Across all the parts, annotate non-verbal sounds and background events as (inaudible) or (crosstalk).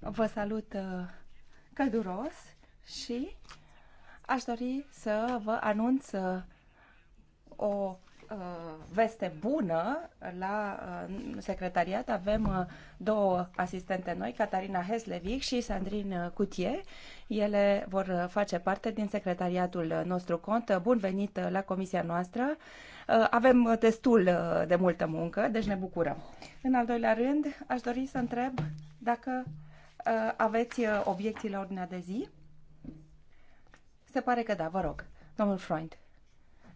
Vă salut uh, călduros și aș dori să vă anunț uh, o uh, veste bună la secretariat. Avem două asistente noi, Catarina Heslevic și Sandrin Cutie. Ele vor face parte din secretariatul nostru cont. Bun venit la comisia noastră. Avem destul de multă muncă, deci ne bucurăm. În al doilea rând, aș dori să întreb dacă Uh, aveți uh, obiecții la ordinea de zi? Se pare că da, vă rog. Domnul Freund.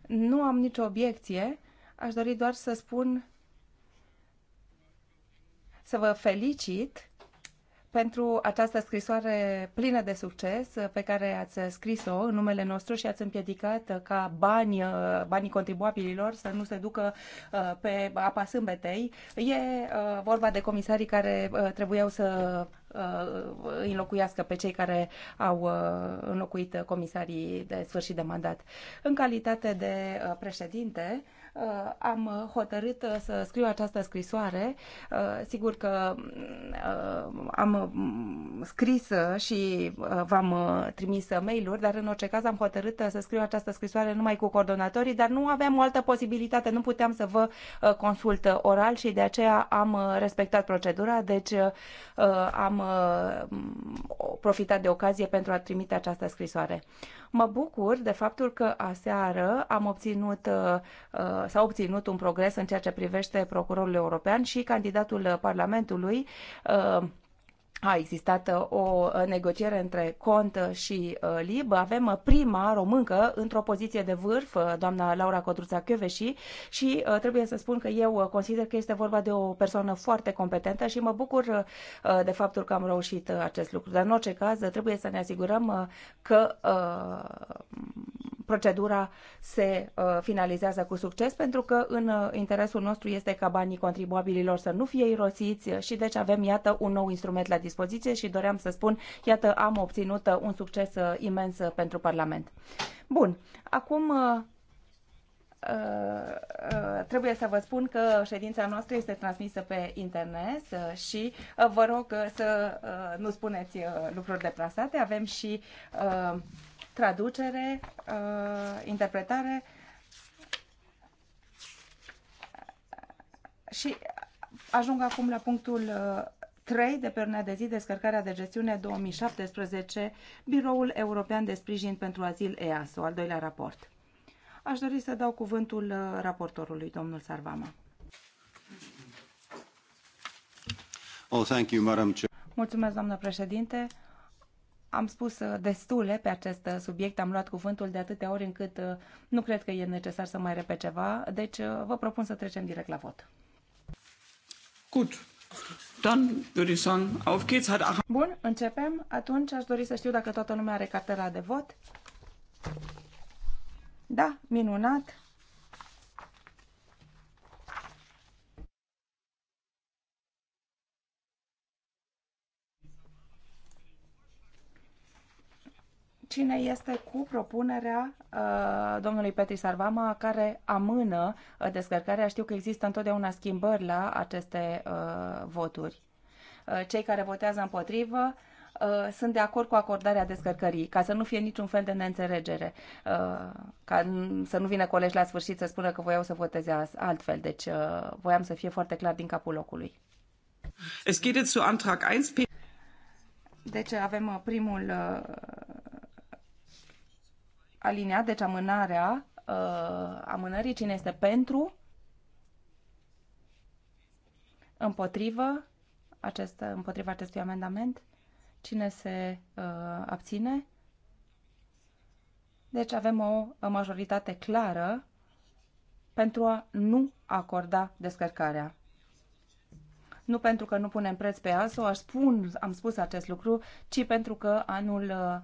Nu am nicio obiecție. Aș dori doar să spun să vă felicit pentru această scrisoare plină de succes pe care ați scris-o în numele nostru și ați împiedicat ca bani, uh, banii contribuabililor să nu se ducă uh, pe apa sâmbetei. E uh, vorba de comisarii care trebuiau să înlocuiască pe cei care au înlocuit comisarii de sfârșit de mandat. În calitate de președinte, Uh, am hotărât uh, să scriu această scrisoare. Uh, sigur că am mm, scris și v-am trimis mail-uri, dar în orice caz am hotărât să scriu această scrisoare numai cu coordonatorii, dar nu aveam o altă posibilitate, nu puteam să vă consult oral și de aceea am respectat procedura, deci am profitat de ocazie pentru a trimite această scrisoare. Mă bucur de faptul că aseară am obținut, uh, uh, s-a obținut un progres în ceea ce privește procurorul european și candidatul Parlamentului uh, a existat uh, o uh, negociere între Cont uh, și Lib. Avem prima româncă într-o poziție de vârf, doamna Laura Codruța Chioveși, și trebuie să spun că eu consider că este vorba de o persoană foarte competentă și mă bucur de faptul că am reușit acest lucru. Dar în orice caz trebuie să ne asigurăm că procedura se finalizează cu succes, pentru că în interesul nostru este ca banii contribuabililor să nu fie irosiți și deci avem, iată, un nou instrument la dispoziție dispoziție și doream să spun, iată, am obținut uh, un succes uh, imens uh, pentru Parlament. Bun, acum trebuie să vă spun că ședința noastră este transmisă pe internet și vă rog să nu spuneți lucruri deplasate. Avem și traducere, interpretare și ajung acum la punctul 3 de pe de zi descărcarea de gestiune 2017, Biroul European de Sprijin pentru Azil EASO, al doilea raport. Aș dori să dau cuvântul uh, raportorului, domnul Sarvama. Oh, thank you, Madam Mulțumesc, doamnă președinte. Am spus uh, destule pe acest uh, subiect, am luat cuvântul de atâtea ori încât nu cred că e necesar să mai repet ceva, deci vă propun să trecem direct la vot. Good. Bun, începem. Atunci aș dori să știu dacă toată lumea are cartela de vot. Da, minunat. cine este cu propunerea uh, domnului Petri Sarvama care amână uh, descărcarea. Știu că există întotdeauna schimbări la aceste uh, voturi. Uh, cei care votează împotrivă uh, sunt de acord cu acordarea descărcării, ca să nu fie niciun fel de neînțelegere, uh, ca să nu vină colegi la sfârșit să spună că voiau să voteze altfel. Deci uh, voiam să fie foarte clar din capul locului. Es geht jetzt zu Antrag 1. Deci avem uh, primul uh, aliniat, deci amânarea uh, amânării, cine este pentru, împotrivă, acest, împotriva acestui amendament, cine se uh, abține. Deci avem o, o majoritate clară pentru a nu acorda descărcarea. Nu pentru că nu punem preț pe ASO, aș spun, am spus acest lucru, ci pentru că anul uh,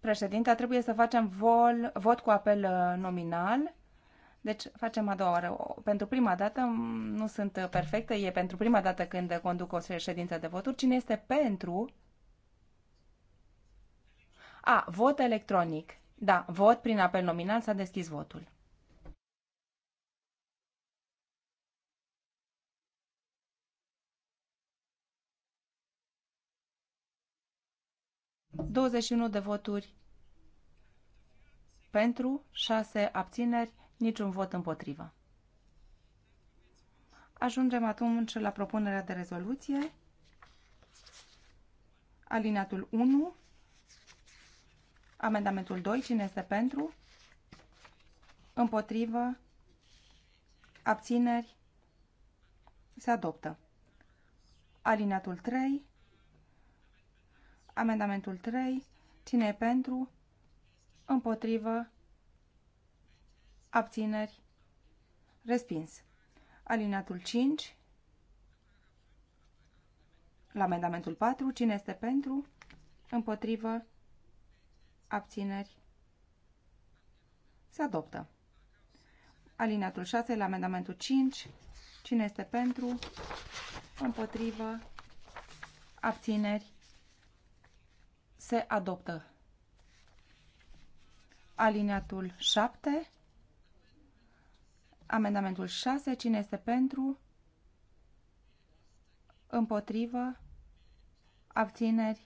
președinta, trebuie să facem vol, vot cu apel uh, nominal. Deci facem a doua oară. Pentru prima dată, nu sunt perfectă, e pentru prima dată când conduc o ședință de voturi. Cine este pentru? A, vot electronic. Da, vot prin apel nominal s-a deschis votul. 21 de voturi pentru, 6 abțineri, niciun vot împotrivă. Ajungem atunci la propunerea de rezoluție. Alineatul 1, amendamentul 2, cine este pentru, împotrivă, abțineri, se adoptă. Alineatul 3, Amendamentul 3. Cine e pentru? Împotrivă? Abțineri? Respins. Alineatul 5. La amendamentul 4. Cine este pentru? Împotrivă? Abțineri? Se adoptă. Alineatul 6 la amendamentul 5. Cine este pentru? Împotrivă? Abțineri? se adoptă. Alineatul 7, amendamentul 6, cine este pentru, împotrivă, abțineri,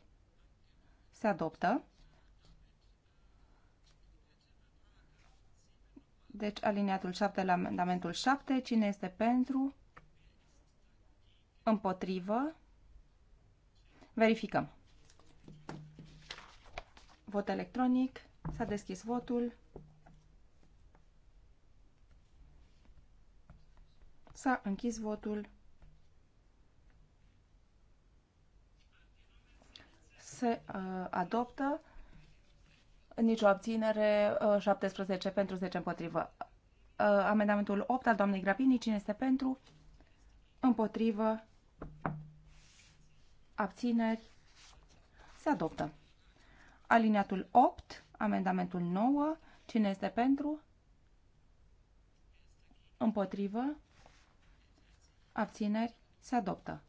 se adoptă. Deci alineatul 7 la amendamentul 7, cine este pentru, împotrivă, verificăm. Vot electronic. S-a deschis votul. S-a închis votul. Se uh, adoptă nicio abținere, uh, 17 pentru 10 împotrivă. Uh, amendamentul 8 al doamnei Grapini, cine este pentru? Împotrivă. Abțineri. Se adoptă. Aliniatul 8, amendamentul 9. Cine este pentru? Împotrivă? Abțineri? Se adoptă.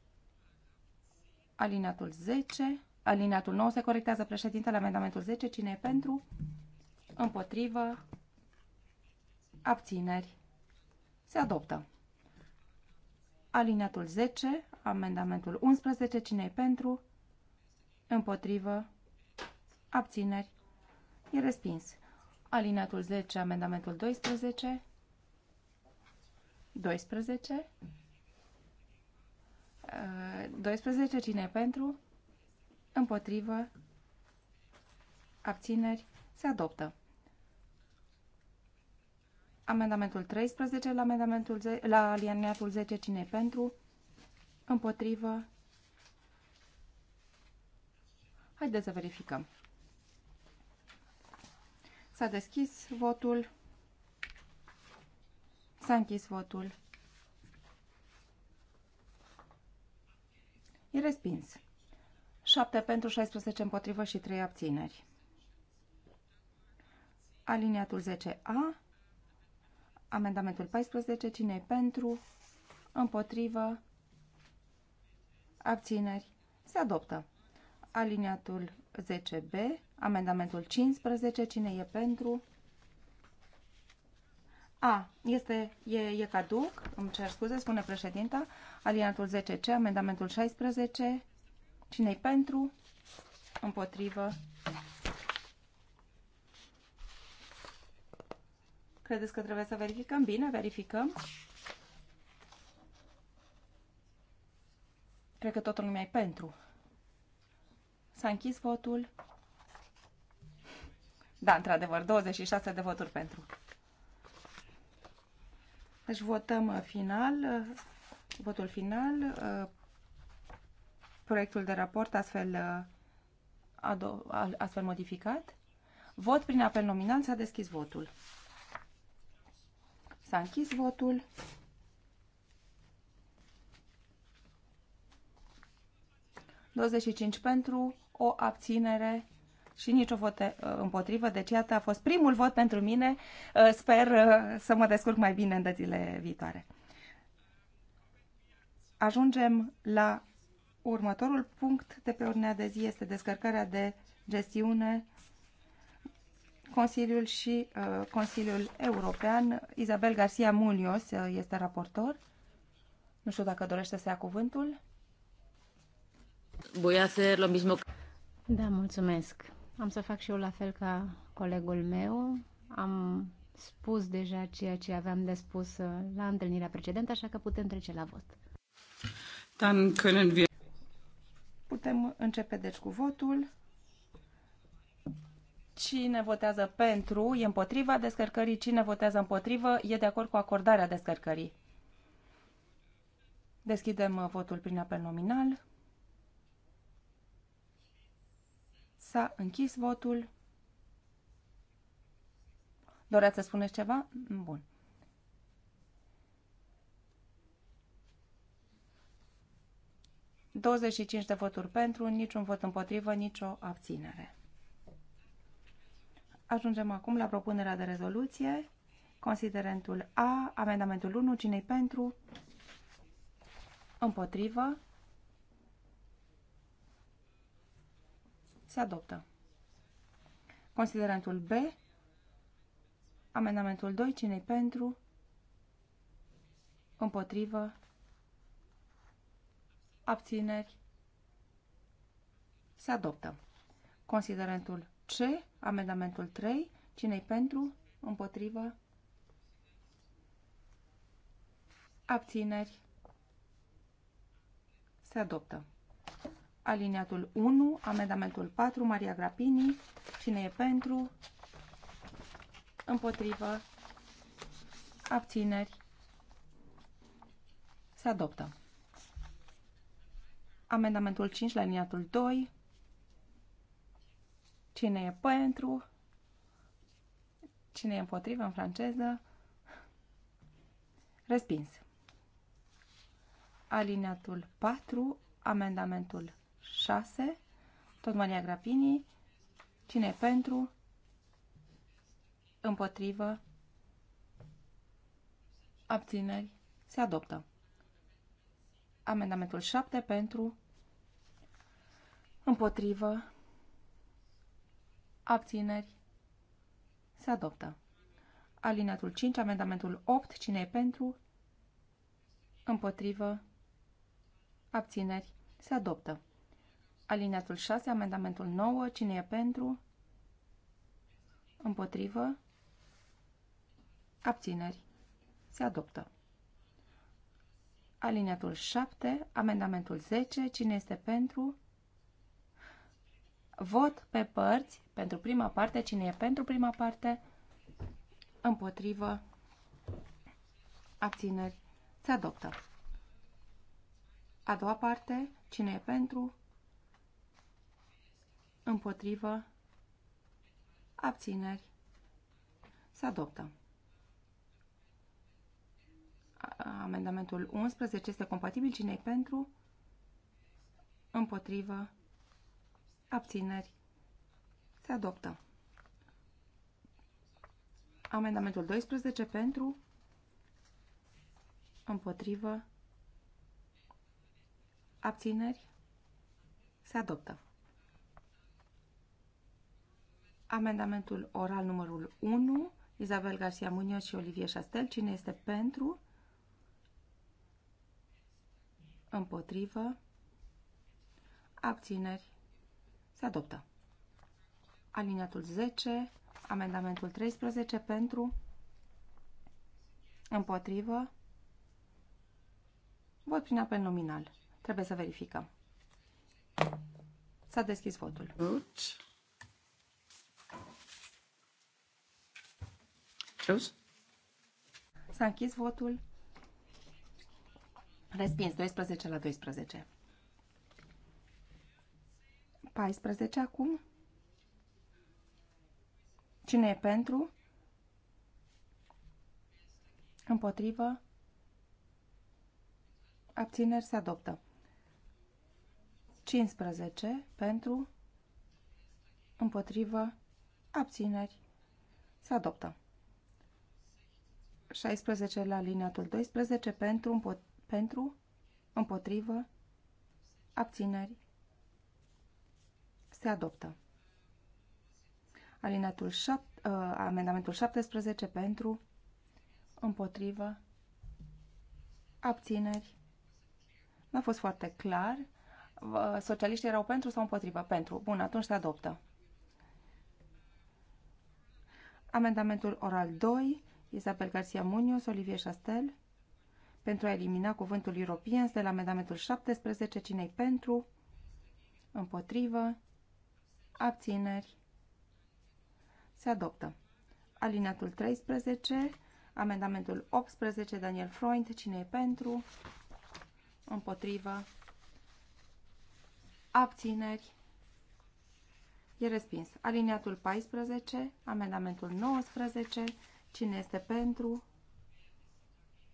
Alineatul 10. Alineatul 9 se corectează președintele amendamentul 10. Cine e pentru? Împotrivă? Abțineri? Se adoptă. Alineatul 10. Amendamentul 11. Cine e pentru? Împotrivă? Abțineri. E respins. Alineatul 10, amendamentul 12. 12. 12. Cine e pentru? Împotrivă. Abțineri. Se adoptă. Amendamentul 13 la, amendamentul ze la alineatul 10. Cine e pentru? Împotrivă. Haideți să verificăm. S-a deschis votul. S-a închis votul. E respins. 7 pentru 16 împotrivă și 3 abțineri. Aliniatul 10A. Amendamentul 14. Cine e pentru? Împotrivă? Abțineri? Se adoptă. Aliniatul 10B. Amendamentul 15, cine e pentru? A, este, e, e caduc, îmi cer scuze, spune președinta. Alinatul 10C, amendamentul 16, cine e pentru? Împotrivă. Credeți că trebuie să verificăm? Bine, verificăm. Cred că totul lumea e pentru. S-a închis votul. Da, într-adevăr, 26 de voturi pentru. Deci votăm uh, final, uh, votul final, uh, proiectul de raport astfel, astfel modificat. Vot prin apel nominal, s-a deschis votul. S-a închis votul. ...25 pentru, o abținere și o vot uh, împotrivă, deci iată a fost primul vot pentru mine. Uh, sper uh, să mă descurc mai bine în dățile viitoare. Ajungem la următorul punct de pe ordinea de zi, este descărcarea de gestiune Consiliul și Consiliul European. Isabel Garcia Munios este raportor. Nu știu dacă dorește să ia cuvântul. Voi hacer lo mismo. Da, mulțumesc. Am să fac și eu la fel ca colegul meu. Am spus deja ceea ce aveam de spus uh, la întâlnirea precedentă, așa că putem trece la vot. Putem începe deci cu votul. Cine votează pentru e împotriva descărcării, cine votează împotrivă e de acord cu acordarea descărcării. Deschidem uh, votul prin apel nominal. S-a închis votul. Doreați să spuneți ceva? Bun. ...25 de voturi pentru, niciun vot împotrivă, nicio abținere. Ajungem acum la propunerea de rezoluție. Considerentul A, amendamentul 1, cine pentru? Împotrivă. Se adoptă. Considerentul B, amendamentul 2, cine pentru, împotrivă, abțineri, se adoptă. Considerentul C, amendamentul 3, cine pentru, împotrivă, abțineri, se adoptă. Aliniatul 1, amendamentul 4, Maria Grapini. Cine e pentru? Împotrivă? Abțineri? Se adoptă. Amendamentul 5 aliniatul 2. Cine e pentru? Cine e împotrivă în franceză? Respins. Alineatul 4, amendamentul 6, tot Maria Grapini, cine e pentru, împotrivă, abțineri, se adoptă. Amendamentul 7 pentru, împotrivă, abțineri, se adoptă. Alineatul 5, amendamentul 8, cine e pentru, împotrivă, abțineri, se adoptă. Alineatul 6, amendamentul 9, cine e pentru? Împotrivă? Abțineri. Se adoptă. Alineatul 7, amendamentul 10, cine este pentru? Vot pe părți, pentru prima parte, cine e pentru prima parte? Împotrivă? Abțineri. Se adoptă. A doua parte, cine e pentru? împotrivă, abțineri, se adoptă. Amendamentul 11 este compatibil cinei pentru, împotrivă, abțineri, se adoptă. Amendamentul 12 pentru, împotrivă, abțineri, se adoptă. Amendamentul oral numărul 1, Isabel Garcia Munoz și Olivier Chastel. Cine este pentru? Împotrivă? Abțineri? Se adoptă. Aliniatul 10, amendamentul 13 pentru, împotrivă, vot prin apel nominal. Trebuie să verificăm. S-a deschis votul. Vot. Close. S-a închis votul. Respins 12 la 12. 14 acum. Cine e pentru? Împotrivă? Abțineri se adoptă. 15 pentru? Împotrivă? Abțineri se adoptă. 16 la alineatul 12 pentru, împo- pentru împotrivă, abțineri, se adoptă. Alineatul 7, uh, amendamentul 17 pentru, împotrivă, abțineri. Nu a fost foarte clar. Socialiștii erau pentru sau împotrivă? Pentru. Bun, atunci se adoptă. Amendamentul oral 2 Isabel Garcia Munoz, Olivier Chastel, pentru a elimina cuvântul Europeans de la amendamentul 17, cinei pentru, împotrivă, abțineri, se adoptă. Alineatul 13, amendamentul 18, Daniel Freund, cine e pentru, împotrivă, abțineri, e respins. Alineatul 14, amendamentul 19, Cine este pentru?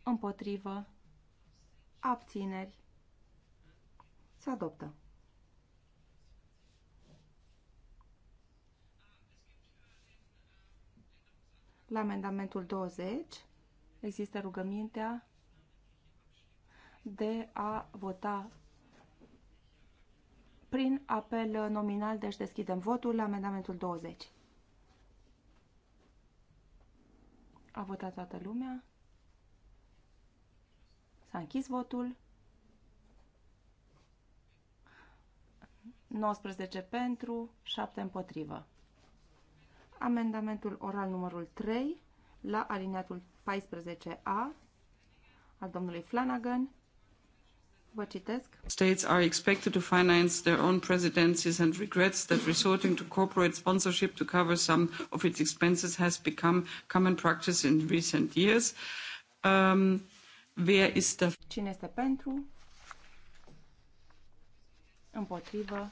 Împotrivă? Abțineri? Se adoptă. La amendamentul 20 există rugămintea de a vota prin apel nominal, deci deschidem votul la amendamentul 20. A votat toată lumea. S-a închis votul. 19 pentru, 7 împotrivă. Amendamentul oral numărul 3 la alineatul 14A al domnului Flanagan. Vă citesc. States are expected to finance their own presidencies and regrets that resorting to corporate sponsorship to cover some of its expenses has become common practice in recent years. Um, wer ist dafür? Cine este pentru? Împotrivă?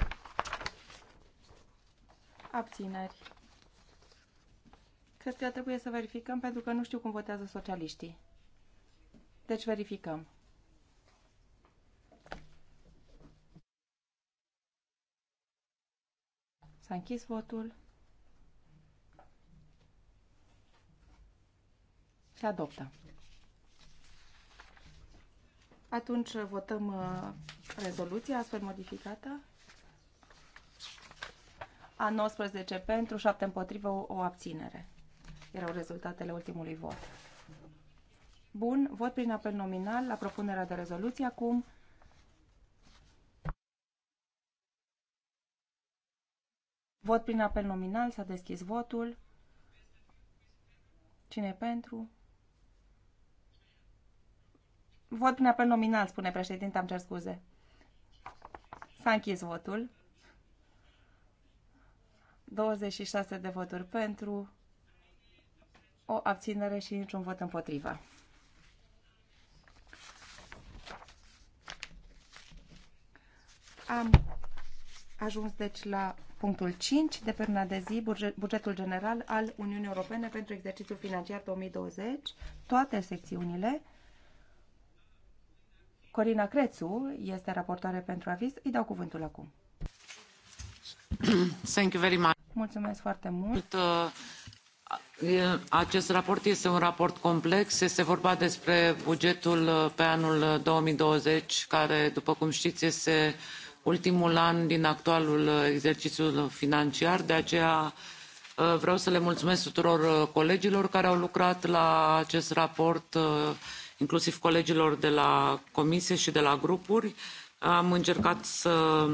Abțineri? Cred că trebuie să verificăm pentru că nu știu cum votează socialiștii. Deci verificăm. S-a închis votul. Se adoptă. Atunci uh, votăm uh, rezoluția astfel modificată. A 19 pentru, 7 împotrivă, o abținere. Erau rezultatele ultimului vot. Bun, vot prin apel nominal la propunerea de rezoluție acum. Vot prin apel nominal, s-a deschis votul. Cine pentru? Vot prin apel nominal, spune președinte, am cer scuze. S-a închis votul. 26 de voturi pentru, o abținere și niciun vot împotriva. Am ajuns deci la Punctul 5 de pe de zi, bugetul general al Uniunii Europene pentru exercițiul financiar 2020, toate secțiunile. Corina Crețu este raportoare pentru aviz. Îi dau cuvântul acum. (clears throat) Thank you very much. Mulțumesc foarte mult. Uh, acest raport este un raport complex. Este vorba despre bugetul uh, pe anul 2020, uh, care, după cum știți, este ultimul an din actualul uh, exercițiu financiar, de aceea uh, vreau să le mulțumesc tuturor uh, colegilor care au lucrat la acest raport, inclusiv colegilor de la comisie și de la grupuri. Am încercat să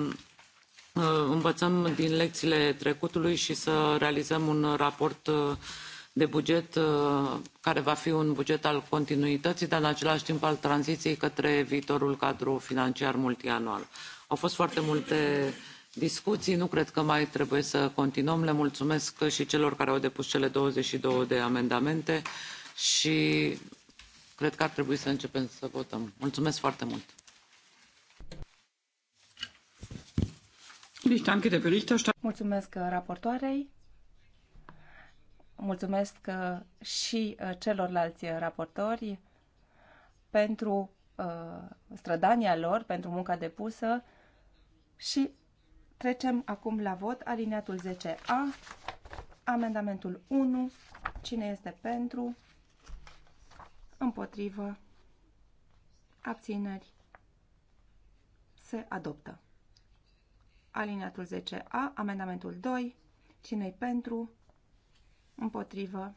învățăm din lecțiile trecutului și să realizăm un raport de buget care va fi un buget al continuității, dar în același timp al tranziției către viitorul cadru financiar multianual. Au fost foarte multe discuții, nu cred că mai trebuie să continuăm. Le mulțumesc și celor care au depus cele 22 de amendamente și cred că ar trebui să începem să votăm. Mulțumesc foarte mult! Mulțumesc uh, raportoarei. Mulțumesc uh, și uh, celorlalți raportori pentru strădania lor, pentru munca depusă și trecem acum la vot aliniatul 10A, amendamentul 1, cine este pentru, împotrivă, abțineri, se adoptă. Aliniatul 10A, amendamentul 2, cine i pentru, împotrivă,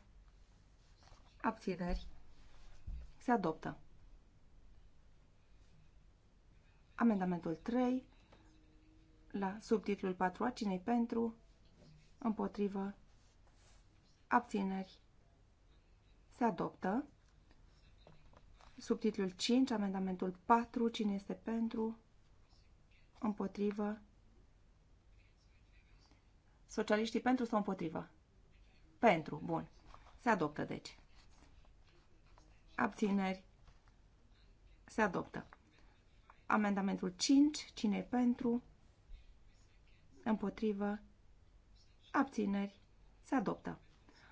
abțineri, se adoptă. Amendamentul 3, la subtitlul 4 a cinei pentru, împotrivă, abțineri, se adoptă. Subtitlul 5, amendamentul 4, cine este pentru, împotrivă, socialiștii pentru sau împotrivă? Pentru, bun. Se adoptă, deci. Abțineri, se adoptă. Amendamentul 5, cine e pentru, împotrivă, abțineri, se adoptă.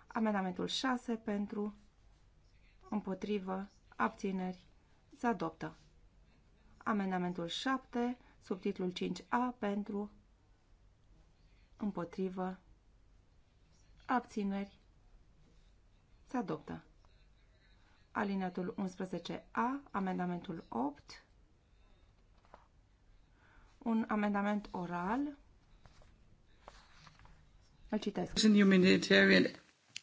Amendamentul 6 pentru, împotrivă, abțineri, se adoptă. Amendamentul 7, subtitlul 5A pentru, împotrivă, abțineri, se adoptă. Alineatul 11A, amendamentul 8, un amendament oral îl citesc. Humanitarian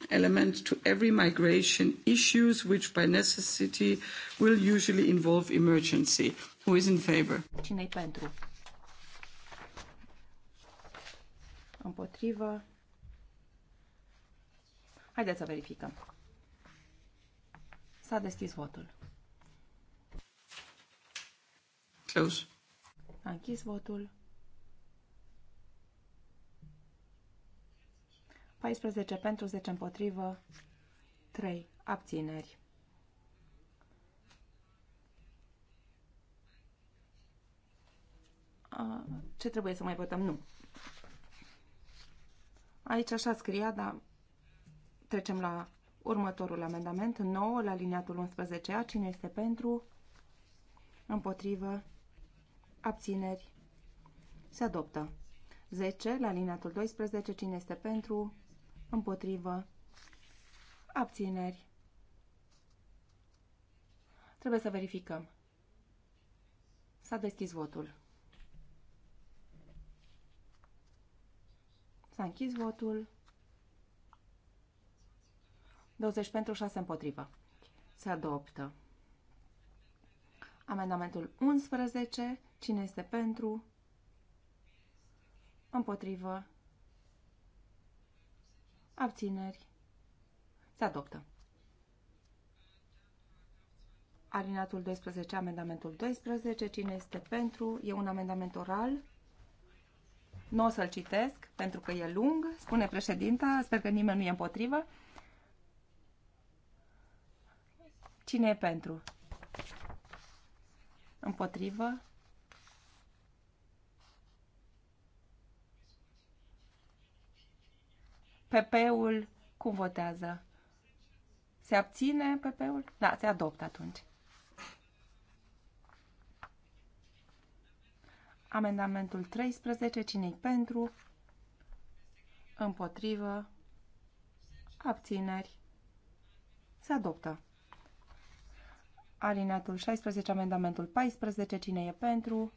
element to every migration issues which by necessity will usually involve emergency. Who is in favor? Cine-i pentru? Împotrivă. Haideți să verificăm. S-a deschis votul. Close. A închis votul. 14 pentru, 10 împotrivă, 3 abțineri. Ce trebuie să mai votăm? Nu. Aici așa scria, dar trecem la următorul amendament, 9, la liniatul 11A. Cine este pentru? Împotrivă? Abțineri? Se adoptă. 10, la liniatul 12. Cine este pentru? împotrivă, abțineri. Trebuie să verificăm. S-a deschis votul. S-a închis votul. 20 pentru, 6 împotrivă. Se adoptă. Amendamentul 11. Cine este pentru? Împotrivă. Abțineri. Se adoptă. Alinatul 12, amendamentul 12. Cine este pentru? E un amendament oral. Nu o să-l citesc, pentru că e lung, spune președinta. Sper că nimeni nu e împotrivă. Cine e pentru? Împotrivă? PP-ul cum votează? Se abține PP-ul? Da, se adoptă atunci. Amendamentul 13, cine pentru? Împotrivă? Abțineri? Se adoptă. Alineatul 16, amendamentul 14, cine e pentru?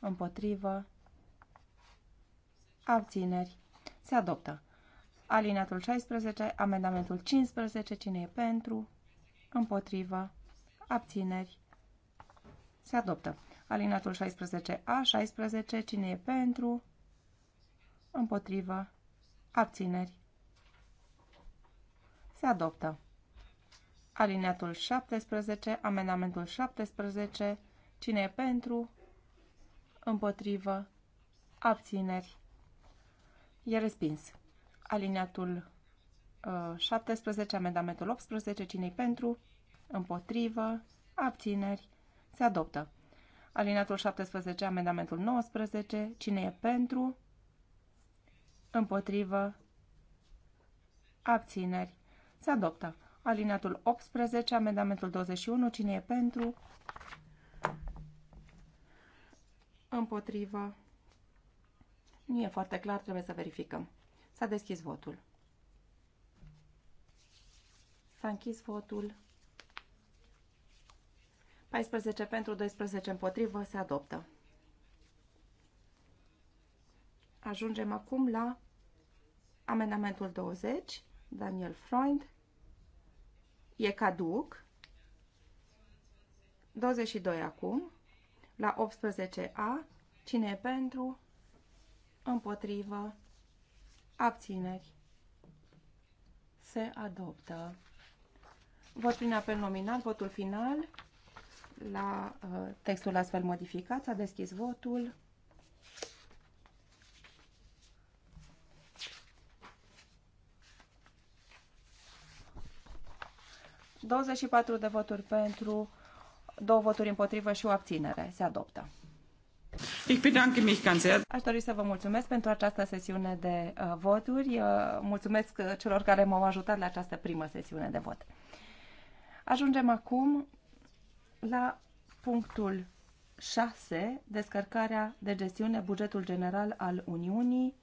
Împotrivă? Abțineri? Se adoptă. Alineatul 16, amendamentul 15, cine e pentru, împotrivă, abțineri, se adoptă. Alineatul 16A, 16, cine e pentru, împotrivă, abțineri, se adoptă. Alineatul 17, amendamentul 17, cine e pentru, împotrivă, abțineri, e respins. Alineatul 17, uh, amendamentul 18, cine pentru, împotrivă, abțineri, se adoptă. Alineatul 17, amendamentul 19, cine e pentru, împotrivă, abțineri, se adoptă. Alineatul 18, amendamentul 21, cine e pentru, împotrivă, nu e foarte clar, trebuie să verificăm. S-a deschis votul. S-a închis votul. 14 pentru, 12 împotrivă, se adoptă. Ajungem acum la amendamentul 20, Daniel Freund. E caduc. 22 acum. La 18A, cine e pentru, împotrivă, Abțineri. Se adoptă. Vot prin apel nominal, votul final la uh, textul astfel modificat. S-a deschis votul. Douăzeci și patru de voturi pentru, două voturi împotrivă și o abținere. Se adoptă. Ich bedanke mich ganz Aș dori să vă mulțumesc pentru această sesiune de uh, voturi. Uh, mulțumesc uh, celor care m-au ajutat la această primă sesiune de vot. Ajungem acum la punctul 6, descărcarea de gestiune bugetul general al Uniunii.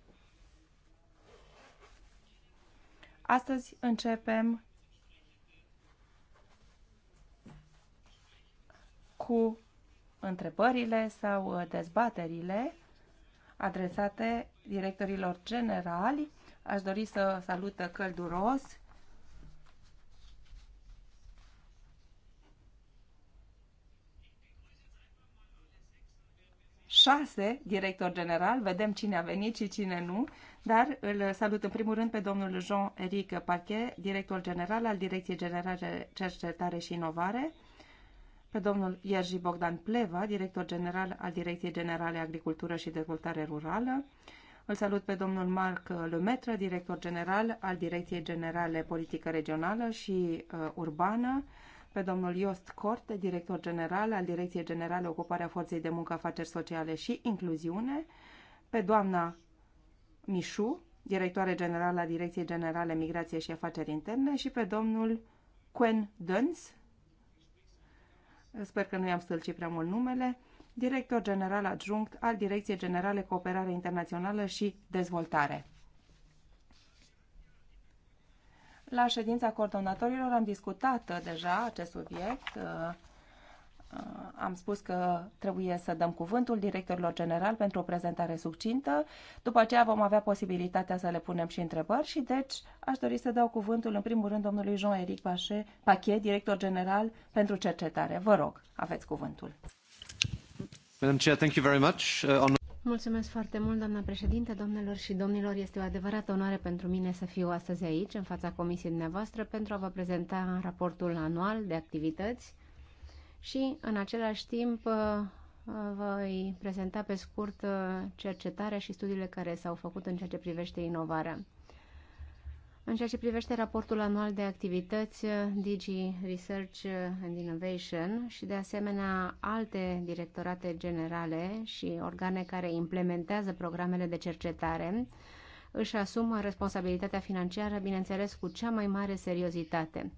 Astăzi începem cu întrebările sau uh, dezbaterile adresate directorilor generali. Aș dori să salută uh, călduros șase directori general, vedem cine a venit și cine nu, dar îl salut în primul rând pe domnul Jean-Éric Parquet, director general al Direcției Generale Cercetare și Inovare, pe domnul Ierji Bogdan Pleva, director general al Direcției Generale Agricultură și Dezvoltare Rurală. Îl salut pe domnul Marc Lumetră, director general al Direcției Generale Politică Regională și uh, Urbană, pe domnul Iost Cort, director general al Direcției Generale Ocuparea Forței de Muncă, Afaceri Sociale și Incluziune, pe doamna Mișu, directoare generală a Direcției Generale Migrație și Afaceri Interne și pe domnul Quen Duns, sper că nu i-am stâlcit prea mult numele, director general adjunct al Direcției Generale Cooperare Internațională și Dezvoltare. La ședința coordonatorilor am discutat uh, deja acest subiect uh, Uh, am spus că trebuie să dăm cuvântul directorilor general pentru o prezentare succintă. După aceea vom avea posibilitatea să le punem și întrebări și deci aș dori să dau cuvântul în primul rând domnului Jean-Éric Pachet, director general pentru cercetare. Vă rog, aveți cuvântul. Uh, Mulțumesc foarte mult, doamna președinte, domnilor și domnilor. Este o adevărată onoare pentru mine să fiu astăzi aici, în fața comisiei dumneavoastră, pentru a vă prezenta raportul anual de activități și în același timp uh, voi prezenta pe scurt uh, cercetarea și studiile care s-au făcut în ceea ce privește inovarea. În ceea ce privește raportul anual de activități uh, Digi Research and Innovation și de asemenea alte directorate generale și organe care implementează programele de cercetare, își asumă responsabilitatea financiară, bineînțeles, cu cea mai mare seriozitate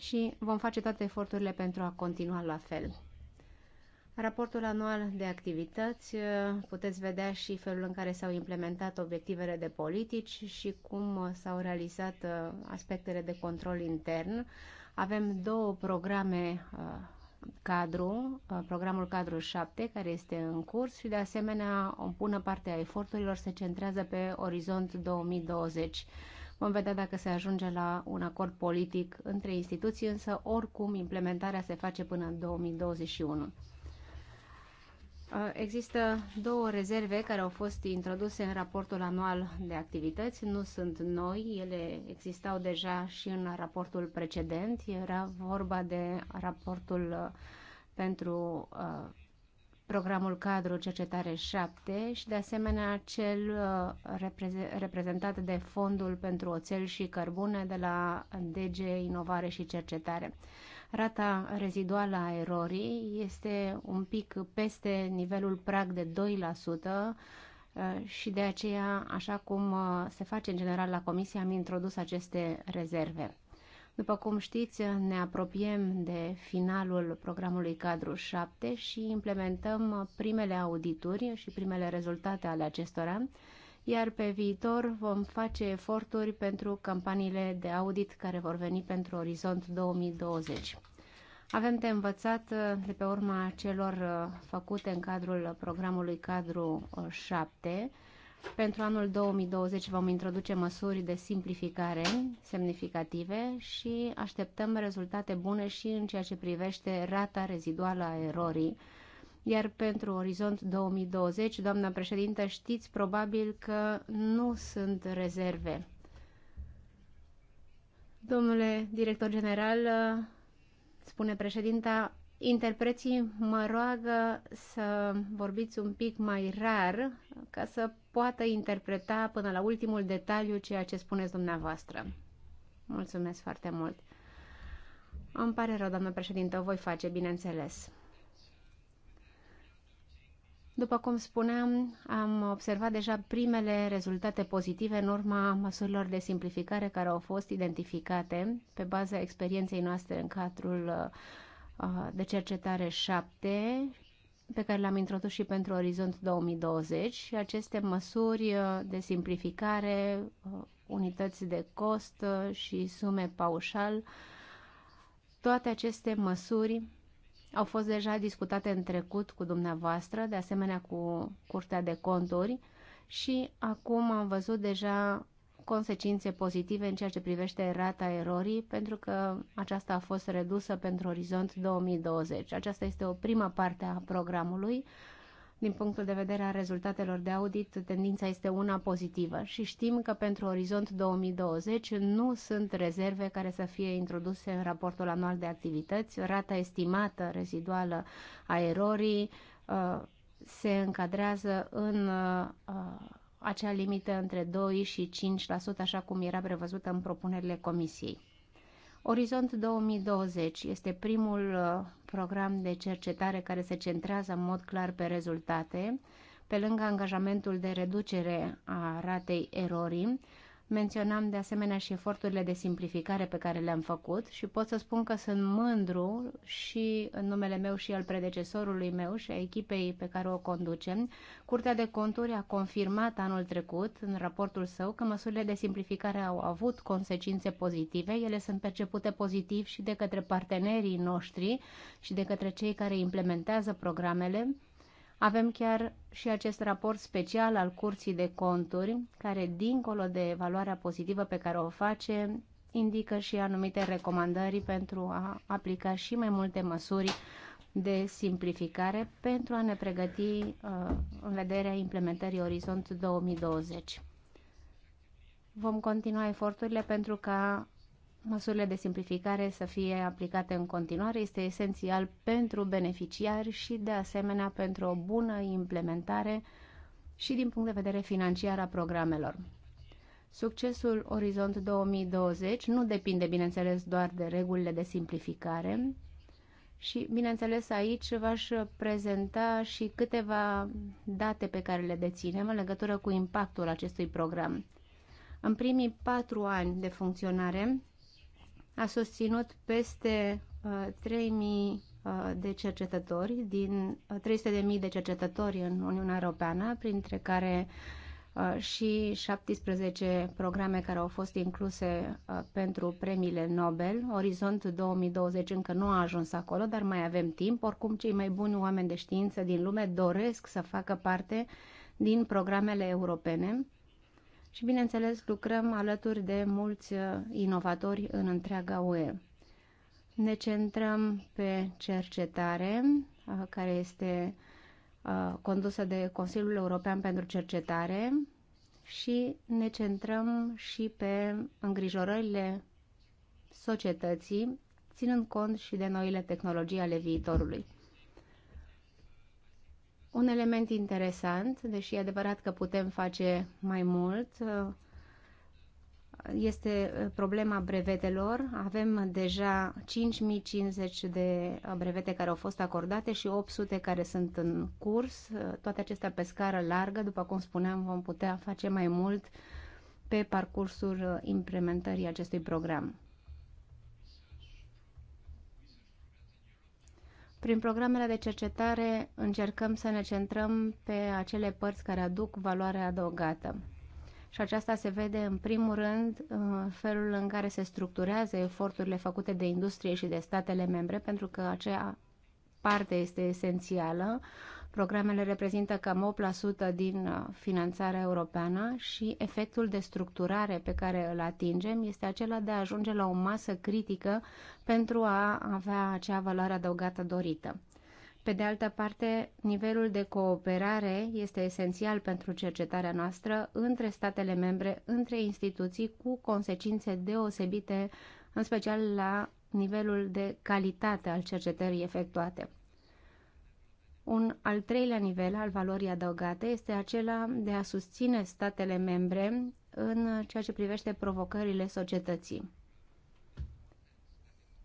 și vom face toate eforturile pentru a continua la fel. Raportul anual de activități, uh, puteți vedea și felul în care s-au implementat obiectivele de politici și cum uh, s-au realizat uh, aspectele de control intern. Avem două programe cadru, programul cadru 7, care este în curs și de asemenea o bună parte a eforturilor se centrează pe Orizont 2020 Vom vedea dacă se ajunge la un acord politic între instituții, însă oricum implementarea se face până în 2021. Uh, există două rezerve care au fost introduse în raportul anual de activități. Nu sunt noi, ele existau deja și în raportul precedent. Era vorba de raportul uh, pentru uh, programul cadru cercetare 7 și de asemenea cel uh, reprezentat de Fondul pentru Oțel și Cărbune de la DG Inovare și Cercetare. Rata reziduală a erorii este un pic peste nivelul prag de 2% uh, și de aceea, așa cum uh, se face în general la Comisie, am introdus aceste rezerve. După cum știți, ne apropiem de finalul programului cadru 7 și implementăm primele audituri și primele rezultate ale acestora, iar pe viitor vom face eforturi pentru campaniile de audit care vor veni pentru Orizont 2020. Avem de învățat uh, de pe urma celor uh, făcute în cadrul programului cadru 7, uh, pentru anul 2020 vom introduce măsuri de simplificare semnificative și așteptăm rezultate bune și în ceea ce privește rata reziduală a erorii. Iar pentru Orizont 2020, doamna președintă, știți probabil că nu sunt rezerve. Domnule director general, spune președinta, interpreții mă roagă să vorbiți un pic mai rar ca să poată interpreta până la ultimul detaliu ceea ce spuneți dumneavoastră. Mulțumesc foarte mult. Îmi pare rău, doamnă președinte, o voi face, bineînțeles. După cum spuneam, am observat deja primele rezultate pozitive în urma măsurilor de simplificare care au fost identificate pe baza experienței noastre în cadrul uh, de cercetare 7 pe care l-am introdus și pentru Orizont 2020 și aceste măsuri uh, de simplificare, uh, unități de cost uh, și sume paușal, toate aceste măsuri au fost deja discutate în trecut cu dumneavoastră, de asemenea cu Curtea de Conturi și acum am văzut deja consecințe pozitive în ceea ce privește rata erorii, pentru că aceasta a fost redusă pentru orizont 2020. Aceasta este o prima parte a programului. Din punctul de vedere a rezultatelor de audit, tendința este una pozitivă și știm că pentru orizont 2020 nu sunt rezerve care să fie introduse în raportul anual de activități. Rata estimată reziduală a erorii uh, se încadrează în uh, acea limită între 2 și 5%, așa cum era prevăzută în propunerile Comisiei. Orizont 2020 este primul uh, program de cercetare care se centrează în mod clar pe rezultate, pe lângă angajamentul de reducere a ratei erorii, Menționam de asemenea și eforturile de simplificare pe care le-am făcut și pot să spun că sunt mândru și în numele meu și al predecesorului meu și a echipei pe care o conducem. Curtea de conturi a confirmat anul trecut în raportul său că măsurile de simplificare au avut consecințe pozitive. Ele sunt percepute pozitiv și de către partenerii noștri și de către cei care implementează programele avem chiar și acest raport special al Curții de Conturi, care, dincolo de valoarea pozitivă pe care o face, indică și anumite recomandări pentru a aplica și mai multe măsuri de simplificare pentru a ne pregăti uh, în vederea implementării Orizont 2020. Vom continua eforturile pentru ca măsurile de simplificare să fie aplicate în continuare este esențial pentru beneficiari și, de asemenea, pentru o bună implementare și din punct de vedere financiar a programelor. Succesul Orizont 2020 nu depinde, bineînțeles, doar de regulile de simplificare și, bineînțeles, aici v-aș prezenta și câteva date pe care le deținem în legătură cu impactul acestui program. În primii patru ani de funcționare, a susținut peste 3000 uh, uh, de cercetători, din 300.000 uh, de cercetători în Uniunea Europeană, printre care și 17 programe care au fost incluse pentru premiile Nobel. Orizont 2020 încă nu a ajuns acolo, dar mai avem timp. Oricum, cei mai buni oameni de știință din lume doresc să facă parte din programele europene și, bineînțeles, lucrăm alături de mulți uh, inovatori în întreaga UE. Ne centrăm pe cercetare, uh, care este uh, condusă de Consiliul European pentru Cercetare și ne centrăm și pe îngrijorările societății, ținând cont și de noile tehnologii ale viitorului. Un element interesant, deși e adevărat că putem face mai mult, este problema brevetelor. Avem deja 5050 de brevete care au fost acordate și 800 care sunt în curs. Toate acestea pe scară largă, după cum spuneam, vom putea face mai mult pe parcursul implementării acestui program. Prin programele de cercetare încercăm să ne centrăm pe acele părți care aduc valoare adăugată. Și aceasta se vede în primul rând în felul în care se structurează eforturile făcute de industrie și de statele membre, pentru că acea parte este esențială. Programele reprezintă cam 8% din uh, finanțarea europeană și efectul de structurare pe care îl atingem este acela de a ajunge la o masă critică pentru a avea acea valoare adăugată dorită. Pe de altă parte, nivelul de cooperare este esențial pentru cercetarea noastră între statele membre, între instituții, cu consecințe deosebite, în special la nivelul de calitate al cercetării efectuate. Un al treilea nivel al valorii adăugate este acela de a susține statele membre în ceea ce privește provocările societății.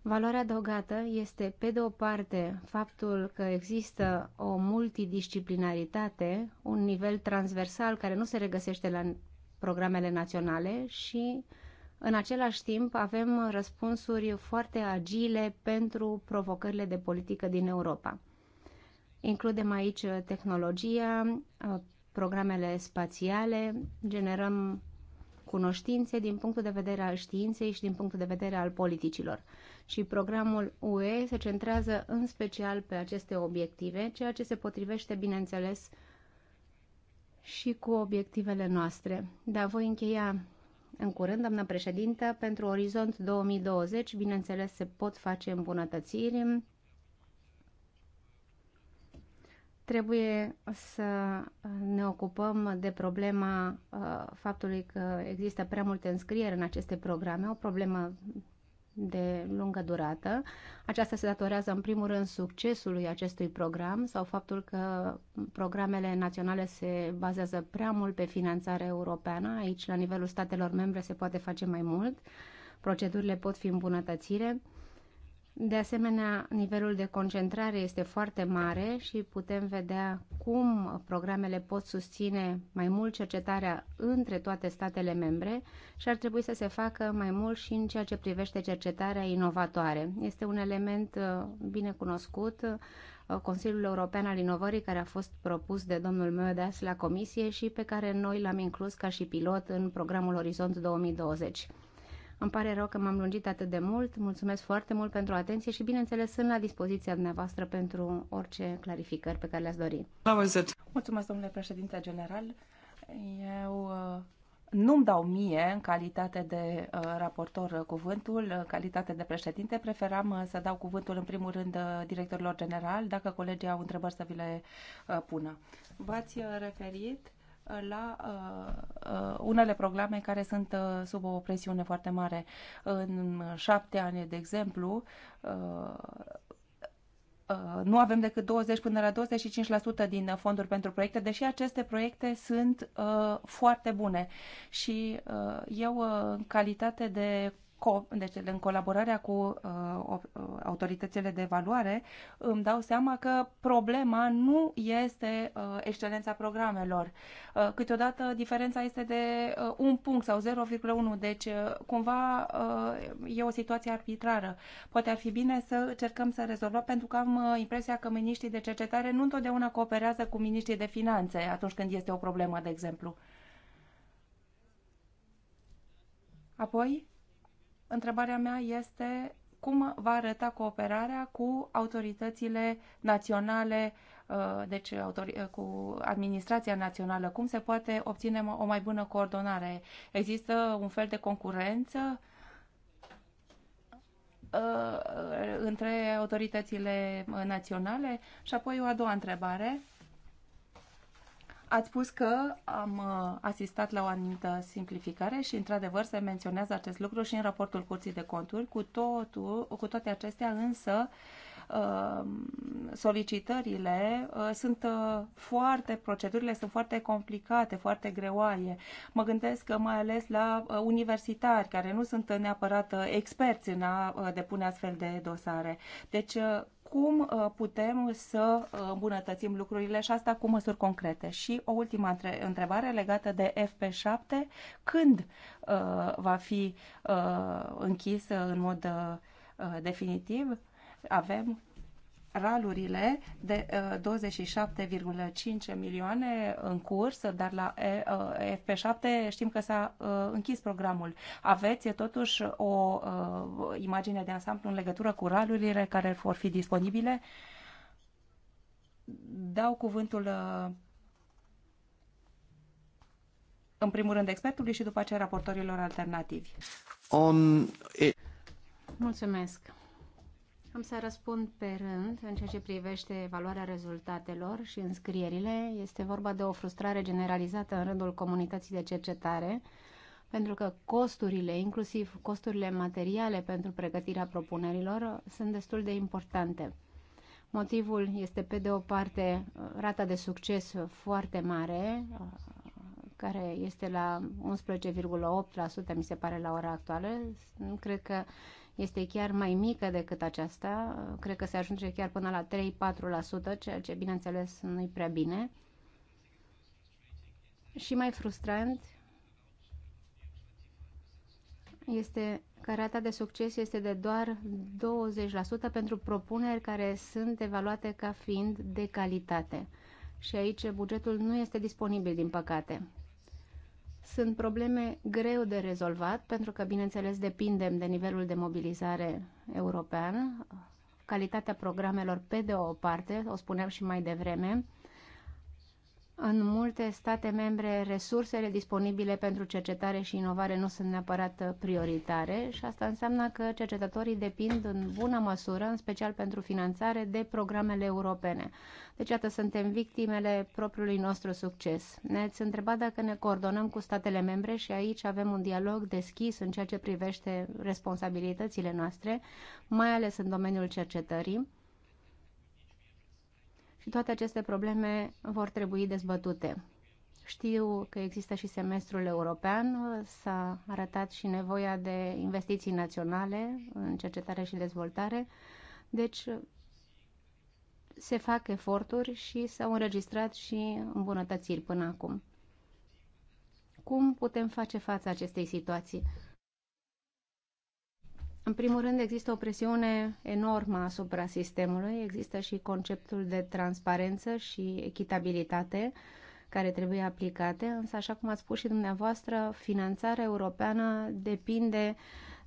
Valoarea adăugată este, pe de o parte, faptul că există o multidisciplinaritate, un nivel transversal care nu se regăsește la programele naționale și, în același timp, avem răspunsuri foarte agile pentru provocările de politică din Europa. Includem aici uh, tehnologia, uh, programele spațiale, generăm cunoștințe din punctul de vedere al științei și din punctul de vedere al politicilor. Și programul UE se centrează în special pe aceste obiective, ceea ce se potrivește, bineînțeles, și cu obiectivele noastre. Dar voi încheia în curând, doamnă președintă, pentru Orizont 2020, bineînțeles, se pot face îmbunătățiri, Trebuie să uh, ne ocupăm de problema uh, faptului că există prea multe înscrieri în aceste programe, o problemă de lungă durată. Aceasta se datorează în primul rând succesului acestui program sau faptul că programele naționale se bazează prea mult pe finanțare europeană. Aici, la nivelul statelor membre, se poate face mai mult. Procedurile pot fi îmbunătățire de asemenea, nivelul de concentrare este foarte mare și putem vedea cum programele pot susține mai mult cercetarea între toate statele membre și ar trebui să se facă mai mult și în ceea ce privește cercetarea inovatoare. Este un element uh, bine cunoscut, uh, Consiliul European al Inovării, care a fost propus de domnul Mădeas la comisie și pe care noi l-am inclus ca și pilot în programul Orizont 2020. Îmi pare rău că m-am lungit atât de mult. Mulțumesc foarte mult pentru atenție și, bineînțeles, sunt la dispoziția dumneavoastră pentru orice clarificări pe care le-ați dori. Mulțumesc, domnule președinte general. Eu uh, nu-mi dau mie, în calitate de uh, raportor, uh, cuvântul, în calitate de președinte. Preferam să dau cuvântul, în primul rând, directorilor general, dacă colegii au întrebări să vi le pună. V-ați referit la uh, uh, unele programe care sunt uh, sub o presiune foarte mare. În șapte ani, de exemplu, nu avem decât 20 până la 25% din fonduri pentru proiecte, deși aceste proiecte sunt uh, foarte bune. Și uh, eu, în calitate de co- deci în colaborarea cu uh, uh, autoritățile de evaluare, îmi dau seama că problema nu este uh, excelența programelor. Uh, câteodată diferența este de uh, un punct sau 0,1, deci uh, cumva uh, e o situație arbitrară. Poate ar fi bine să cercăm să rezolvăm, pentru că am uh, impresia că miniștrii de cercetare nu întotdeauna cooperează cu miniștrii de finanțe atunci când este o problemă, de exemplu. Apoi, Întrebarea mea este cum va arăta cooperarea cu autoritățile naționale, uh, deci uh, cu administrația națională? Cum se poate obține o mai bună coordonare? Există un fel de concurență uh, între autoritățile naționale? Și apoi o a doua întrebare Ați spus că am uh, asistat la o anumită simplificare și, într-adevăr, se menționează acest lucru și în raportul Curții de Conturi. Cu, totul, cu toate acestea, însă, uh, solicitările uh, sunt foarte, procedurile sunt foarte complicate, foarte greoaie. Mă gândesc că mai ales la universitari care nu sunt neapărat experți în a depune astfel de dosare. Deci cum uh, putem să uh, îmbunătățim lucrurile și asta cu măsuri concrete. Și o ultima întrebare legată de FP7, când uh, va fi închis în mod definitiv? Avem ralurile de 27,5 uh, milioane în curs, dar la uh, FP7 știm că s-a uh, închis programul. Aveți totuși o imagine de ansamblu în legătură cu ralurile care vor fi disponibile? Dau cuvântul în primul rând expertului și după aceea raportorilor alternativi. On... Mulțumesc. Am să răspund pe rând în ceea ce privește evaluarea rezultatelor și înscrierile. Este vorba de o frustrare generalizată în rândul comunității de cercetare, pentru că costurile, inclusiv costurile materiale pentru pregătirea propunerilor, sunt destul de importante. Motivul este, pe de o parte, rata de succes foarte mare, care este la 11,8%, mi se pare, la ora actuală. Cred că este chiar mai mică decât aceasta, cred că se ajunge chiar până la 3-4%, ceea ce bineînțeles nu-i prea bine. Și mai frustrant este că rata de succes este de doar 20% pentru propuneri care sunt evaluate ca fiind de calitate. Și aici bugetul nu este disponibil, din păcate. Sunt probleme greu de rezolvat, pentru că, bineînțeles, depindem de nivelul de mobilizare european, calitatea programelor pe de o parte, o spuneam și mai devreme, în multe state membre, resursele disponibile pentru cercetare și inovare nu sunt neapărat prioritare și asta înseamnă că cercetătorii depind în bună măsură, în special pentru finanțare, de programele europene. Deci, iată, suntem victimele propriului nostru succes. Ne-ați întrebat dacă ne coordonăm cu statele membre și aici avem un dialog deschis în ceea ce privește responsabilitățile noastre, mai ales în domeniul cercetării și toate aceste probleme vor trebui dezbătute. Știu că există și semestrul european, s-a arătat și nevoia de investiții naționale în cercetare și dezvoltare, deci se fac eforturi și s-au înregistrat și îmbunătățiri până acum. Cum putem face față acestei situații? În primul rând, există o presiune enormă asupra sistemului, există și conceptul de transparență și echitabilitate care trebuie aplicate, însă, așa cum ați spus și dumneavoastră, finanțarea europeană depinde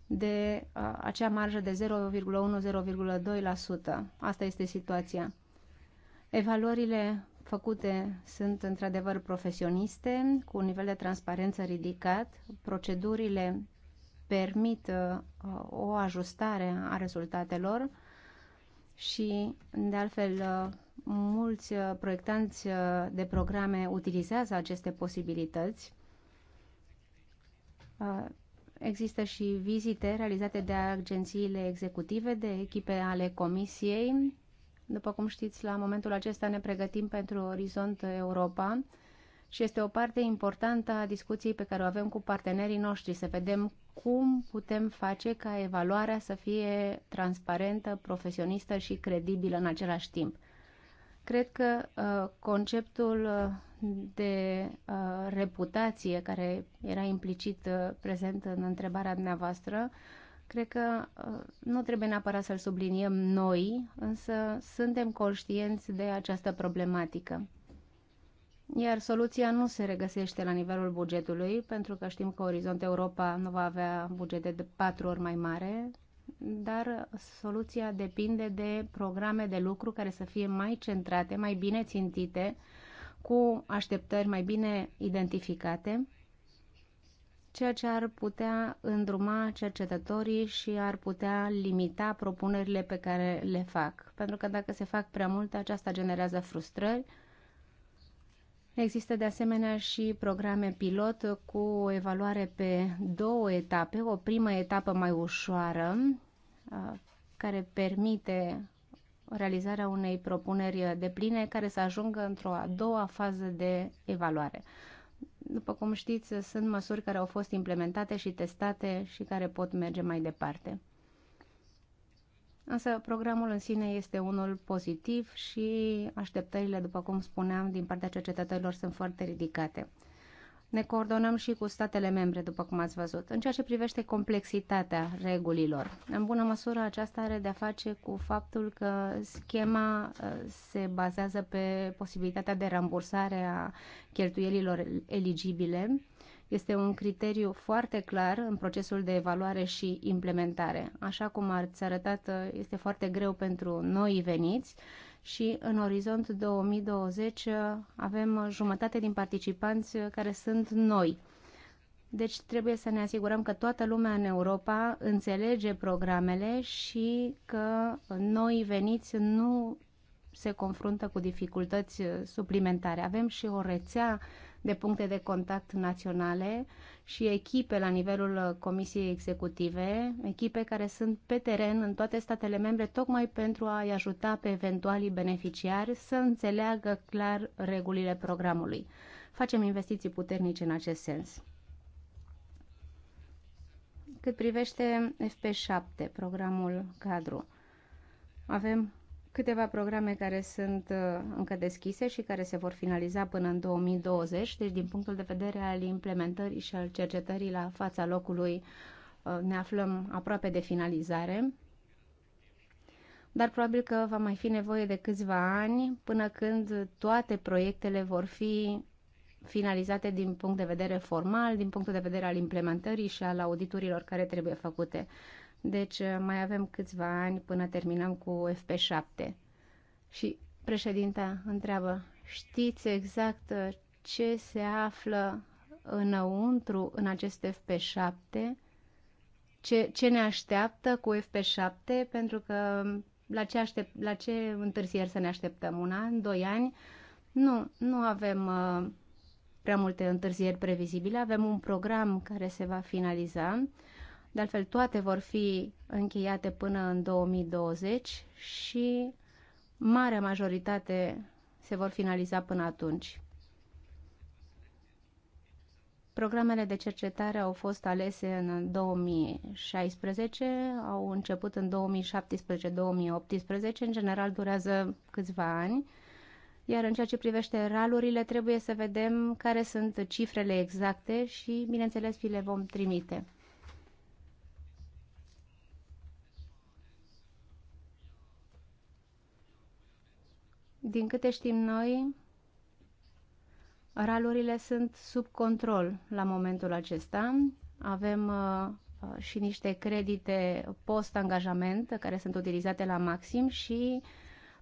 de uh, acea marjă de 0,1-0,2%. Asta este situația. Evaluările făcute sunt într-adevăr profesioniste, cu un nivel de transparență ridicat, procedurile permită uh, o ajustare a rezultatelor și, de altfel, uh, mulți uh, proiectanți de programe utilizează aceste posibilități. Există și vizite realizate de agențiile executive, de echipe ale Comisiei. După cum știți, la momentul acesta ne pregătim pentru Orizont Europa și este o parte importantă a discuției pe care o avem cu partenerii noștri, să vedem cum putem face ca evaluarea să fie transparentă, profesionistă și credibilă în același timp. Cred că uh, conceptul uh, de uh, reputație care era implicit uh, prezent în întrebarea dumneavoastră, cred că uh, nu trebuie neapărat să-l subliniem noi, însă suntem conștienți de această problematică iar soluția nu se regăsește la nivelul bugetului, pentru că știm că Orizont Europa nu va avea bugete de patru ori mai mare, dar soluția depinde de programe de lucru care să fie mai centrate, mai bine țintite, cu așteptări mai bine identificate, ceea ce ar putea îndruma cercetătorii și ar putea limita propunerile pe care le fac. Pentru că dacă se fac prea multe, aceasta generează frustrări, Există de asemenea și programe pilot cu o evaluare pe două etape. O primă etapă mai ușoară, care permite realizarea unei propuneri de pline care să ajungă într-o a doua fază de evaluare. După cum știți, sunt măsuri care au fost implementate și testate și care pot merge mai departe. Însă programul în sine este unul pozitiv și așteptările, după cum spuneam, din partea cercetătorilor sunt foarte ridicate. Ne coordonăm și cu statele membre, după cum ați văzut. În ceea ce privește complexitatea regulilor, în bună măsură aceasta are de-a face cu faptul că schema uh, se bazează pe posibilitatea de rambursare a cheltuielilor eligibile este un criteriu foarte clar în procesul de evaluare și implementare. Așa cum ați arătat, este foarte greu pentru noi veniți și în orizont 2020 avem jumătate din participanți care sunt noi. Deci trebuie să ne asigurăm că toată lumea în Europa înțelege programele și că noi veniți nu se confruntă cu dificultăți suplimentare. Avem și o rețea de puncte de contact naționale și echipe la nivelul Comisiei Executive, echipe care sunt pe teren în toate statele membre, tocmai pentru a-i ajuta pe eventualii beneficiari să înțeleagă clar regulile programului. Facem investiții puternice în acest sens. Cât privește FP7, programul cadru, avem câteva programe care sunt uh, încă deschise și care se vor finaliza până în 2020, deci din punctul de vedere al implementării și al cercetării la fața locului uh, ne aflăm aproape de finalizare. Dar probabil că va mai fi nevoie de câțiva ani până când toate proiectele vor fi finalizate din punct de vedere formal, din punctul de vedere al implementării și al auditurilor care trebuie făcute. Deci uh, mai avem câțiva ani până terminăm cu FP7. Și președinta întreabă, știți exact uh, ce se află înăuntru în acest FP7? Ce, ce ne așteaptă cu FP7? Pentru că um, la ce, aștept, la ce întârzieri să ne așteptăm? Un an, doi ani? Nu, nu avem uh, prea multe întârzieri previzibile. Avem un program care se va finaliza de altfel, toate vor fi încheiate până în 2020 și marea majoritate se vor finaliza până atunci. Programele de cercetare au fost alese în 2016, au început în 2017-2018, în general durează câțiva ani, iar în ceea ce privește ralurile trebuie să vedem care sunt cifrele exacte și, bineînțeles, vi le vom trimite. din câte știm noi, ralurile sunt sub control la momentul acesta. Avem uh, uh, și niște credite post-angajament care sunt utilizate la maxim și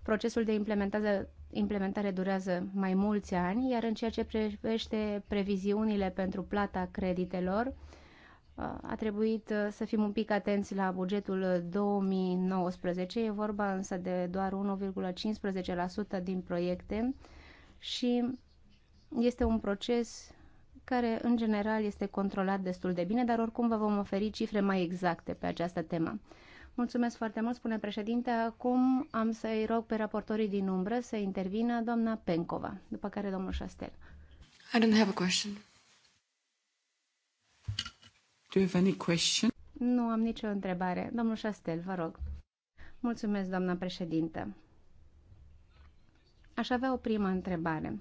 procesul de implementare, implementare durează mai mulți ani, iar în ceea ce privește previziunile pentru plata creditelor, uh, a trebuit uh, să fim un pic atenți la bugetul 2019. Uh, e vorba însă de doar 1,15% din proiecte și este un proces care în general este controlat destul de bine, dar oricum vă vom oferi cifre mai exacte pe această temă. Mulțumesc foarte mult, spune președinte. Acum am să-i rog pe raportorii din umbră să intervină doamna Pencova, după care domnul Șastel. I don't have a question. Do you have any question? Nu am nicio întrebare. Domnul Șastel, vă rog. Mulțumesc, doamna președintă. Aș avea o primă întrebare.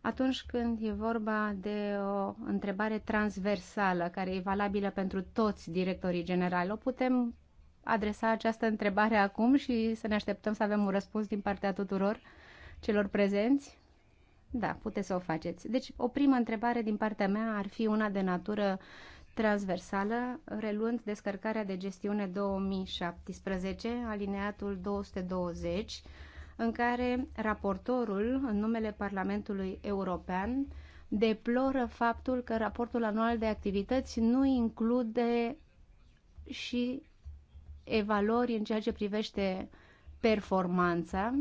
Atunci când e vorba de o întrebare transversală, care e valabilă pentru toți directorii generali, o putem adresa această întrebare acum și să ne așteptăm să avem un răspuns din partea tuturor celor prezenți? Da, puteți să o faceți. Deci, o primă întrebare din partea mea ar fi una de natură transversală, reluând descărcarea de gestiune 2017, alineatul 220, în care raportorul, în numele Parlamentului European, deploră faptul că raportul anual de activități nu include și evaluări în ceea ce privește performanța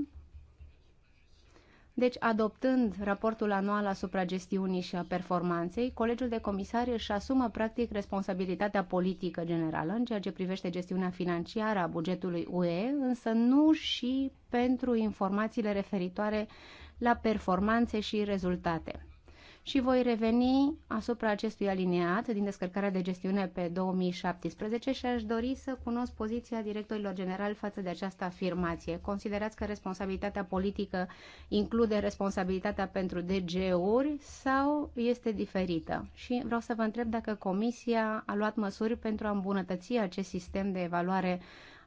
deci, adoptând raportul anual asupra gestiunii și a performanței, Colegiul de Comisari își asumă practic responsabilitatea politică generală în ceea ce privește gestiunea financiară a bugetului UE, însă nu și pentru informațiile referitoare la performanțe și rezultate și voi reveni asupra acestui aliniat din descărcarea de gestiune pe 2017 și aș dori să cunosc poziția directorilor generali față de această afirmație. Considerați că responsabilitatea politică include responsabilitatea pentru DG-uri sau este diferită? Și vreau să vă întreb dacă Comisia a luat măsuri pentru a îmbunătăți acest sistem de evaluare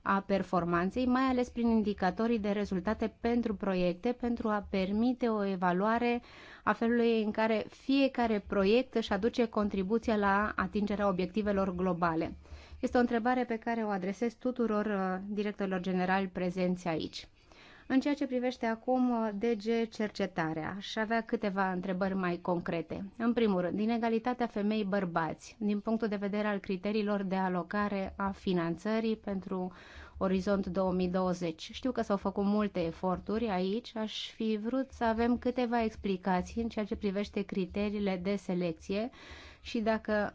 a performanței, mai ales prin indicatorii de rezultate pentru proiecte, pentru a permite o evaluare a felului în care fiecare proiect își aduce contribuția la atingerea obiectivelor globale. Este o întrebare pe care o adresez tuturor uh, directorilor generali prezenți aici. În ceea ce privește acum uh, DG Cercetarea, și avea câteva întrebări mai concrete. În primul rând, inegalitatea femei-bărbați, din punctul de vedere al criteriilor de alocare a finanțării pentru Orizont 2020. Știu că s-au făcut multe eforturi aici, aș fi vrut să avem câteva explicații în ceea ce privește criteriile de selecție și dacă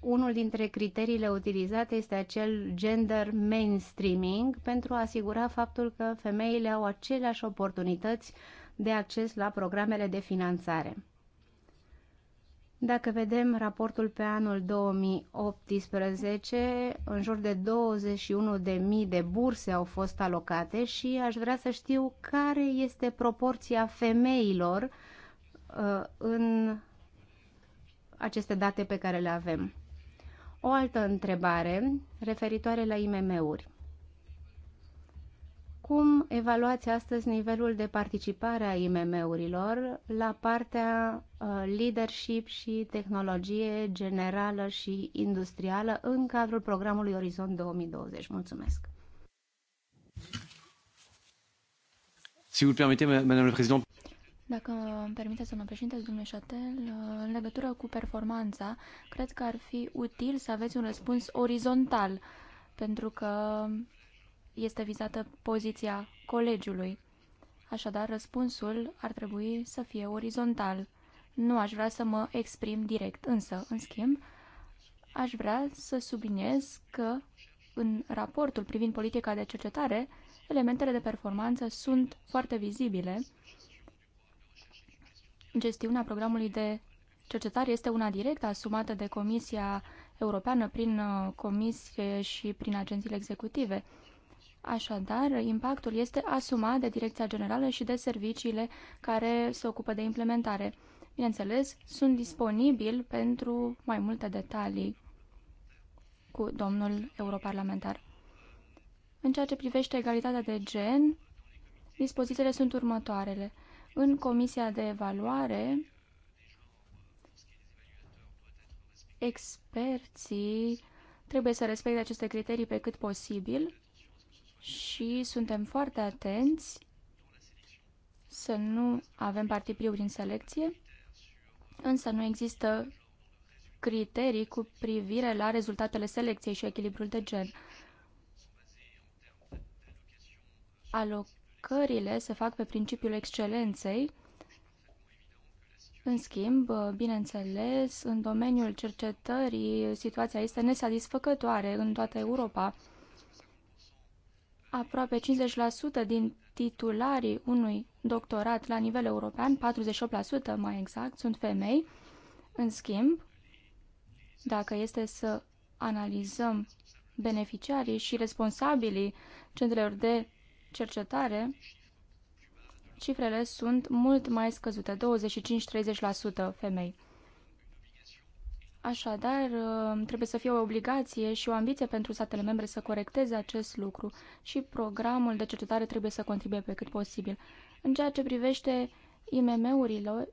unul dintre criteriile utilizate este acel gender mainstreaming pentru a asigura faptul că femeile au aceleași oportunități de acces la programele de finanțare. Dacă vedem raportul pe anul 2018, în jur de 21.000 de burse au fost alocate și aș vrea să știu care este proporția femeilor uh, în aceste date pe care le avem. O altă întrebare referitoare la IMM-uri. Cum evaluați astăzi nivelul de participare a IMM-urilor la partea uh, leadership și tehnologie generală și industrială în cadrul programului Orizont 2020? Mulțumesc! Si vous le permettez, Madame la Présidente. Dacă îmi să mă președinte, domnule Șatel, în legătură cu performanța, cred că ar fi util să aveți un răspuns orizontal, pentru că este vizată poziția colegiului. Așadar, răspunsul ar trebui să fie orizontal. Nu aș vrea să mă exprim direct, însă, în schimb, aș vrea să subliniez că în raportul privind politica de cercetare, elementele de performanță sunt foarte vizibile Gestiunea programului de cercetare este una directă asumată de Comisia Europeană prin uh, comisie și prin agențiile executive. Așadar, impactul este asumat de Direcția Generală și de serviciile care se ocupă de implementare. Bineînțeles, sunt disponibil pentru mai multe detalii cu domnul europarlamentar. În ceea ce privește egalitatea de gen, dispozițiile sunt următoarele – în comisia de evaluare, experții trebuie să respecte aceste criterii pe cât posibil și suntem foarte atenți să nu avem partipriuri în selecție, însă nu există criterii cu privire la rezultatele selecției și echilibrul de gen. Aloc Cările se fac pe principiul excelenței. În schimb, bineînțeles, în domeniul cercetării situația este nesatisfăcătoare în toată Europa. Aproape 50% din titularii unui doctorat la nivel european, 48% mai exact, sunt femei. În schimb, dacă este să analizăm beneficiarii și responsabilii centrelor de cercetare, cifrele sunt mult mai scăzute, 25-30% femei. Așadar, uh, trebuie să fie o obligație și o ambiție pentru statele membre să corecteze acest lucru și programul de cercetare trebuie să contribuie pe cât posibil. În ceea ce privește IMM-urile,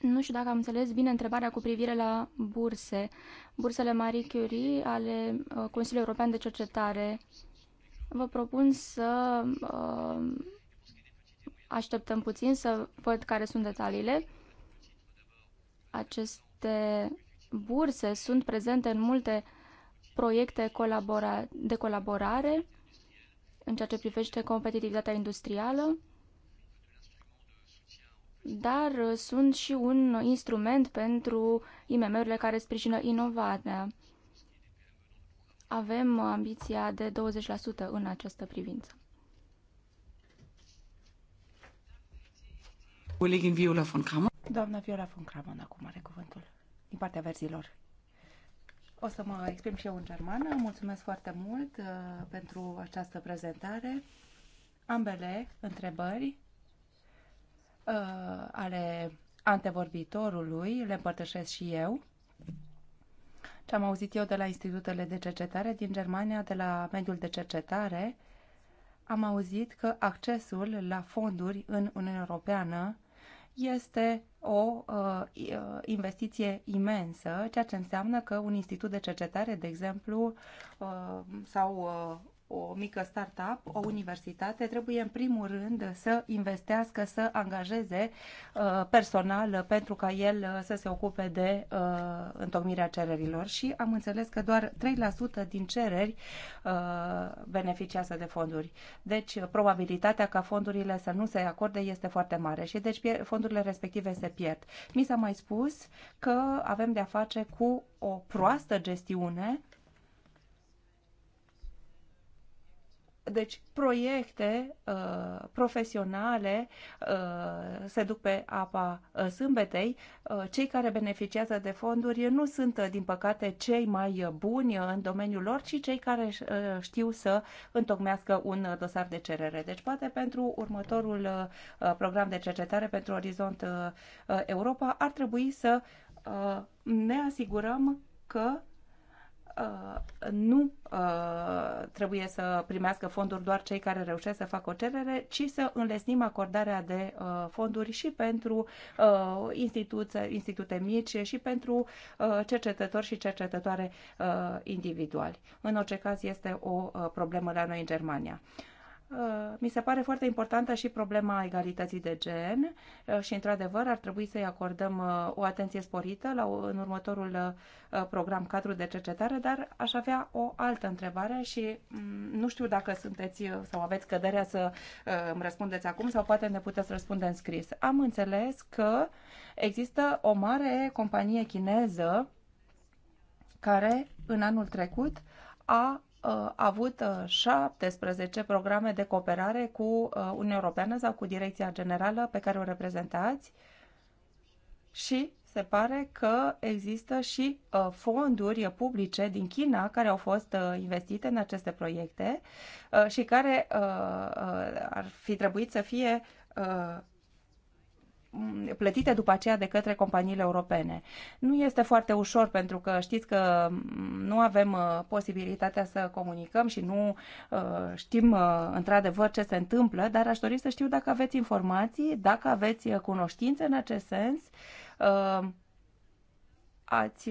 nu știu dacă am înțeles bine întrebarea cu privire la burse. Bursele Marie Curie ale uh, Consiliului European de Cercetare Vă propun să uh, așteptăm puțin să văd care sunt detaliile. Aceste burse sunt prezente în multe proiecte colabora de colaborare în ceea ce privește competitivitatea industrială, dar sunt și un instrument pentru IMM-urile care sprijină inovarea avem ambiția de 20% în această privință. Colegin Viola von Kramon. Doamna Viola von Kramon, acum are cuvântul, din partea verzilor. O să mă exprim și eu în germană. Mulțumesc foarte mult uh, pentru această prezentare. Ambele întrebări uh, ale antevorbitorului le împărtășesc și eu ce am auzit eu de la institutele de cercetare din Germania, de la mediul de cercetare, am auzit că accesul la fonduri în Uniunea Europeană este o uh, investiție imensă, ceea ce înseamnă că un institut de cercetare, de exemplu, uh, sau uh, o mică startup, o universitate, trebuie în primul rând să investească, să angajeze uh, personal pentru ca el uh, să se ocupe de uh, întocmirea cererilor și am înțeles că doar 3% din cereri beneficiază de fonduri. Deci probabilitatea ca fondurile să nu se acorde este foarte mare și deci fondurile respective se pierd. Mi s-a mai spus că avem de-a face cu o proastă gestiune Deci, proiecte uh, profesionale uh, se duc pe apa uh, sâmbetei. Uh, cei care beneficiază de fonduri nu sunt, uh, din păcate, cei mai uh, buni uh, în domeniul lor, ci cei care uh, știu să întocmească un dosar de cerere. Deci, poate pentru următorul uh, program de cercetare pentru Orizont uh, Europa ar trebui să uh, ne asigurăm că Uh, nu uh, trebuie să primească fonduri doar cei care reușesc să facă o cerere, ci să înlesnim acordarea de uh, fonduri și pentru instituțe, institute mici și pentru cercetători și cercetătoare individuali. În orice caz, este o problemă la noi în Germania. Uh, mi se pare foarte importantă și problema egalității de gen uh, și, într-adevăr, ar trebui să-i acordăm uh, o atenție sporită la, în următorul program cadru de cercetare, dar aș avea o altă întrebare și mm, nu știu dacă sunteți sau aveți căderea să îmi răspundeți acum sau poate ne puteți răspunde în scris. Am înțeles că există o mare companie chineză care în anul trecut a Uh, avut 17 uh, programe de cooperare cu uh, Uniunea Europeană sau cu Direcția Generală pe care o reprezentați și se pare că există și fonduri publice din China care au fost investite în aceste proiecte și care ar fi trebuit să fie plătite după aceea de către companiile europene. Nu este foarte ușor pentru că știți că nu avem uh, posibilitatea să comunicăm și nu uh, știm uh, într-adevăr ce se întâmplă, dar aș dori să știu dacă aveți informații, dacă aveți cunoștințe în acest sens. Ați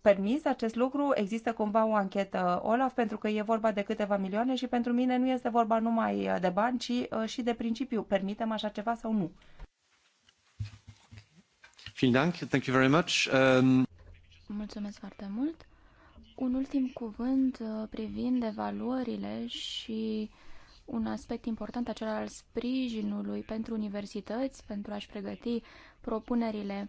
permis acest lucru? Există cumva o anchetă Olaf pentru că e vorba de câteva milioane și pentru mine nu este vorba numai de bani, ci și de principiu. Permitem așa ceva sau nu? Um, Mulțumesc foarte mult. Un ultim cuvânt uh, privind evaluările și un aspect important acela al sprijinului pentru universități, pentru a-și pregăti propunerile.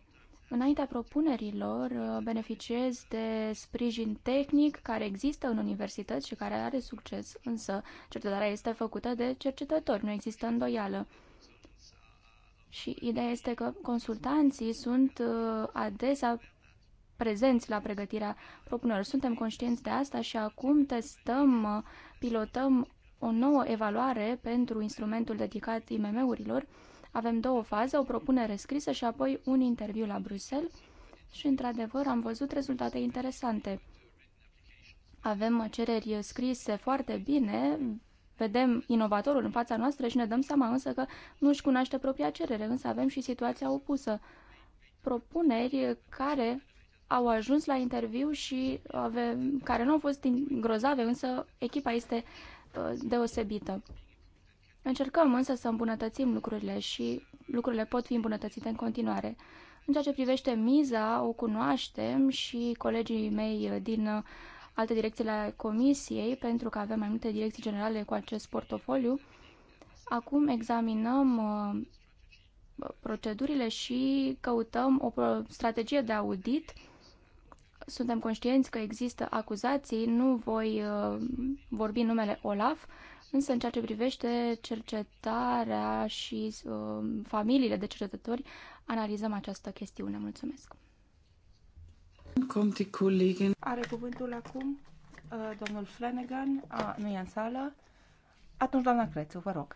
Înaintea propunerilor, uh, beneficiez de sprijin tehnic care există în universități și care are succes, însă cercetarea este făcută de cercetători, nu există îndoială. Și ideea este că consultanții sunt uh, adesea prezenți la pregătirea propunerilor. Suntem conștienți de asta și acum testăm, uh, pilotăm o nouă evaluare pentru instrumentul dedicat IMM-urilor. Avem două faze, o propunere scrisă și apoi un interviu la Bruxelles și, într-adevăr, am văzut rezultate interesante. Avem cereri scrise foarte bine, vedem inovatorul în fața noastră și ne dăm seama însă că nu își cunoaște propria cerere, însă avem și situația opusă. Propuneri care au ajuns la interviu și avem, care nu au fost grozave, însă echipa este ă, deosebită. Încercăm însă să îmbunătățim lucrurile și lucrurile pot fi îmbunătățite în continuare. În ceea ce privește miza, o cunoaștem și colegii mei din ă, alte direcții ale Comisiei, pentru că avem mai multe direcții generale cu acest portofoliu. Acum examinăm uh, procedurile și căutăm o strategie de audit. Suntem conștienți că există acuzații, nu voi uh, vorbi numele OLAF, însă în ceea ce privește cercetarea și uh, familiile de cercetători, analizăm această chestiune. Mulțumesc! Are cuvântul acum uh, domnul Flanagan, a, nu e în sală. Atunci, doamna Crețu, vă rog.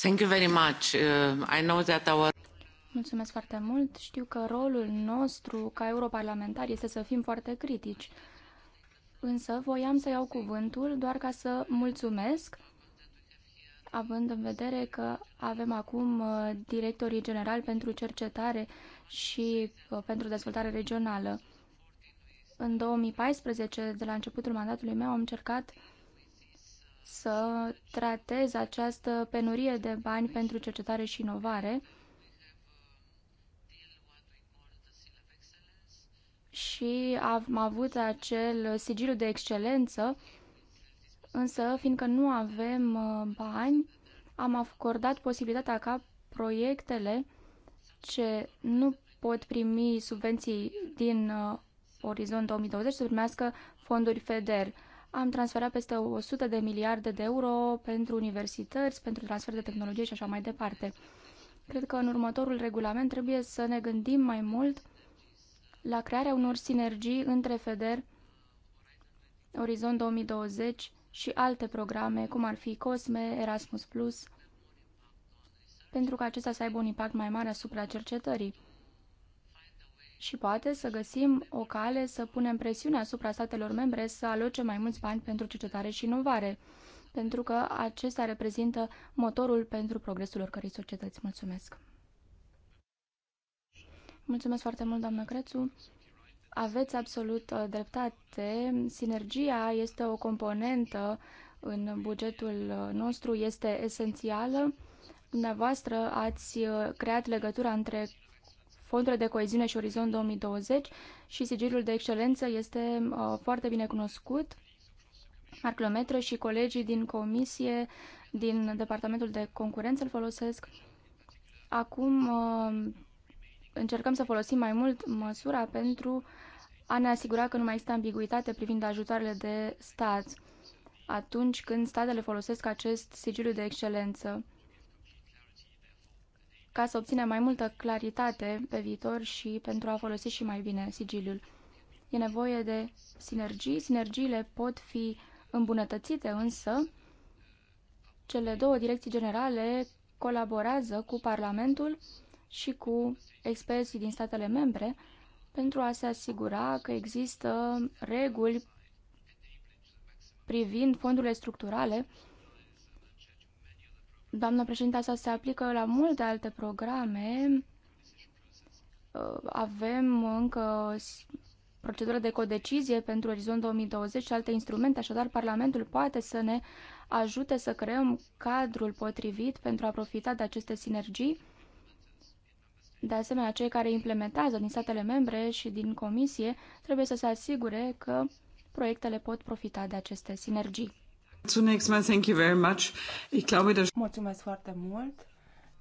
Thank you very much. Uh, I know that our... Mulțumesc foarte mult. Știu că rolul nostru ca europarlamentar este să fim foarte critici. Însă voiam să iau cuvântul doar ca să mulțumesc, având în vedere că avem acum uh, directorii generali pentru cercetare și uh, pentru dezvoltare regională. În 2014, de la începutul mandatului meu, am încercat să tratez această penurie de bani pentru cercetare și inovare și am avut acel sigiliu de excelență, însă fiindcă nu avem uh, bani, am acordat posibilitatea ca proiectele ce nu pot primi subvenții din uh, Orizont 2020 să primească fonduri FEDER. Am transferat peste 100 de miliarde de euro pentru universități, pentru transfer de tehnologie și așa mai departe. Cred că în următorul regulament trebuie să ne gândim mai mult la crearea unor sinergii între FEDER, Orizont 2020 și alte programe, cum ar fi COSME, Erasmus+, pentru ca acesta să aibă un impact mai mare asupra cercetării. Și poate să găsim o cale să punem presiune asupra statelor membre să aloce mai mulți bani pentru cercetare și inovare, pentru că acesta reprezintă motorul pentru progresul oricărei societăți. Mulțumesc! Mulțumesc foarte mult, doamnă Crețu! Aveți absolut uh, dreptate. Sinergia este o componentă în bugetul uh, nostru, este esențială. Dumneavoastră ați uh, creat legătura între fondurile de coeziune și Orizont 2020 și sigiliul de excelență este uh, foarte bine cunoscut. Arclometre și colegii din comisie din Departamentul de Concurență îl folosesc. Acum uh, încercăm să folosim mai mult măsura pentru a ne asigura că nu mai există ambiguitate privind ajutoarele de stat atunci când statele folosesc acest sigiliu de excelență ca să obținem mai multă claritate pe viitor și pentru a folosi și mai bine sigiliul. E nevoie de sinergii. Sinergiile pot fi îmbunătățite, însă cele două direcții generale colaborează cu Parlamentul și cu experții din statele membre pentru a se asigura că există reguli privind fondurile structurale Doamna președinte, asta se aplică la multe alte programe. Uh, avem încă procedură de codecizie pentru Orizont 2020 și alte instrumente, așadar Parlamentul poate să ne ajute să creăm cadrul potrivit pentru a profita de aceste sinergii. De asemenea, cei care implementează din statele membre și din comisie trebuie să se asigure că proiectele pot profita de aceste sinergii. Zunächst Mulțumesc foarte mult.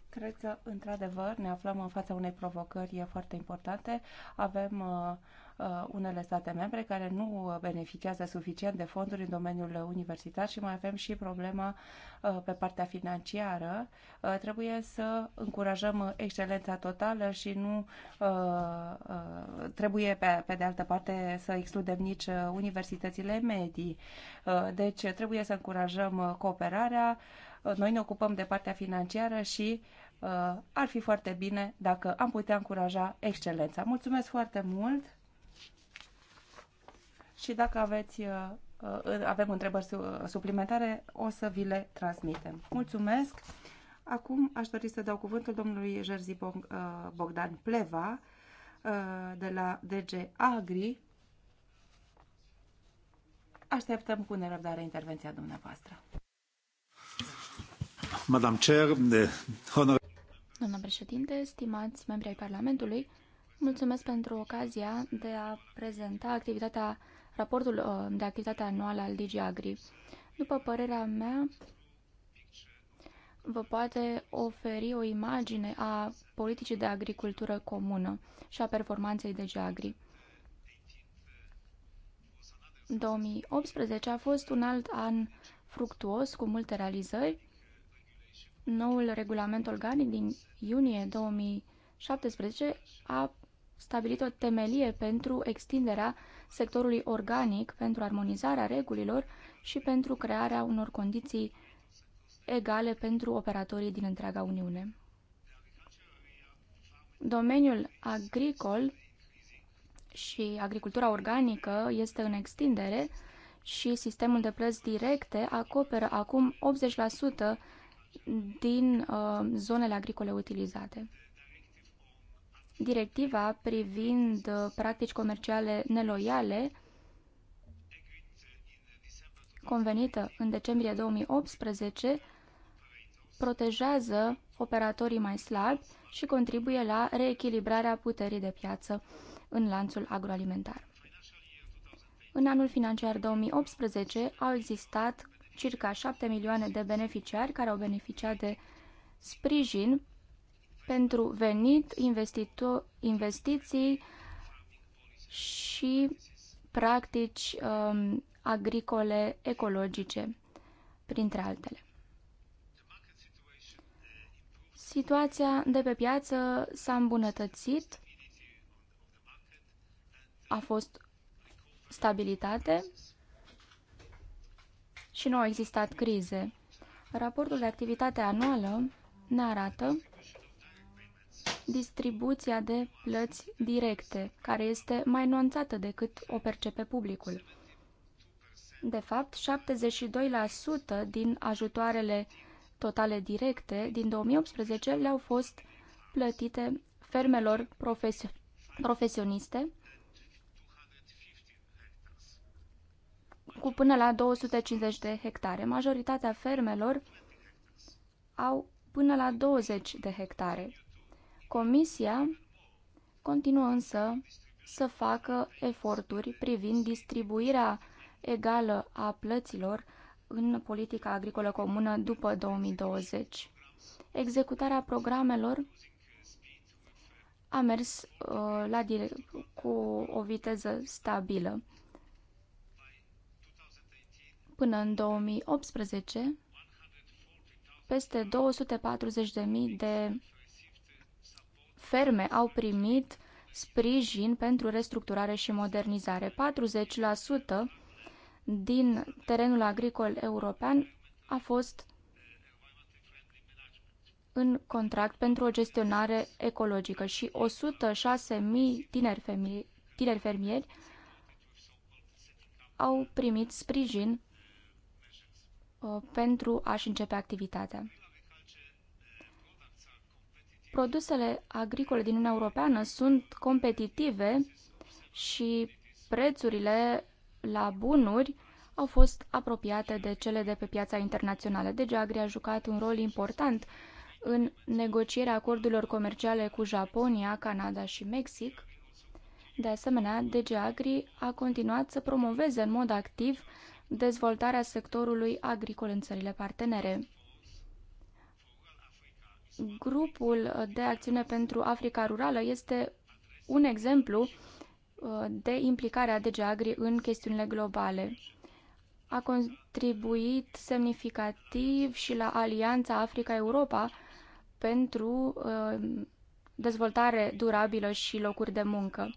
Cred că, într-adevăr, ne aflăm în fața unei provocări foarte importante. Avem uh, Uh, unele state membre care nu uh, beneficiază suficient de fonduri în domeniul universitar și mai avem și problema uh, pe partea financiară. Trebuie să încurajăm excelența totală și nu trebuie pe, pe de altă parte să excludem nici universitățile medii. Deci trebuie să încurajăm cooperarea. Noi ne ocupăm de partea financiară și ar fi foarte bine dacă am putea încuraja excelența. Mulțumesc foarte mult! și dacă aveți, uh, uh, avem întrebări uh, suplimentare, o să vi le transmitem. Mulțumesc! Acum aș dori să dau cuvântul domnului Jerzy Bogdan Pleva de la DG Agri. Așteptăm cu nerăbdare intervenția dumneavoastră. Madam Chair, honor... Doamna președinte, stimați membri ai Parlamentului, mulțumesc pentru ocazia de a prezenta activitatea raportul uh, de activitate anuală al DG Agri. După părerea mea, vă poate oferi o imagine a politicii de agricultură comună și a performanței DG Agri. 2018 a fost un alt an fructuos cu multe realizări. Noul regulament organic din iunie 2017 a stabilit o temelie pentru extinderea sectorului organic pentru armonizarea regulilor și pentru crearea unor condiții egale pentru operatorii din întreaga Uniune. Domeniul agricol și agricultura organică este în extindere și sistemul de plăți directe acoperă acum 80% din uh, zonele agricole utilizate. Directiva privind uh, practici comerciale neloiale, convenită în decembrie 2018, protejează operatorii mai slabi și contribuie la reechilibrarea puterii de piață în lanțul agroalimentar. În anul financiar 2018 au existat circa 7 milioane de beneficiari care au beneficiat de sprijin pentru venit, investiții și practici um, agricole ecologice, printre altele. Situația de pe piață s-a îmbunătățit, a fost stabilitate și nu au existat crize. Raportul de activitate anuală ne arată distribuția de plăți directe, care este mai nuanțată decât o percepe publicul. De fapt, 72% din ajutoarele totale directe din 2018 le-au fost plătite fermelor profes profesioniste cu până la 250 de hectare. Majoritatea fermelor au până la 20 de hectare. Comisia continuă însă să facă eforturi privind distribuirea egală a plăților în politica agricolă comună după 2020. Executarea programelor a mers uh, la direct, cu o viteză stabilă. Până în 2018, peste 240.000 de ferme au primit sprijin pentru restructurare și modernizare. 40% din terenul agricol european a fost în contract pentru o gestionare ecologică și 106.000 tineri, fermieri, tineri fermieri au primit sprijin uh, pentru a-și începe activitatea produsele agricole din Uniunea Europeană sunt competitive și prețurile la bunuri au fost apropiate de cele de pe piața internațională. Deci Agri a jucat un rol important în negocierea acordurilor comerciale cu Japonia, Canada și Mexic. De asemenea, DG Agri a continuat să promoveze în mod activ dezvoltarea sectorului agricol în țările partenere. Grupul de acțiune pentru Africa Rurală este un exemplu uh, de implicare a DG în chestiunile globale. A contribuit semnificativ și la Alianța Africa-Europa pentru uh, dezvoltare durabilă și locuri de muncă.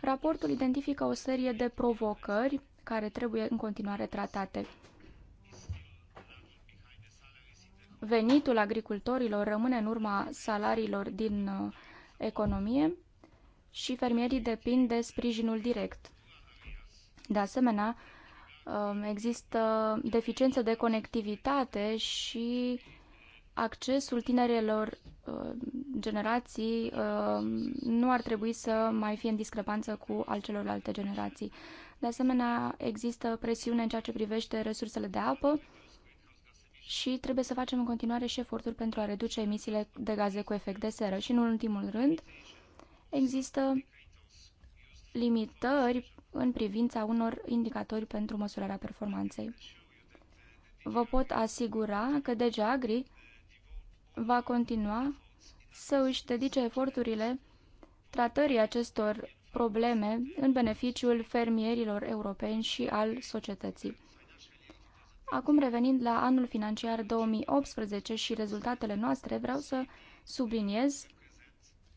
Raportul identifică o serie de provocări care trebuie în continuare tratate venitul agricultorilor rămâne în urma salariilor din uh, economie și fermierii depind de sprijinul direct. De asemenea, um, există deficiență de conectivitate și accesul tinerilor uh, generații um, nu ar trebui să mai fie în discrepanță cu al celorlalte generații. De asemenea, există presiune în ceea ce privește resursele de apă, și trebuie să facem în continuare și eforturi pentru a reduce emisiile de gaze cu efect de seră. Și în ultimul rând, există limitări în privința unor indicatori pentru măsurarea performanței. Vă pot asigura că DG deci Agri va continua să își dedice eforturile tratării acestor probleme în beneficiul fermierilor europeni și al societății. Acum revenind la anul financiar 2018 și rezultatele noastre, vreau să subliniez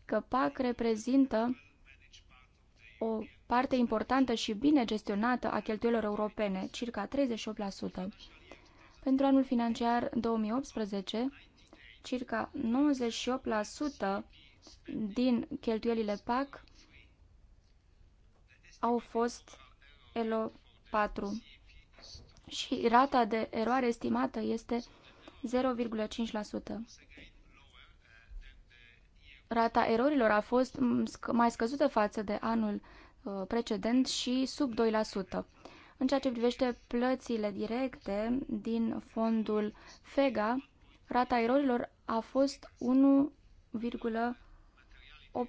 că PAC reprezintă o parte importantă și bine gestionată a cheltuielor europene, circa 38%. Pentru anul financiar 2018, circa 98% din cheltuielile PAC au fost ELO 4 și rata de eroare estimată este 0,5%. Rata erorilor a fost mai scăzută față de anul uh, precedent și sub 2%. În ceea ce privește plățile directe din fondul FEGA, rata erorilor a fost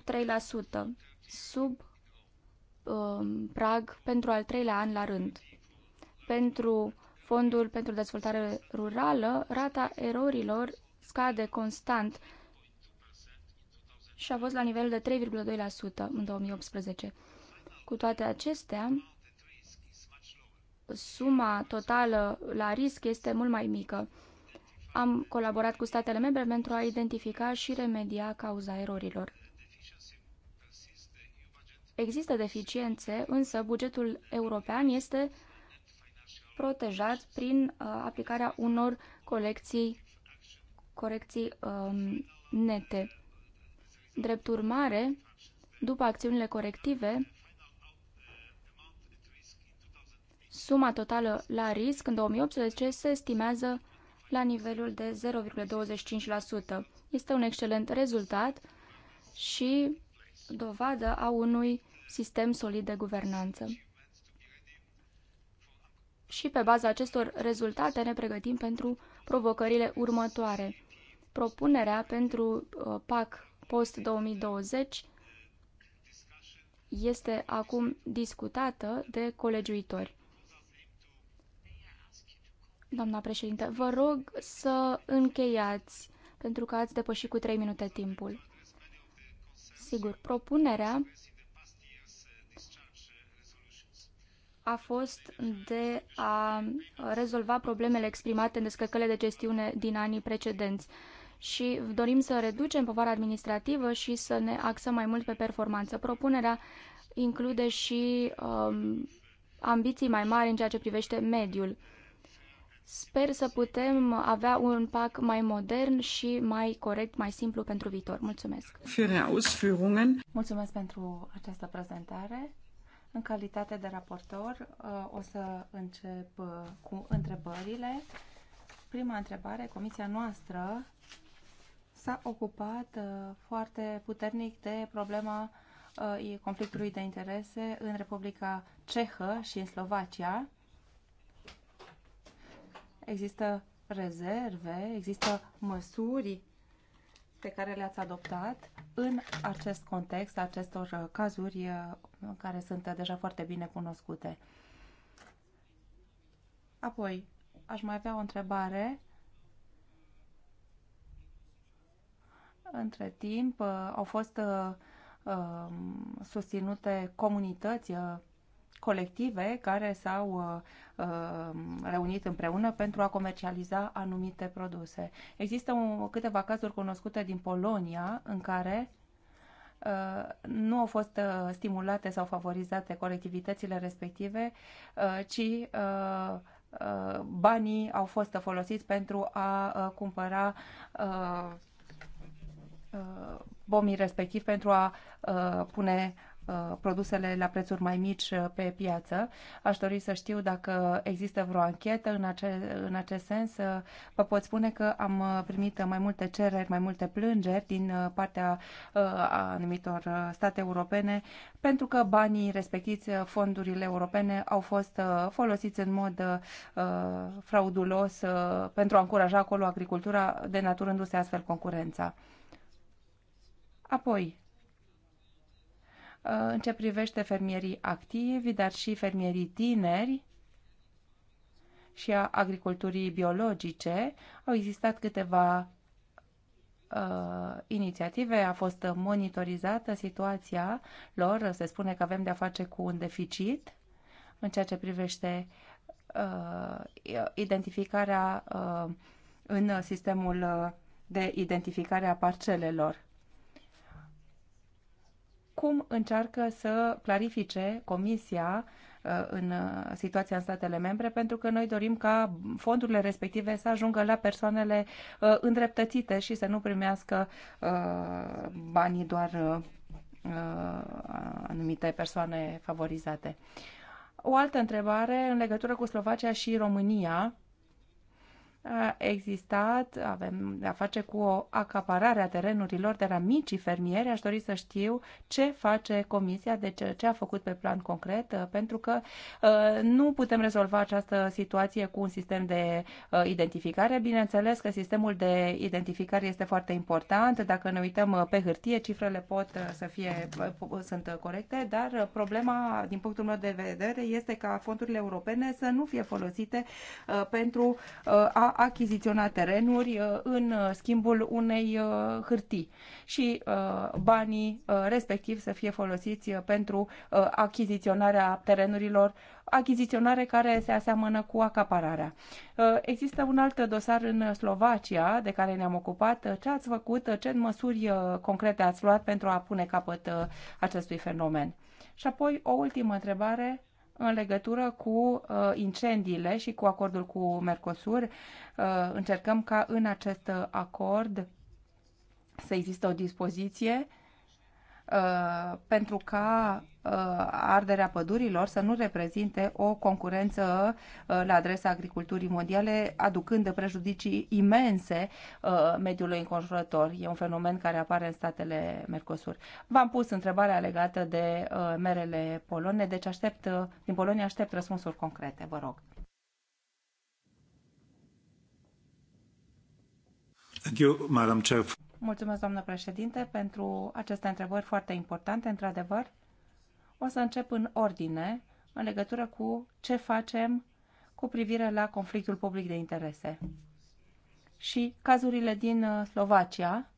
1,83%, sub um, prag pentru al treilea an la rând pentru Fondul pentru Dezvoltare Rurală, rata erorilor scade constant și a fost la nivel de 3,2% în 2018. Cu toate acestea, suma totală la risc este mult mai mică. Am colaborat cu statele membre pentru a identifica și remedia cauza erorilor. Există deficiențe, însă bugetul european este protejați prin uh, aplicarea unor colecții, corecții um, nete. Drept urmare, după acțiunile corective, suma totală la risc în 2018 se estimează la nivelul de 0,25%. Este un excelent rezultat și dovadă a unui sistem solid de guvernanță și pe baza acestor rezultate ne pregătim pentru provocările următoare. Propunerea pentru uh, PAC post-2020 este acum discutată de colegiuitori. Doamna președinte, vă rog să încheiați, pentru că ați depășit cu 3 minute timpul. Sigur, propunerea a fost de a rezolva problemele exprimate în descărcările de gestiune din anii precedenți și dorim să reducem povara administrativă și să ne axăm mai mult pe performanță. Propunerea include și um, ambiții mai mari în ceea ce privește mediul. Sper să putem avea un pac mai modern și mai corect, mai simplu pentru viitor. Mulțumesc! Mulțumesc pentru această prezentare. În calitate de raportor, uh, o să încep uh, cu întrebările. Prima întrebare, comisia noastră s-a ocupat uh, foarte puternic de problema conflictului de interese în Republica Cehă și în Slovacia. Există rezerve, există măsuri pe care le-ați adoptat în acest context, acestor uh, cazuri uh, care sunt deja foarte bine cunoscute. Apoi, aș mai avea o întrebare. Între timp, uh, au fost um, susținute comunități colective care s-au uh, uh, reunit împreună pentru a comercializa anumite produse. Există un, câteva cazuri cunoscute din Polonia în care uh, nu au fost stimulate sau favorizate colectivitățile respective, ci banii au fost folosiți pentru a cumpăra bomii respectiv pentru a pune Uh, produsele la prețuri mai mici uh, pe piață. Aș dori să știu dacă există vreo anchetă în, ace- în acest sens. Uh, vă pot spune că am primit mai multe cereri, mai multe plângeri din partea anumitor state europene pentru că banii respectiți, fondurile europene, au fost folosiți în mod fraudulos pentru a încuraja acolo agricultura, denaturându-se astfel concurența. Apoi, în ce privește fermierii activi, dar și fermierii tineri și a agriculturii biologice. Au existat câteva uh, inițiative, a fost monitorizată situația lor. Se spune că avem de-a face cu un deficit în ceea ce privește uh, identificarea uh, în sistemul de identificare a parcelelor cum încearcă să clarifice Comisia uh, în uh, situația în statele membre, pentru că noi dorim ca fondurile respective să ajungă la persoanele uh, îndreptățite și să nu primească banii doar anumite persoane favorizate. O altă întrebare în legătură cu Slovacia și România existat, avem a face cu o acaparare a terenurilor de la micii fermieri. Aș dori să știu ce face comisia, de ce a făcut pe plan concret, uh, pentru că uh, nu putem rezolva această situație cu un sistem de uh, identificare. Bineînțeles că sistemul de identificare este foarte important. Dacă ne uităm pe hârtie, cifrele pot să fie, sunt corecte, dar problema, din punctul meu de vedere, este ca fondurile europene să nu fie folosite pentru a achiziționa terenuri uh, în uh, schimbul unei uh, hârtii și banii respectiv să fie folosiți pentru achiziționarea terenurilor, achiziționare care se aseamănă cu acapararea. Există un alt dosar în Slovacia de care ne-am ocupat. Ce ați făcut? Ce măsuri concrete ați luat pentru a pune capăt acestui fenomen? Și apoi o ultimă întrebare în legătură cu uh, incendiile și cu acordul cu Mercosur. Uh, încercăm ca în acest uh, acord să există o dispoziție Uh, pentru ca uh, arderea pădurilor să nu reprezinte o concurență uh, la adresa agriculturii mondiale, aducând de prejudicii imense mediului înconjurător. E un fenomen care apare în statele Mercosur. V-am pus întrebarea legată de merele polone, deci aștept, din Polonia aștept răspunsuri concrete, vă rog. Thank you, Madam Chair. Mulțumesc, doamnă președinte, pentru aceste întrebări foarte importante, într-adevăr. O să încep în ordine, în legătură cu ce facem cu privire la conflictul public de interese. Și cazurile din uh, Slovacia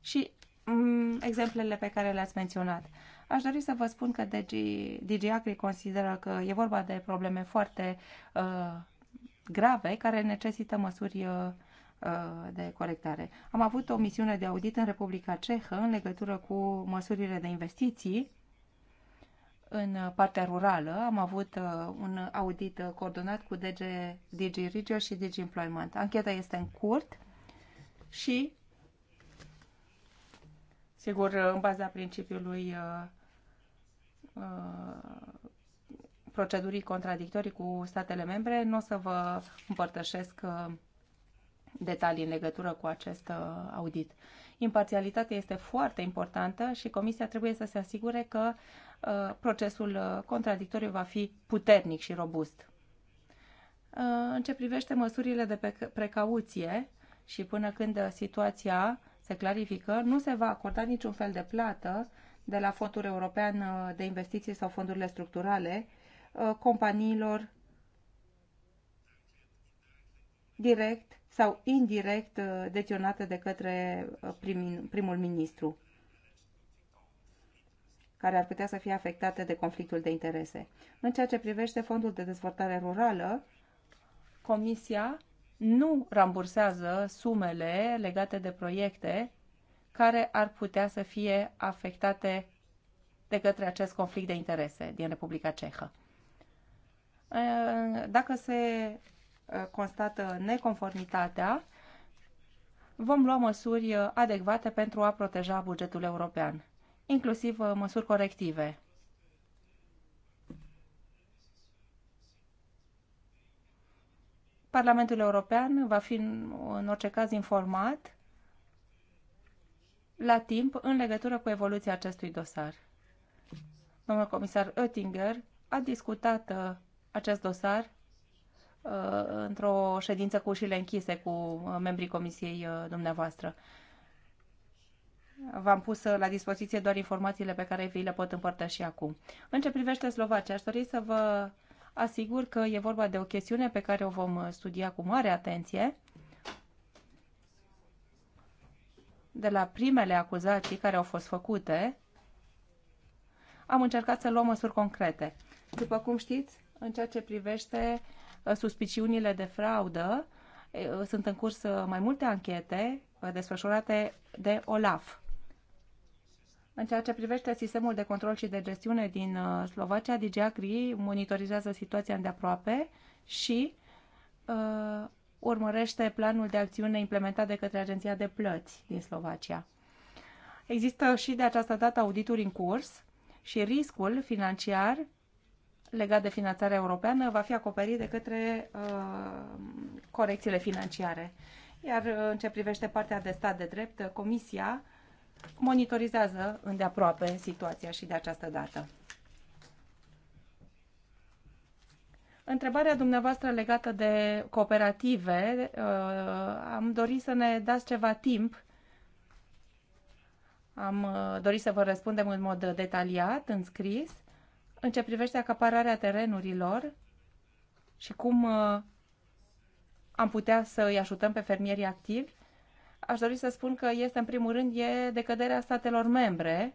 și mm, exemplele pe care le-ați menționat. Aș dori să vă spun că DG, DG Agri consideră că e vorba de probleme foarte uh, grave care necesită măsuri uh, Uh, de colectare. Am avut o misiune de audit în Republica Cehă în legătură cu măsurile de investiții în partea rurală. Am avut uh, un audit coordonat cu DG, DG Regio și DG Employment. Ancheta este în curt și, sigur, în baza principiului uh, procedurii contradictorii cu statele membre, nu o să vă împărtășesc detalii în legătură cu acest uh, audit. Imparțialitatea este foarte importantă și Comisia trebuie să se asigure că uh, procesul uh, contradictoriu va fi puternic și robust. În ce privește măsurile de precauție și până când situația se clarifică, nu se va acorda niciun fel de plată de la Fondul European de Investiții sau fondurile structurale companiilor direct sau indirect uh, deționată de către uh, prim, primul ministru, care ar putea să fie afectate de conflictul de interese. În ceea ce privește Fondul de Dezvoltare Rurală, Comisia nu rambursează sumele legate de proiecte care ar putea să fie afectate de către acest conflict de interese din Republica Cehă. Dacă se Uh, constată neconformitatea, vom lua măsuri uh, adecvate pentru a proteja bugetul european, inclusiv uh, măsuri corective. Parlamentul European va fi în orice caz informat la timp în legătură cu evoluția acestui dosar. Domnul comisar Oettinger a discutat acest dosar Uh, într-o ședință cu ușile închise cu uh, membrii comisiei uh, dumneavoastră. V-am pus la dispoziție doar informațiile pe care vi le pot împărtăși acum. În ce privește Slovacia, aș dori să vă asigur că e vorba de o chestiune pe care o vom studia cu mare atenție. De la primele acuzații care au fost făcute, am încercat să luăm măsuri concrete. După cum știți, în ceea ce privește uh, suspiciunile de fraudă. Sunt în curs uh, mai multe anchete uh, desfășurate de OLAF. În ceea ce privește sistemul de control și de gestiune din uh, Slovacia, DGACRI monitorizează situația îndeaproape și uh, urmărește planul de acțiune implementat de către Agenția de Plăți din Slovacia. Există și de această dată audituri în curs și riscul financiar legat de finanțarea europeană va fi acoperit de către uh, corecțiile financiare. Iar uh, în ce privește partea de stat de drept, Comisia monitorizează îndeaproape situația și de această dată. Întrebarea dumneavoastră legată de cooperative, uh, am dorit să ne dați ceva timp. Am uh, dorit să vă răspundem în mod detaliat, în scris în ce privește acapararea terenurilor și cum uh, am putea să îi ajutăm pe fermierii activi, aș dori să spun că este, în primul rând, e decăderea statelor membre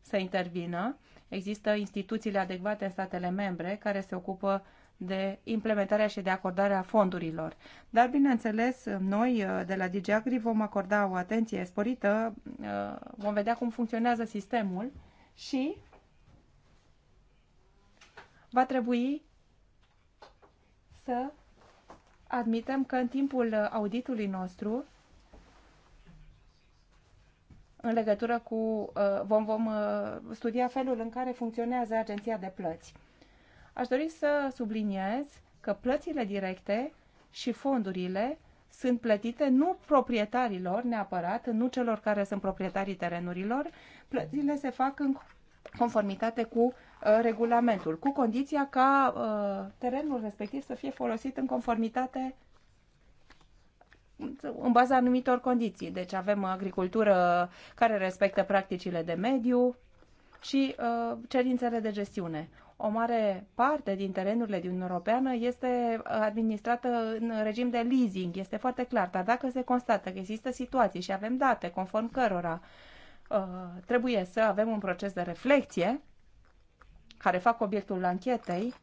să intervină. Există instituțiile adecvate în statele membre care se ocupă de implementarea și de acordarea fondurilor. Dar, bineînțeles, noi uh, de la DG Agri vom acorda o atenție sporită, uh, vom vedea cum funcționează sistemul și va trebui să admitem că în timpul auditului nostru, în legătură cu, uh, vom, vom uh, studia felul în care funcționează agenția de plăți. Aș dori să subliniez că plățile directe și fondurile sunt plătite nu proprietarilor neapărat, nu celor care sunt proprietarii terenurilor, plățile se fac în conformitate cu Uh, regulamentul, cu condiția ca uh, terenul respectiv să fie folosit în conformitate în baza anumitor condiții. Deci avem agricultură care respectă practicile de mediu și uh, cerințele de gestiune. O mare parte din terenurile din Europeană este administrată în regim de leasing, este foarte clar, dar dacă se constată că există situații și avem date conform cărora trebuie să avem un proces de reflexie, care fac obiectul anchetei,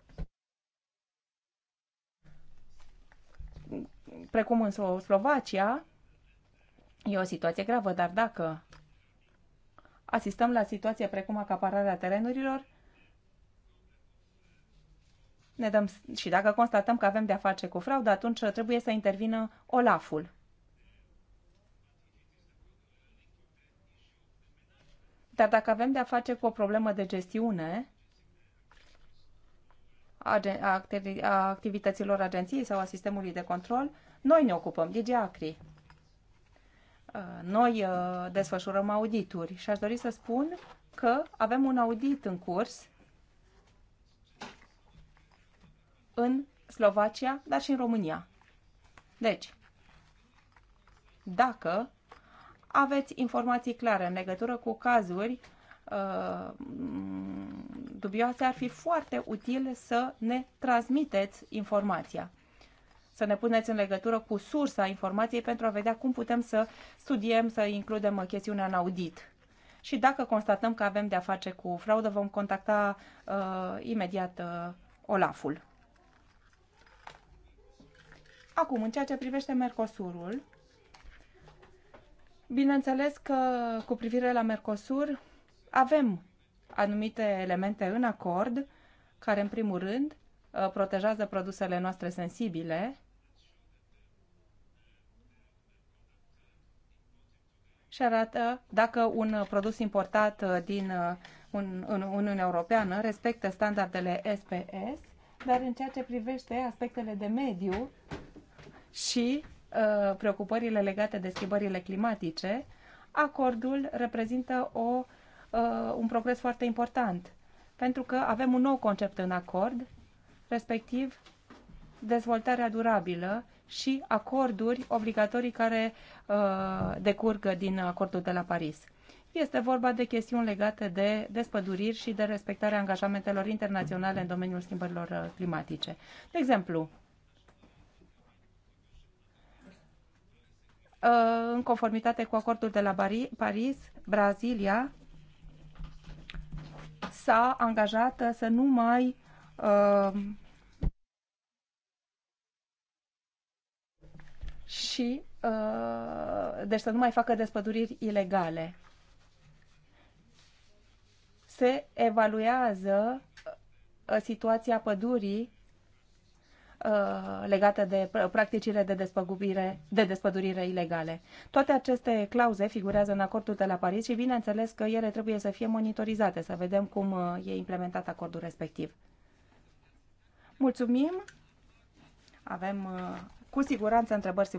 precum în Slovacia, e o situație gravă, dar dacă asistăm la situație precum acapararea terenurilor, ne dăm, și dacă constatăm că avem de-a face cu fraudă, atunci trebuie să intervină Olaful. Dar dacă avem de-a face cu o problemă de gestiune, a activităților agenției sau a sistemului de control, noi ne ocupăm, DG Acri. Uh, noi uh, desfășurăm audituri și aș dori să spun că avem un audit în curs în Slovacia, dar și în România. Deci, dacă aveți informații clare în legătură cu cazuri uh, dubioase, ar fi foarte util să ne transmiteți informația să ne puneți în legătură cu sursa informației pentru a vedea cum putem să studiem, să includem chestiunea în audit. Și dacă constatăm că avem de-a face cu fraudă, vom contacta uh, imediat uh, Olaful. Acum, în ceea ce privește Mercosurul, bineînțeles că cu privire la Mercosur avem anumite elemente în acord care, în primul rând, uh, protejează produsele noastre sensibile și arată dacă un produs importat uh, din uh, un, un Uniunea Europeană respectă standardele SPS, dar în ceea ce privește aspectele de mediu și uh, preocupările legate de schimbările climatice, acordul reprezintă o Uh, un progres foarte important, pentru că avem un nou concept în acord, respectiv dezvoltarea durabilă și acorduri obligatorii care uh, decurgă din acordul de la Paris. Este vorba de chestiuni legate de despăduriri și de respectarea angajamentelor internaționale în domeniul schimbărilor uh, climatice. De exemplu, uh, în conformitate cu acordul de la Paris, Brazilia s-a angajat să nu mai uh, și uh, deci să nu mai facă despăduriri ilegale. Se evaluează uh, situația pădurii Uh, legată de practicile de despăgubire, de despădurire ilegale. Toate aceste clauze figurează în acordul de la Paris și bineînțeles că ele trebuie să fie monitorizate, să vedem cum uh, e implementat acordul respectiv. Mulțumim! Avem uh, cu siguranță întrebări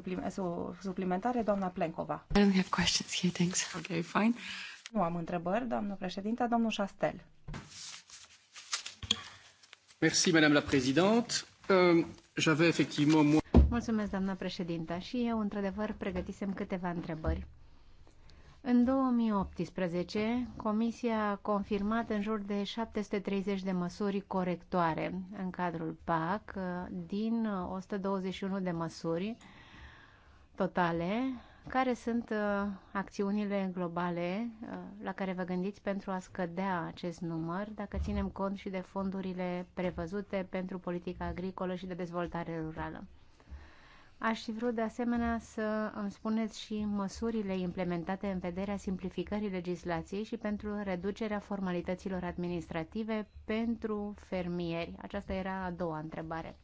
suplimentare, doamna Plencova. Nu am întrebări, doamnă președinte, domnul Șastel. Merci, doamna președinte. Euh, Mulțumesc, doamnă președintă. Și eu, într-adevăr, pregătisem câteva întrebări. În 2018, Comisia a confirmat în jur de 730 de măsuri corectoare în cadrul PAC din 121 de măsuri totale care sunt uh, acțiunile globale uh, la care vă gândiți pentru a scădea acest număr, dacă ținem cont și de fondurile prevăzute pentru politica agricolă și de dezvoltare rurală? Aș fi vrut de asemenea să îmi spuneți și măsurile implementate în vederea simplificării legislației și pentru reducerea formalităților administrative pentru fermieri. Aceasta era a doua întrebare.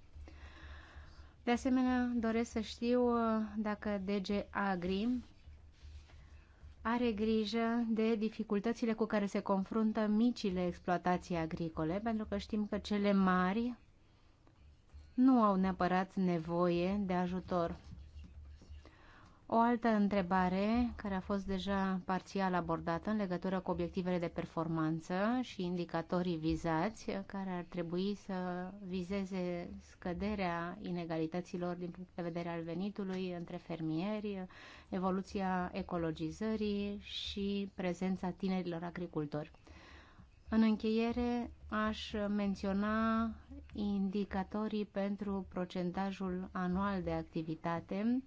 De asemenea, doresc să știu uh, dacă DG Agri are grijă de dificultățile cu care se confruntă micile exploatații agricole, pentru că știm că cele mari nu au neapărat nevoie de ajutor. O altă întrebare care a fost deja parțial abordată în legătură cu obiectivele de performanță și indicatorii vizați care ar trebui să vizeze scăderea inegalităților din punct de vedere al venitului între fermieri, evoluția ecologizării și prezența tinerilor agricultori. În încheiere, aș menționa indicatorii pentru procentajul anual de activitate,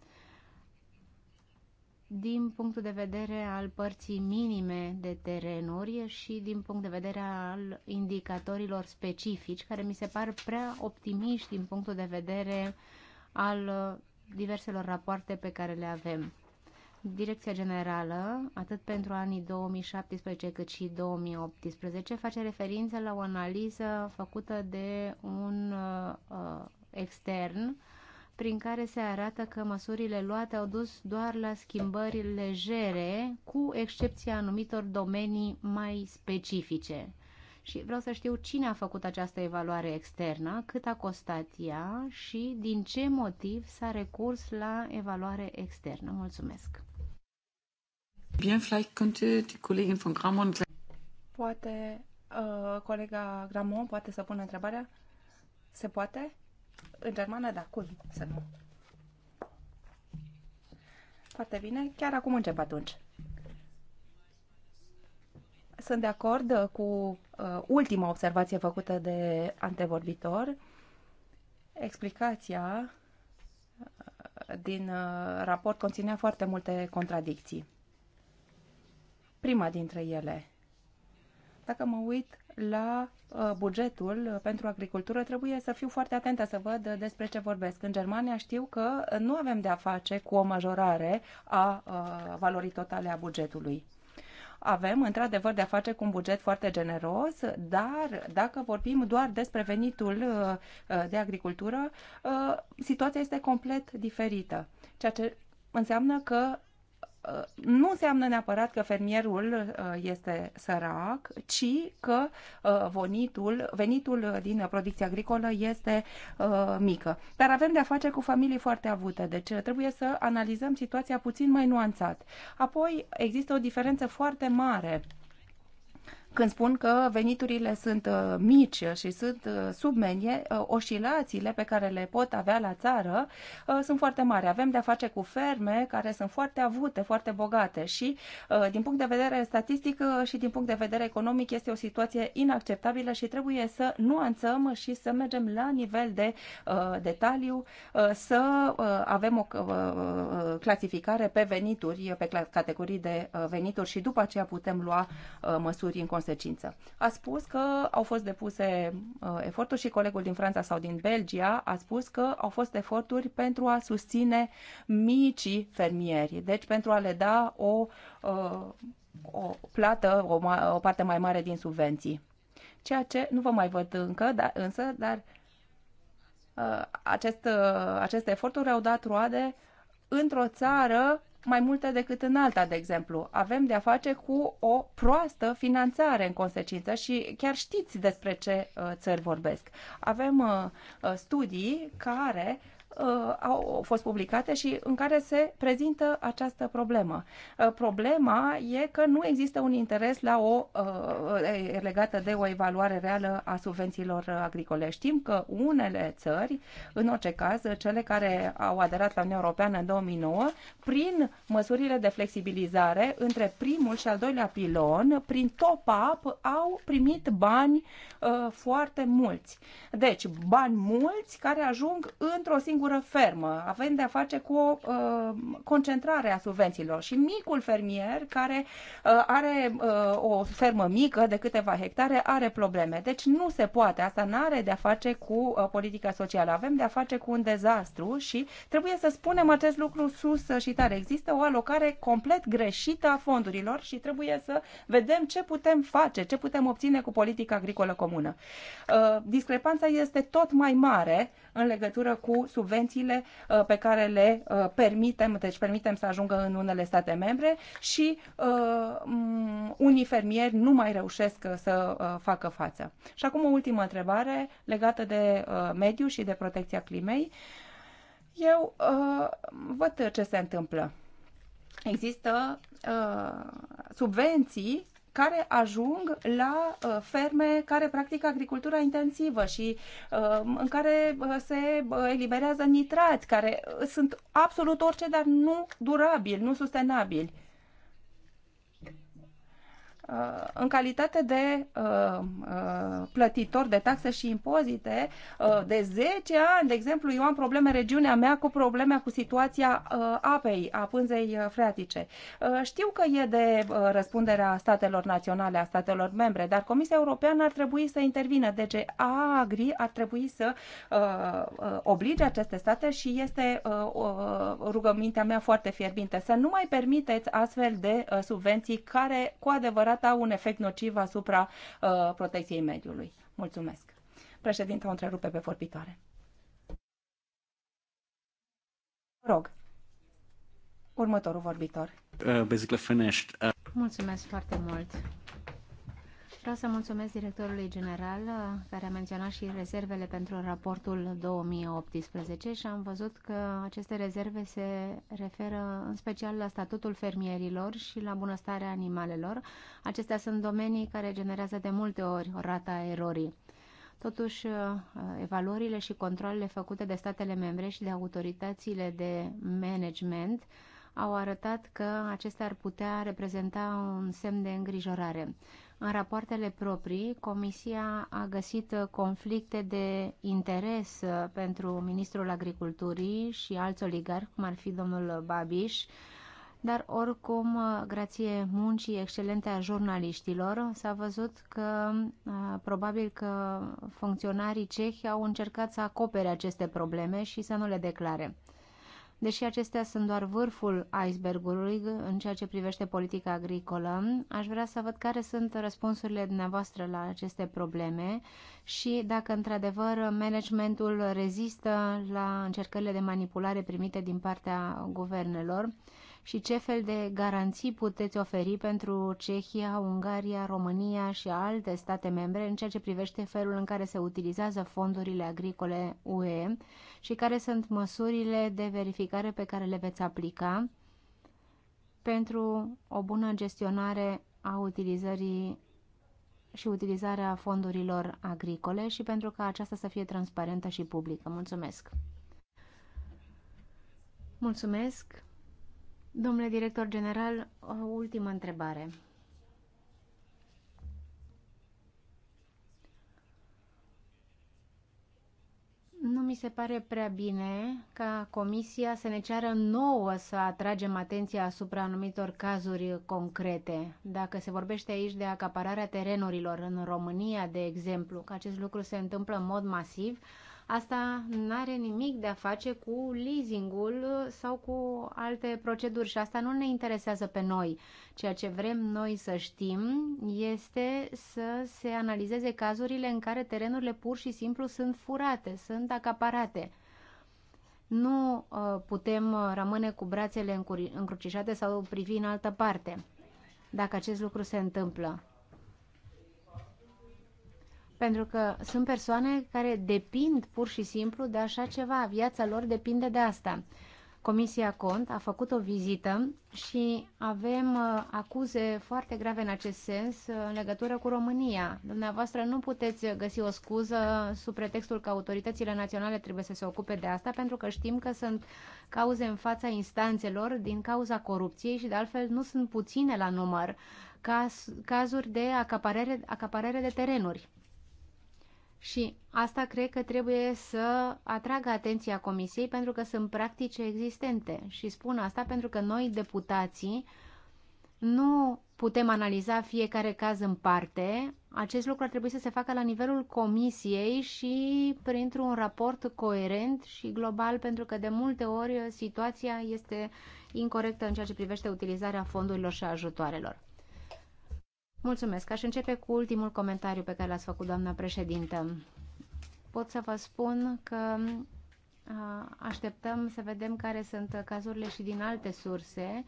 din punctul de vedere al părții minime de terenuri și din punct de vedere al indicatorilor specifici, care mi se par prea optimiști din punctul de vedere al diverselor rapoarte pe care le avem. Direcția Generală, atât pentru anii 2017 cât și 2018, face referință la o analiză făcută de un uh, extern uh, prin care se arată că măsurile luate au dus doar la schimbări legere, cu excepția anumitor domenii mai specifice. Și vreau să știu cine a făcut această evaluare externă, cât a costat ea și din ce motiv s-a recurs la evaluare externă. Mulțumesc! Bien, vielleicht könnte die Kollegin von Gramon... Poate uh, colega Gramon poate să pună întrebarea? Se poate? În germană, da, cum să nu? Foarte bine, chiar acum încep atunci. Sunt de acord uh, cu uh, ultima observație făcută de antevorbitor. Explicația uh, din uh, raport conținea foarte multe contradicții. Prima dintre ele dacă mă uit la uh, bugetul pentru agricultură, trebuie să fiu foarte atentă să văd despre ce vorbesc. În Germania știu că nu avem de-a face cu o majorare a uh, valorii totale a bugetului. Avem, într-adevăr, de-a face cu un buget foarte generos, dar dacă vorbim doar despre venitul uh, de agricultură, situația este complet diferită, ceea ce înseamnă că Uh, nu înseamnă neapărat că fermierul uh, este sărac, ci că uh, venitul, venitul din producția agricolă este mică. Dar avem de-a face cu familii foarte avute, deci trebuie să analizăm situația puțin mai nuanțat. Apoi există o diferență foarte mare când spun că veniturile sunt uh, mici și sunt uh, sub menie, uh, oscilațiile pe care le pot avea la țară sunt foarte mari. Avem de-a face cu ferme care sunt foarte avute, foarte bogate și din punct de vedere statistic și din punct de vedere economic este o situație inacceptabilă și trebuie să nuanțăm și să mergem la nivel de detaliu, să avem o clasificare pe venituri, pe categorii de venituri și după aceea putem lua măsuri în consecință consecință. A spus că au fost depuse uh, eforturi și colegul din Franța sau din Belgia a spus că au fost eforturi pentru a susține micii fermieri, deci pentru a le da o, uh, o plată, o, o parte mai mare din subvenții. Ceea ce nu vă mai văd încă, dar, însă, dar uh, acest, uh, aceste eforturi au dat roade într-o țară mai multe decât în alta, de exemplu. Avem de-a face cu o proastă finanțare în consecință și chiar știți despre ce uh, țări vorbesc. Avem uh, uh, studii care Uh, au fost publicate și în care se prezintă această problemă. Uh, problema e că nu există un interes la o, uh, legată de o evaluare reală a subvențiilor agricole. Știm că unele țări, în orice caz, cele care au aderat la Uniunea Europeană în 2009, prin măsurile de flexibilizare între primul și al doilea pilon, prin top-up, au primit bani foarte mulți. Deci, bani mulți care ajung într-o singură singură fermă. Avem de-a face cu o uh, concentrare a subvențiilor și micul fermier care uh, are uh, o fermă mică de câteva hectare are probleme. Deci nu se poate. Asta nu are de-a face cu uh, politica socială. Avem de-a face cu un dezastru și trebuie să spunem acest lucru sus și tare. Există o alocare complet greșită a fondurilor și trebuie să vedem ce putem face, ce putem obține cu politica agricolă comună. Uh, discrepanța este tot mai mare în legătură cu subvențiile uh, pe care le uh, permitem, deci permitem să ajungă în unele state membre și uh, unii fermieri nu mai reușesc să facă față. Și acum o ultimă întrebare legată de mediu și de protecția climei. Eu văd ce se întâmplă. Există uh, subvenții care ajung la uh, ferme care practică agricultura intensivă și uh, în care uh, se eliberează nitrați, care sunt absolut orice, dar nu durabili, nu sustenabili. Uh, în calitate de uh, uh, plătitor de taxe și impozite, de 10 ani, de exemplu, eu am probleme în regiunea mea cu problema cu situația apei, a pânzei freatice. Știu că e de răspunderea statelor naționale, a statelor membre, dar Comisia Europeană ar trebui să intervină. Deci AGRI ar trebui să oblige aceste state și este rugămintea mea foarte fierbinte să nu mai permiteți astfel de subvenții care cu adevărat data un efect nociv asupra uh, protecției mediului. Mulțumesc. Președinte, o întrerupe pe vorbitoare. Rog. Următorul vorbitor. Uh, basically finished. Uh... Mulțumesc foarte mult. Vreau să mulțumesc directorului general uh, care a menționat și rezervele pentru raportul 2018 și am văzut că aceste rezerve se referă în special la statutul fermierilor și la bunăstarea animalelor. Acestea sunt domenii care generează de multe ori o rata erorii. Totuși, uh, evaluările și controlele făcute de statele membre și de autoritățile de management au arătat că acestea ar putea reprezenta un semn de îngrijorare. În rapoartele proprii, Comisia a găsit conflicte de interes pentru Ministrul Agriculturii și alți oligarhi, cum ar fi domnul Babiș, dar oricum, grație muncii excelente a jurnaliștilor, s-a văzut că probabil că funcționarii cehi au încercat să acopere aceste probleme și să nu le declare. Deși acestea sunt doar vârful icebergului în ceea ce privește politica agricolă, aș vrea să văd care sunt răspunsurile dumneavoastră la aceste probleme și dacă într-adevăr managementul rezistă la încercările de manipulare primite din partea guvernelor și ce fel de garanții puteți oferi pentru Cehia, Ungaria, România și alte state membre în ceea ce privește felul în care se utilizează fondurile agricole UE și care sunt măsurile de verificare pe care le veți aplica pentru o bună gestionare a utilizării și utilizarea fondurilor agricole și pentru ca aceasta să fie transparentă și publică. Mulțumesc! Mulțumesc! Domnule director general, o ultimă întrebare. Nu mi se pare prea bine ca Comisia să ne ceară nouă să atragem atenția asupra anumitor cazuri concrete. Dacă se vorbește aici de acapararea terenurilor în România, de exemplu, că acest lucru se întâmplă în mod masiv, Asta nu are nimic de a face cu leasingul sau cu alte proceduri și asta nu ne interesează pe noi. Ceea ce vrem noi să știm este să se analizeze cazurile în care terenurile pur și simplu sunt furate, sunt acaparate nu uh, putem uh, rămâne cu brațele încrucișate sau privi în altă parte, dacă acest lucru se întâmplă. Pentru că sunt persoane care depind pur și simplu de așa ceva. Viața lor depinde de asta. Comisia Cont a făcut o vizită și avem uh, acuze foarte grave în acest sens uh, în legătură cu România. Dumneavoastră nu puteți găsi o scuză sub pretextul că autoritățile naționale trebuie să se ocupe de asta, pentru că știm că sunt cauze în fața instanțelor din cauza corupției și de altfel nu sunt puține la număr caz, cazuri de acaparare, acaparare de terenuri. Și asta cred că trebuie să atragă atenția Comisiei pentru că sunt practici existente. Și spun asta pentru că noi, deputații, nu putem analiza fiecare caz în parte. Acest lucru ar trebui să se facă la nivelul comisiei și printr-un raport coerent și global, pentru că de multe ori situația este incorrectă în ceea ce privește utilizarea fondurilor și ajutoarelor. Mulțumesc. Aș începe cu ultimul comentariu pe care l-ați făcut, doamna președintă. Pot să vă spun că așteptăm să vedem care sunt cazurile și din alte surse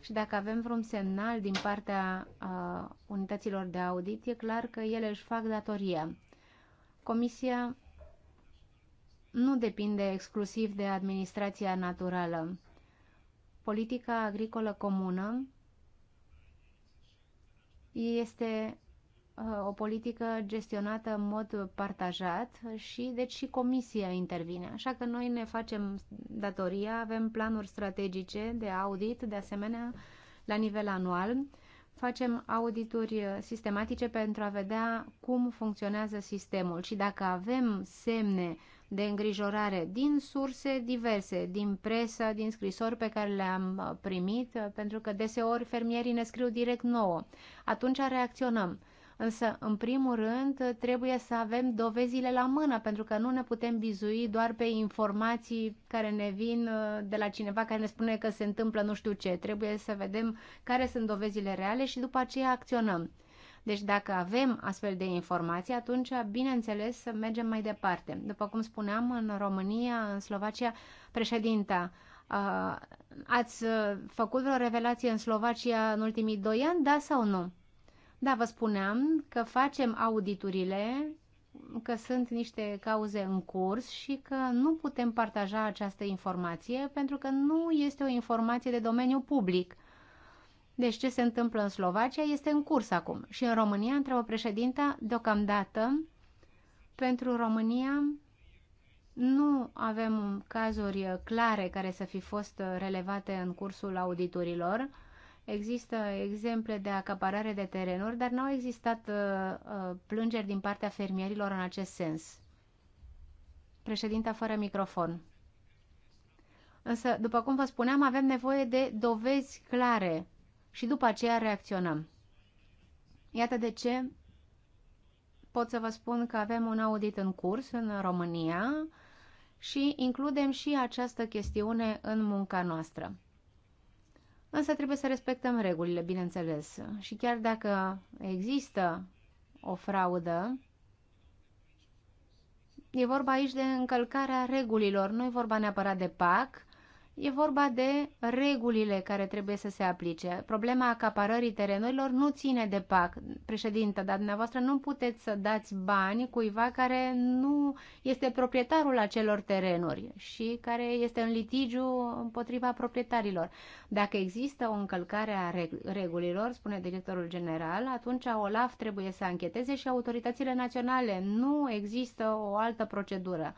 și dacă avem vreun semnal din partea unităților de audit, e clar că ele își fac datoria. Comisia nu depinde exclusiv de administrația naturală. Politica agricolă comună este uh, o politică gestionată în mod partajat și deci și comisia intervine. Așa că noi ne facem datoria, avem planuri strategice de audit, de asemenea la nivel anual, facem audituri sistematice pentru a vedea cum funcționează sistemul și dacă avem semne de îngrijorare din surse diverse, din presă, din scrisori pe care le-am uh, primit, uh, pentru că deseori fermierii ne scriu direct nouă. Atunci reacționăm. Însă, în primul rând, uh, trebuie să avem dovezile la mână, pentru că nu ne putem bizui doar pe informații care ne vin de la cineva care ne spune că se întâmplă nu știu ce. Trebuie să vedem care sunt dovezile reale și după aceea acționăm. Deci dacă avem astfel de informații, atunci, bineînțeles, să mergem mai departe. După cum spuneam, în România, în Slovacia, președinta ați uh, făcut vreo revelație în Slovacia în ultimii doi ani, da sau nu? Da, vă spuneam că facem auditurile, că sunt niște cauze în curs și că nu putem partaja această informație pentru că nu este o informație de domeniu public. Deci ce se întâmplă în Slovacia este în curs acum. Și în România, întreabă președinta, deocamdată, pentru România nu avem cazuri clare care să fi fost relevate în cursul auditorilor. Există exemple de acaparare de terenuri, dar n-au existat uh, uh, plângeri din partea fermierilor în acest sens. Președinta fără microfon. Însă, după cum vă spuneam, avem nevoie de dovezi clare și după aceea reacționăm. Iată de ce pot să vă spun că avem un audit în curs în România și includem și această chestiune în munca noastră. Însă trebuie să respectăm regulile, bineînțeles. Și chiar dacă există o fraudă, e vorba aici de încălcarea regulilor, nu e vorba neapărat de PAC, E vorba de regulile care trebuie să se aplice. Problema acaparării terenurilor nu ține de PAC, președintă, dar dumneavoastră nu puteți să dați bani cuiva care nu este proprietarul acelor terenuri și care este în litigiu împotriva proprietarilor. Dacă există o încălcare a regulilor, spune directorul general, atunci OLAF trebuie să ancheteze și autoritățile naționale. Nu există o altă procedură.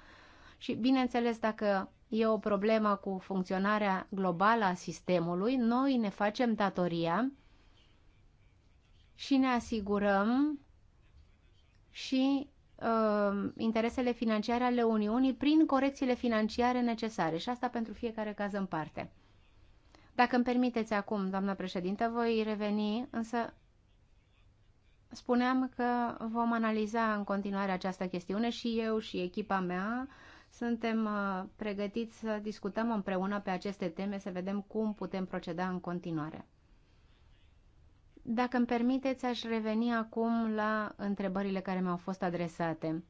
Și, bineînțeles, dacă e o problemă cu funcționarea globală a sistemului, noi ne facem datoria și ne asigurăm și uh, interesele financiare ale Uniunii prin corecțiile financiare necesare și asta pentru fiecare caz în parte. Dacă îmi permiteți acum, doamna președintă, voi reveni, însă spuneam că vom analiza în continuare această chestiune și eu și echipa mea uh, suntem uh, pregătiți să discutăm împreună pe aceste teme, să vedem cum putem proceda în continuare. Dacă îmi permiteți, aș reveni acum la întrebările care mi-au fost adresate.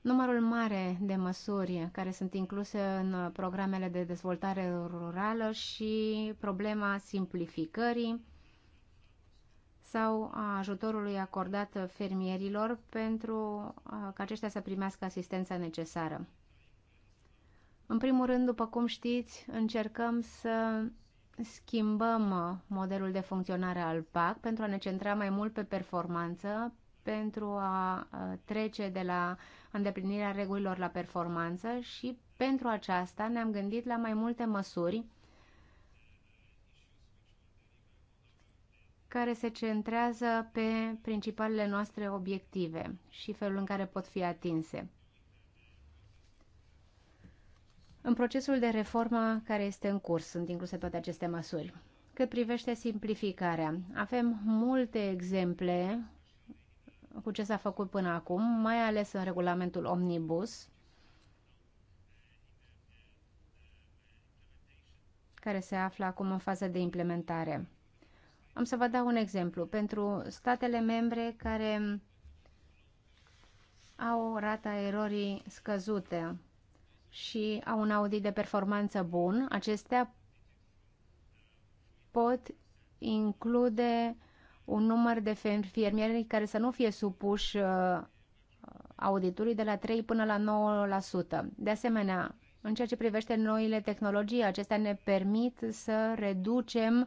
Numărul mare de măsuri care sunt incluse în programele de dezvoltare rurală și problema simplificării, sau a ajutorului acordat fermierilor pentru ca aceștia să primească asistența necesară. În primul rând, după cum știți, încercăm să schimbăm modelul de funcționare al PAC pentru a ne centra mai mult pe performanță, pentru a trece de la îndeplinirea regulilor la performanță și pentru aceasta ne-am gândit la mai multe măsuri care se centrează pe principalele noastre obiective și felul în care pot fi atinse. În procesul de reformă care este în curs sunt incluse toate aceste măsuri. Cât privește simplificarea, avem multe exemple cu ce s-a făcut până acum, mai ales în regulamentul Omnibus, care se află acum în fază de implementare. Am să vă dau un exemplu. Pentru statele membre care au o rata erorii scăzute și au un audit de performanță bun, acestea pot include un număr de fermieri care să nu fie supuși uh, auditului de la 3 până la 9%. De asemenea, în ceea ce privește noile tehnologii, acestea ne permit să reducem uh,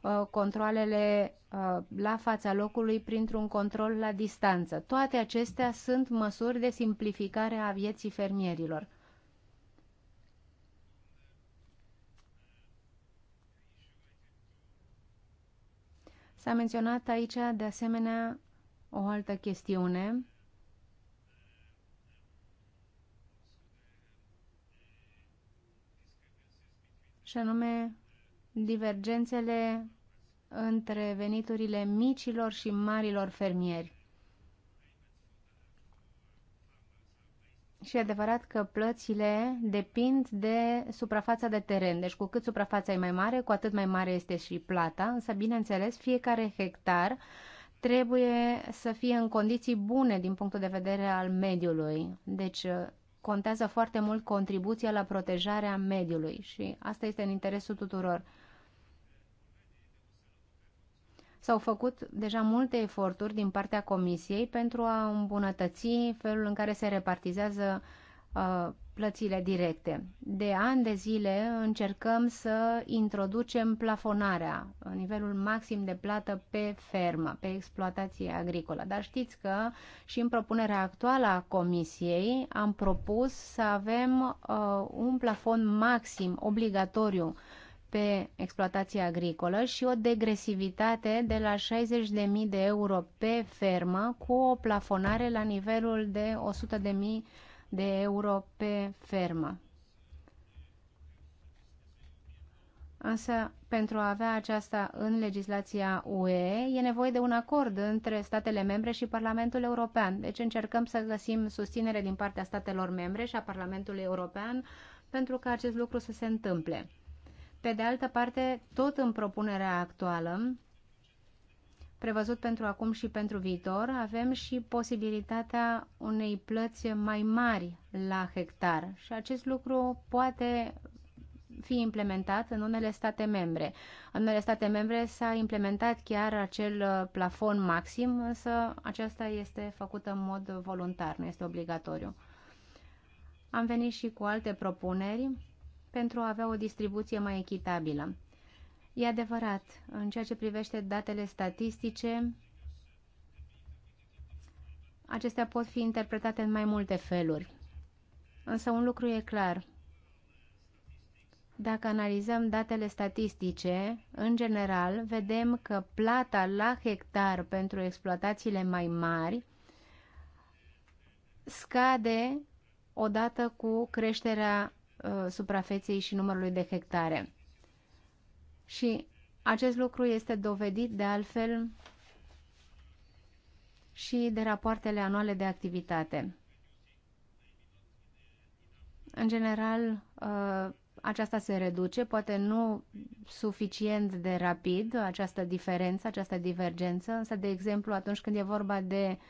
Uh, controlele uh, la fața locului printr-un control la distanță. Toate acestea sunt măsuri de simplificare a vieții fermierilor. S-a menționat aici, de asemenea, o altă chestiune. Și anume divergențele între veniturile micilor și marilor fermieri. Și e adevărat că plățile depind de suprafața de teren. Deci cu cât suprafața e mai mare, cu atât mai mare este și plata. Însă, bineînțeles, fiecare hectar trebuie să fie în condiții bune din punctul de vedere al mediului. Deci contează foarte mult contribuția la protejarea mediului și asta este în interesul tuturor. S-au făcut deja multe eforturi din partea Comisiei pentru a îmbunătăți felul în care se repartizează uh, plățile directe. De ani de zile încercăm să introducem plafonarea, nivelul maxim de plată pe fermă, pe exploatație agricolă. Dar știți că și în propunerea actuală a Comisiei am propus să avem uh, un plafon maxim obligatoriu pe exploatație agricolă și o degresivitate de la 60.000 de euro pe fermă cu o plafonare la nivelul de 100.000 de euro pe fermă. Însă, pentru a avea aceasta în legislația UE, e nevoie de un acord între statele membre și Parlamentul European. Deci încercăm să găsim susținere din partea statelor membre și a Parlamentului European pentru ca acest lucru să se întâmple. Pe de altă parte, tot în propunerea actuală, prevăzut pentru acum și pentru viitor, avem și posibilitatea unei plăți mai mari la hectar și acest lucru poate fi implementat în unele state membre. În unele state membre s-a implementat chiar acel uh, plafon maxim, însă aceasta este făcută în mod voluntar, nu este obligatoriu. Am venit și cu alte propuneri pentru a avea o distribuție mai echitabilă. E adevărat, în ceea ce privește datele statistice, acestea pot fi interpretate în mai multe feluri. Însă un lucru e clar. Dacă analizăm datele statistice, în general, vedem că plata la hectar pentru exploatațiile mai mari scade odată cu creșterea Uh, suprafeței și numărului de hectare. Și acest lucru este dovedit de altfel și de rapoartele anuale de activitate. În general, uh, aceasta se reduce, poate nu suficient de rapid, această diferență, această divergență, însă, de exemplu, atunci când e vorba de uh,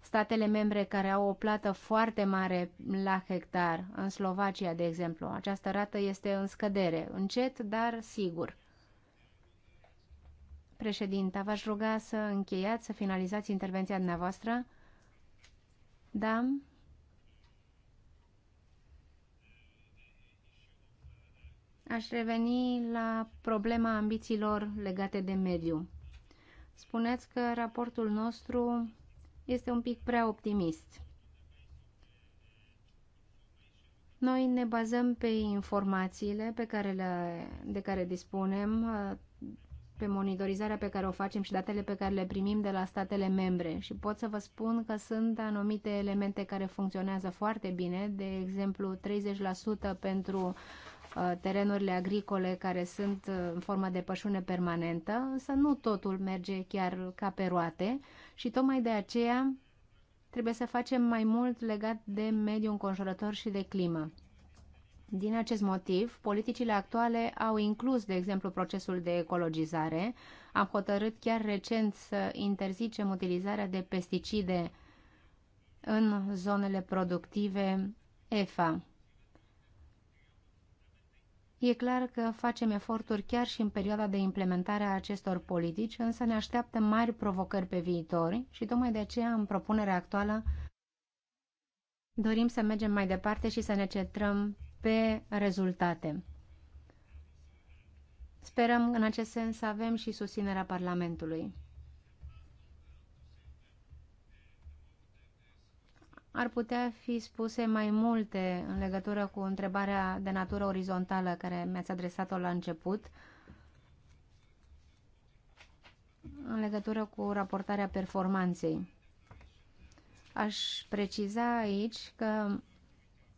statele membre care au o plată foarte mare la hectar, în Slovacia, de exemplu. Această rată este în scădere, încet, dar sigur. Președinta, v-aș ruga să încheiați, să finalizați intervenția dumneavoastră. Da? Aș reveni la problema ambițiilor legate de mediu. Spuneți că raportul nostru este un pic prea optimist. Noi ne bazăm pe informațiile pe care le, de care dispunem, uh, pe monitorizarea pe care o facem și datele pe care le primim de la statele membre. Și pot să vă spun că sunt anumite elemente care funcționează foarte bine, de exemplu 30% pentru uh, terenurile agricole care sunt uh, în formă de pășune permanentă, însă nu totul merge chiar ca pe roate. Și tocmai de aceea trebuie să facem mai mult legat de mediul înconjurător și de climă. Din acest motiv, politicile actuale au inclus, de exemplu, procesul de ecologizare. Am hotărât chiar recent să interzicem utilizarea de pesticide în zonele productive EFA. E clar că facem eforturi chiar și în perioada de implementare a acestor politici, însă ne așteaptă mari provocări pe viitor și tocmai de aceea, în propunerea actuală, dorim să mergem mai departe și să ne centrăm pe rezultate. Sperăm în acest sens să avem și susținerea Parlamentului. ar putea fi spuse mai multe în legătură cu întrebarea de natură orizontală care mi-ați adresat-o la început, în legătură cu raportarea performanței. Aș preciza aici că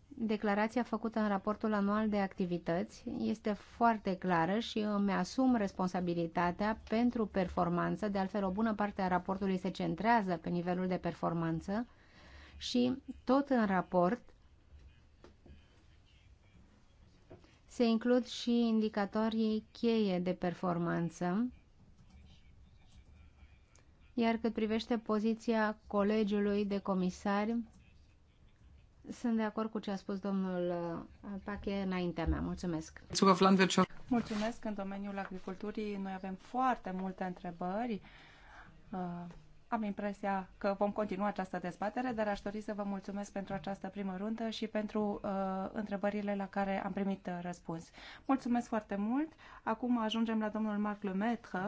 declarația făcută în raportul anual de activități este foarte clară și îmi asum responsabilitatea pentru performanță, de altfel o bună parte a raportului se centrează pe nivelul de performanță, și tot în raport se includ și indicatorii cheie de performanță, iar cât privește poziția colegiului de comisari, sunt de acord cu ce a spus domnul uh, Pache înaintea mea. Mulțumesc. Mulțumesc. În domeniul agriculturii noi avem foarte multe întrebări. Uh, am impresia că vom continua această dezbatere, dar aș dori să vă mulțumesc pentru această primă rundă și pentru uh, întrebările la care am primit uh, răspuns. Mulțumesc foarte mult. Acum ajungem la domnul Marc Lemaitre.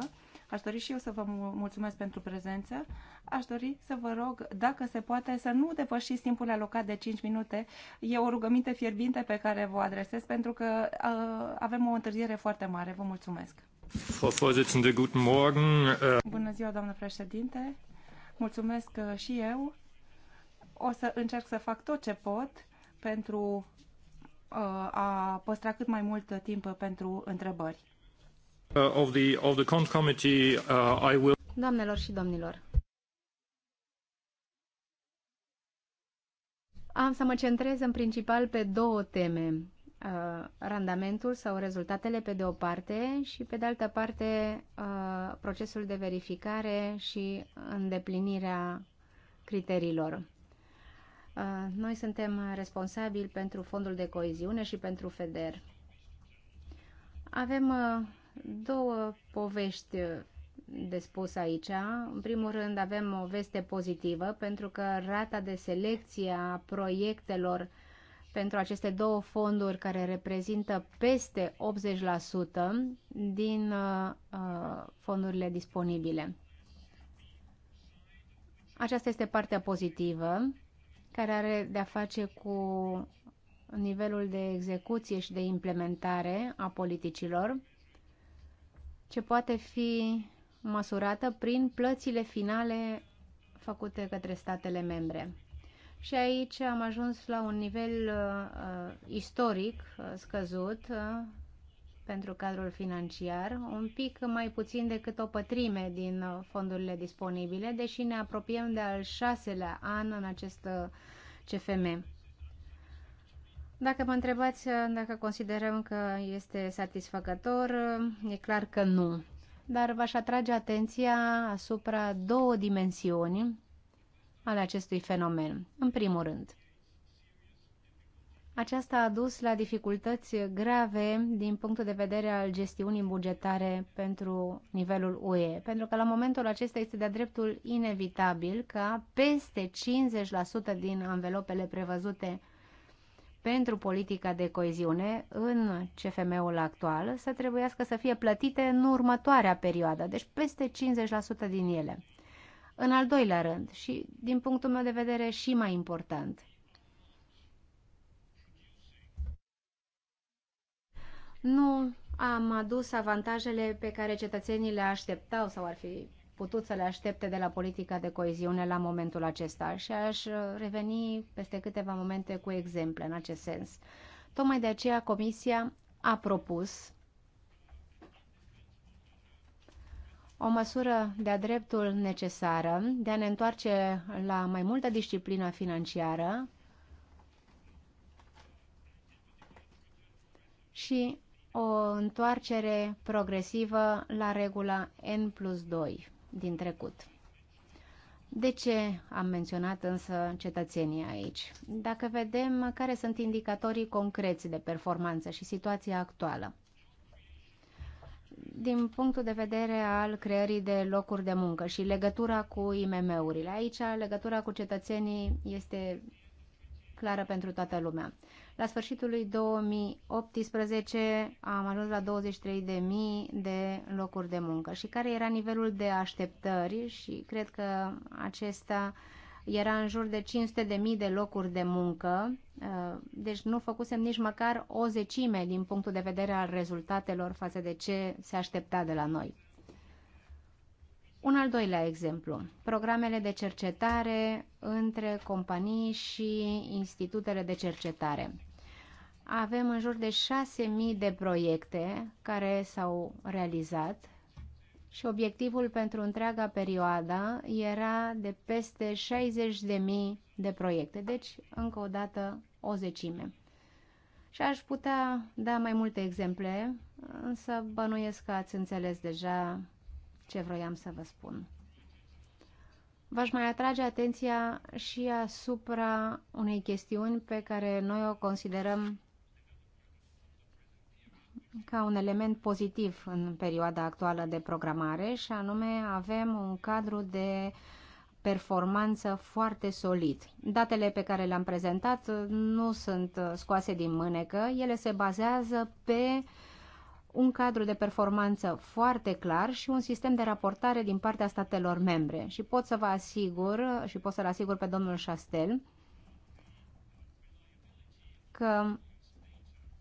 Aș dori și eu să vă mulțumesc pentru prezență. Aș dori să vă rog, dacă se poate, să nu depășiți timpul alocat de 5 minute. E o rugăminte fierbinte pe care vă adresez pentru că uh, avem o întârziere foarte mare. Vă mulțumesc. Frau Vorsitzende, guten Morgen. Bună ziua, doamnă președinte. Mulțumesc uh, și eu. O să încerc să fac tot ce pot pentru uh, a păstra cât mai mult timp pentru întrebări. Uh, of the, of the Committee, uh, I will... Doamnelor și domnilor, am să mă centrez în principal pe două teme. Uh, randamentul sau rezultatele pe de o parte și pe de altă parte uh, procesul de verificare și îndeplinirea criteriilor. Uh, noi suntem responsabili pentru fondul de coeziune și pentru FEDER. Avem două povești de spus aici. În primul rând avem o veste pozitivă pentru că rata de selecție a proiectelor pentru aceste două fonduri care reprezintă peste 80% din uh, uh, fondurile disponibile. Aceasta este partea pozitivă care are de-a face cu nivelul de execuție și de implementare a politicilor, ce poate fi măsurată prin plățile finale făcute către statele membre. Și aici am ajuns la un nivel uh, uh, istoric uh, scăzut uh, pentru cadrul financiar, un pic mai puțin decât o pătrime din uh, fondurile disponibile, deși ne apropiem de al șaselea an în acest uh, CFM. Dacă mă întrebați uh, dacă considerăm că este satisfăcător, e clar că nu. Dar v-aș atrage atenția asupra două dimensiuni ale acestui fenomen. În primul rând, aceasta a dus la dificultăți grave din punctul de vedere al gestiunii bugetare pentru nivelul UE, pentru că la momentul acesta este de-a dreptul inevitabil ca peste 50% din anvelopele prevăzute pentru politica de coeziune în CFM-ul actual să trebuiască să fie plătite în următoarea perioadă, deci peste 50% din ele. În al doilea rând, și din punctul meu de vedere și mai important, nu am adus avantajele pe care cetățenii le așteptau sau ar fi putut să le aștepte de la politica de coeziune la momentul acesta și aș reveni peste câteva momente cu exemple în acest sens. Tocmai de aceea Comisia a propus o măsură de-a dreptul necesară de a ne întoarce la mai multă disciplină financiară și o întoarcere progresivă la regula N plus 2 din trecut. De ce am menționat însă cetățenii aici? Dacă vedem care sunt indicatorii concreți de performanță și situația actuală din punctul de vedere al creării de locuri de muncă și legătura cu IMM-urile. Aici legătura cu cetățenii este clară pentru toată lumea. La sfârșitul lui 2018 am ajuns la 23.000 de locuri de muncă și care era nivelul de așteptări și cred că acesta uh, era în jur de 500 de mii de locuri de muncă, uh, deci nu făcusem nici măcar o zecime din punctul de vedere al rezultatelor față de ce se aștepta de la noi. Un al doilea exemplu, programele de cercetare între companii și institutele de cercetare. Avem în jur de 6.000 de proiecte care s-au realizat și obiectivul pentru întreaga perioadă era de peste 60.000 de proiecte, deci încă o dată o zecime. Și aș putea da mai multe exemple, însă bănuiesc că ați înțeles deja ce vroiam să vă spun. V-aș mai atrage atenția și asupra unei chestiuni pe care noi o considerăm ca un element pozitiv în perioada actuală de programare și anume avem un cadru de performanță foarte solid. Datele pe care le-am prezentat nu sunt scoase din mânecă, ele se bazează pe un cadru de performanță foarte clar și un sistem de raportare din partea statelor membre. Și pot să vă asigur și pot să-l asigur pe domnul Șastel că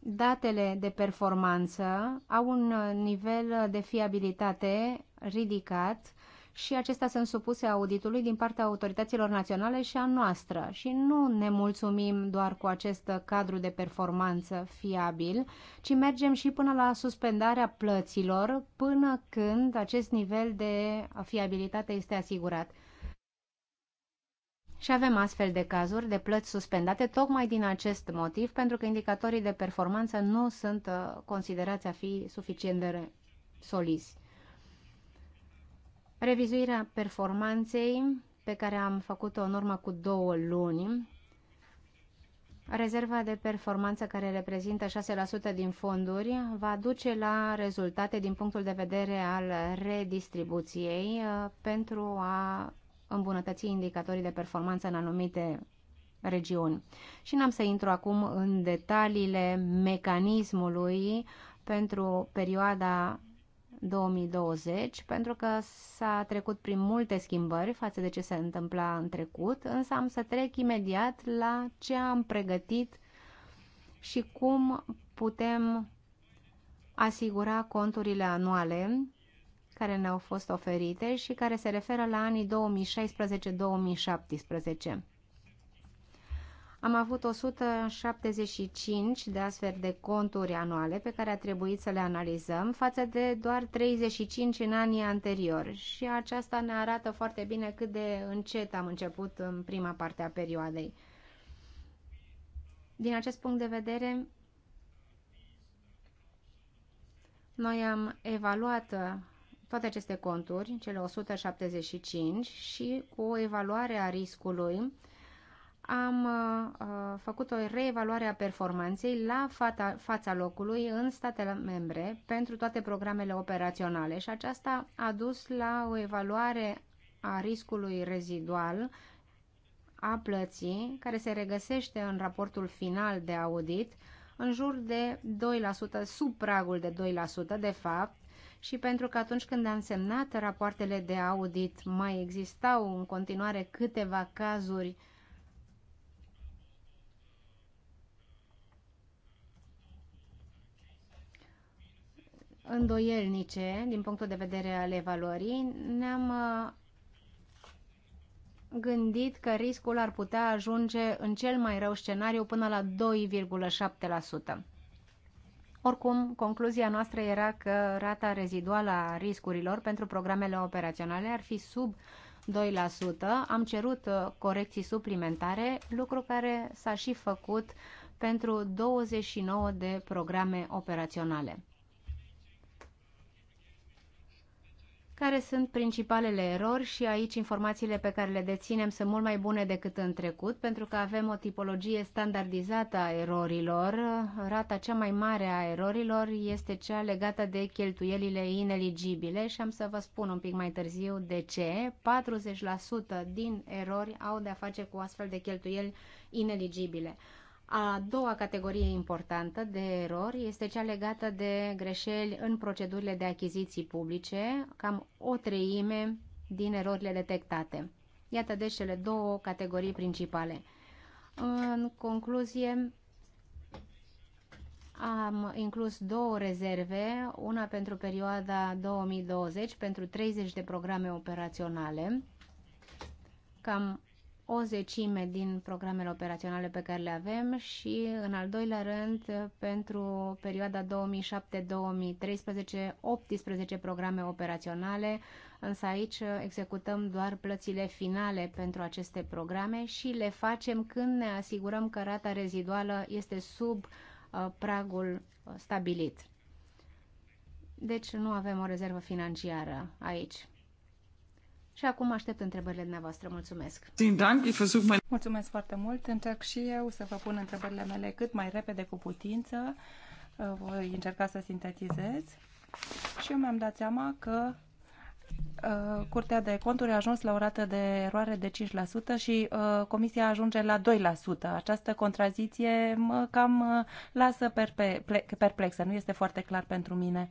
Datele de performanță au un uh, nivel uh, de fiabilitate ridicat și acestea sunt supuse auditului din partea autorităților naționale și a noastră. Și nu ne mulțumim doar cu acest uh, cadru de performanță fiabil, ci mergem și până la suspendarea plăților până când acest nivel de fiabilitate este asigurat. Și avem astfel de cazuri de plăți suspendate tocmai din acest motiv, pentru că indicatorii de performanță nu sunt uh, considerați a fi suficient de solizi. Revizuirea performanței pe care am făcut-o în urmă cu două luni, rezerva de performanță care reprezintă 6% din fonduri va duce la rezultate din punctul de vedere al redistribuției uh, pentru a îmbunătăți indicatorii de performanță în anumite regiuni. Și n-am să intru acum în detaliile mecanismului pentru perioada 2020, pentru că s-a trecut prin multe schimbări față de ce se întâmpla în trecut, însă am să trec imediat la ce am pregătit și cum putem asigura conturile anuale care ne-au fost oferite și care se referă la anii 2016-2017. Am avut 175 de astfel de conturi anuale pe care a trebuit să le analizăm față de doar 35 în anii anteriori și aceasta ne arată foarte bine cât de încet am început în prima parte a perioadei. Din acest punct de vedere, noi am evaluat toate aceste conturi, cele 175, și cu o evaluare a riscului am uh, făcut o reevaluare a performanței la fata, fața locului în statele membre pentru toate programele operaționale și aceasta a dus la o evaluare a riscului rezidual a plății, care se regăsește în raportul final de audit, în jur de 2%, sub pragul de 2%, de fapt, și pentru că atunci când am semnat rapoartele de audit mai existau în continuare câteva cazuri îndoielnice din punctul de vedere al evaluării, ne-am uh, gândit că riscul ar putea ajunge în cel mai rău scenariu până la 2,7%. Oricum, concluzia noastră era că rata reziduală a riscurilor pentru programele operaționale ar fi sub 2%. Am cerut uh, corecții suplimentare, lucru care s-a și făcut pentru 29 de programe operaționale. care sunt principalele erori și aici informațiile pe care le deținem sunt mult mai bune decât în trecut, pentru că avem o tipologie standardizată a erorilor. Rata cea mai mare a erorilor este cea legată de cheltuielile ineligibile și am să vă spun un pic mai târziu de ce. 40% din erori au de-a face cu astfel de cheltuieli ineligibile. A doua categorie importantă de erori este cea legată de greșeli în procedurile de achiziții publice, cam o treime din erorile detectate. Iată deci cele două categorii principale. În concluzie, am inclus două rezerve, una pentru perioada 2020 pentru 30 de programe operaționale, cam o zecime din programele operaționale pe care le avem și, în al doilea rând, pentru perioada 2007-2013, 18 programe operaționale, însă aici executăm doar plățile finale pentru aceste programe și le facem când ne asigurăm că rata reziduală este sub uh, pragul stabilit. Deci nu avem o rezervă financiară aici. Și acum aștept întrebările dumneavoastră. Mulțumesc! Mulțumesc foarte mult! Încerc și eu să vă pun întrebările mele cât mai repede cu putință. Uh, voi încerca să sintetizez. Și eu mi-am dat seama că uh, Curtea de Conturi a ajuns la o rată de eroare de 5% și uh, Comisia ajunge la 2%. Această contraziție mă cam uh, lasă perplexă, nu este foarte clar pentru mine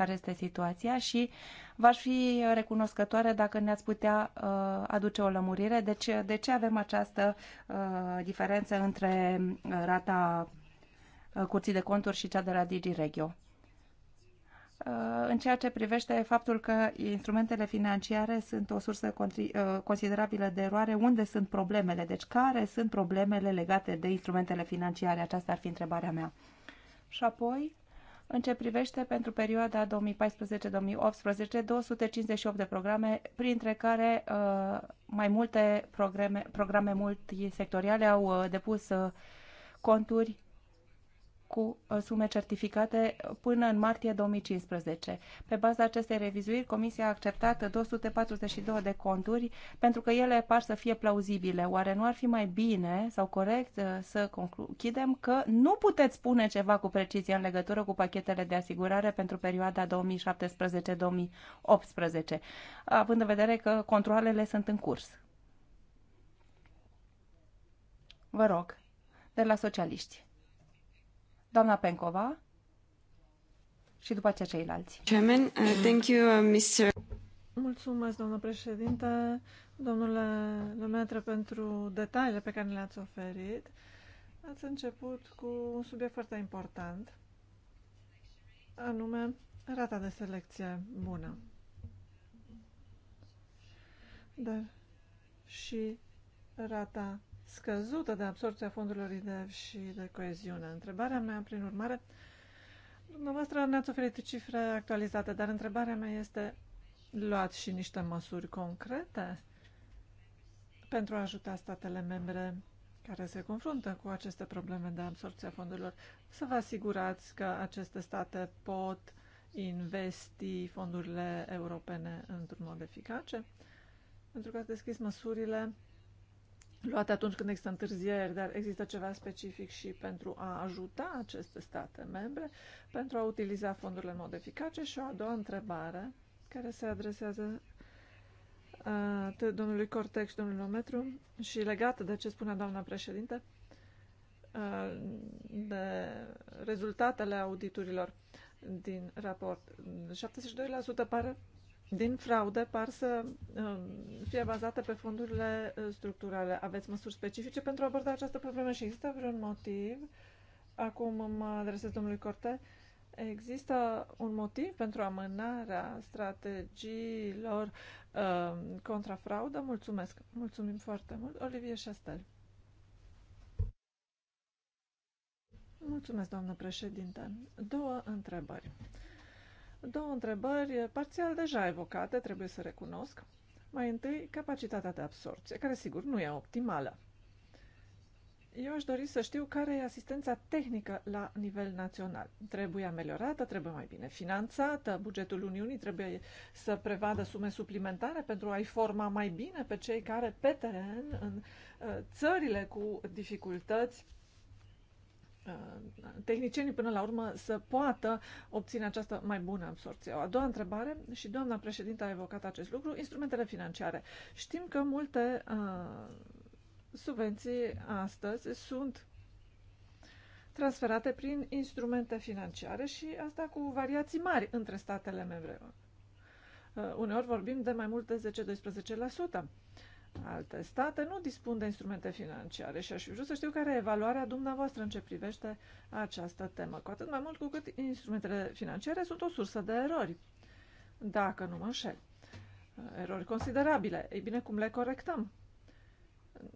care este situația și v-aș fi recunoscătoare dacă ne-ați putea uh, aduce o lămurire. ce, deci, de ce avem această uh, diferență între uh, rata curții de conturi și cea de la DigiRegio? în ceea ce privește faptul că instrumentele financiare sunt o sursă considerabilă de eroare, unde sunt problemele? Deci care sunt problemele legate de instrumentele financiare? Aceasta ar fi întrebarea mea. Și apoi, în ce privește pentru perioada 2014-2018, 258 de programe, printre care uh, mai multe programe, programe multisectoriale au uh, depus uh, conturi cu uh, sume certificate până în martie 2015. Pe baza acestei revizuiri, Comisia a acceptat 242 de conturi pentru că ele par să fie plauzibile. Oare nu ar fi mai bine sau corect uh, să concludem că nu puteți spune ceva cu precizie în legătură cu pachetele de asigurare pentru perioada 2017-2018, având în vedere că controlele sunt în curs? Vă rog, de la socialiști. Doamna Pencova și după aceea ceilalți. Chairman, uh, thank you, uh, Mr. Mulțumesc, doamnă președinte, domnule Lemetre, pentru detaliile pe care le-ați oferit. Ați început cu un subiect foarte important, anume rata de selecție bună. Dar și rata scăzută de absorpția fondurilor IDF și de coeziune. Întrebarea mea, prin urmare, dumneavoastră ne-ați oferit cifre actualizate, dar întrebarea mea este, luați și niște măsuri concrete pentru a ajuta statele membre care se confruntă cu aceste probleme de absorpție a fondurilor, să vă asigurați că aceste state pot investi fondurile europene într-un mod eficace, pentru că ați deschis măsurile luate atunci când există întârzieri, dar există ceva specific și pentru a ajuta aceste state membre pentru a utiliza fondurile în mod eficace? Și o a doua întrebare care se adresează uh, domnului Cortex, domnului Lometru și legată de ce spunea doamna președinte, uh, de rezultatele auditurilor din raport. 72% pare din fraude par să um, fie bazate pe fondurile uh, structurale. Aveți măsuri specifice pentru a aborda această problemă și există vreun motiv? Acum mă adresez domnului Corte. Există un motiv pentru amânarea strategiilor uh, contra fraudă? Mulțumesc! Mulțumim foarte mult, Olivier Chastel. Mulțumesc, doamnă președinte. Două întrebări. Două întrebări parțial deja evocate, trebuie să recunosc. Mai întâi, capacitatea de absorție, care sigur nu e optimală. Eu aș dori să știu care e asistența tehnică la nivel național. Trebuie ameliorată, trebuie mai bine finanțată, bugetul Uniunii trebuie să prevadă sume suplimentare pentru a-i forma mai bine pe cei care pe teren, în uh, țările cu dificultăți, Uh, tehnicienii până la urmă să poată obține această mai bună absorție. O a doua întrebare, și doamna președintă a evocat acest lucru, instrumentele financiare. Știm că multe uh, subvenții astăzi sunt transferate prin instrumente financiare și asta cu variații mari între statele membre. Uh, uneori vorbim de mai mult de 10-12%. Alte state nu dispun de instrumente financiare și aș vrea să știu care e evaluarea dumneavoastră în ce privește această temă, cu atât mai mult cu cât instrumentele financiare sunt o sursă de erori, dacă nu mă înșel. Erori considerabile. Ei bine, cum le corectăm?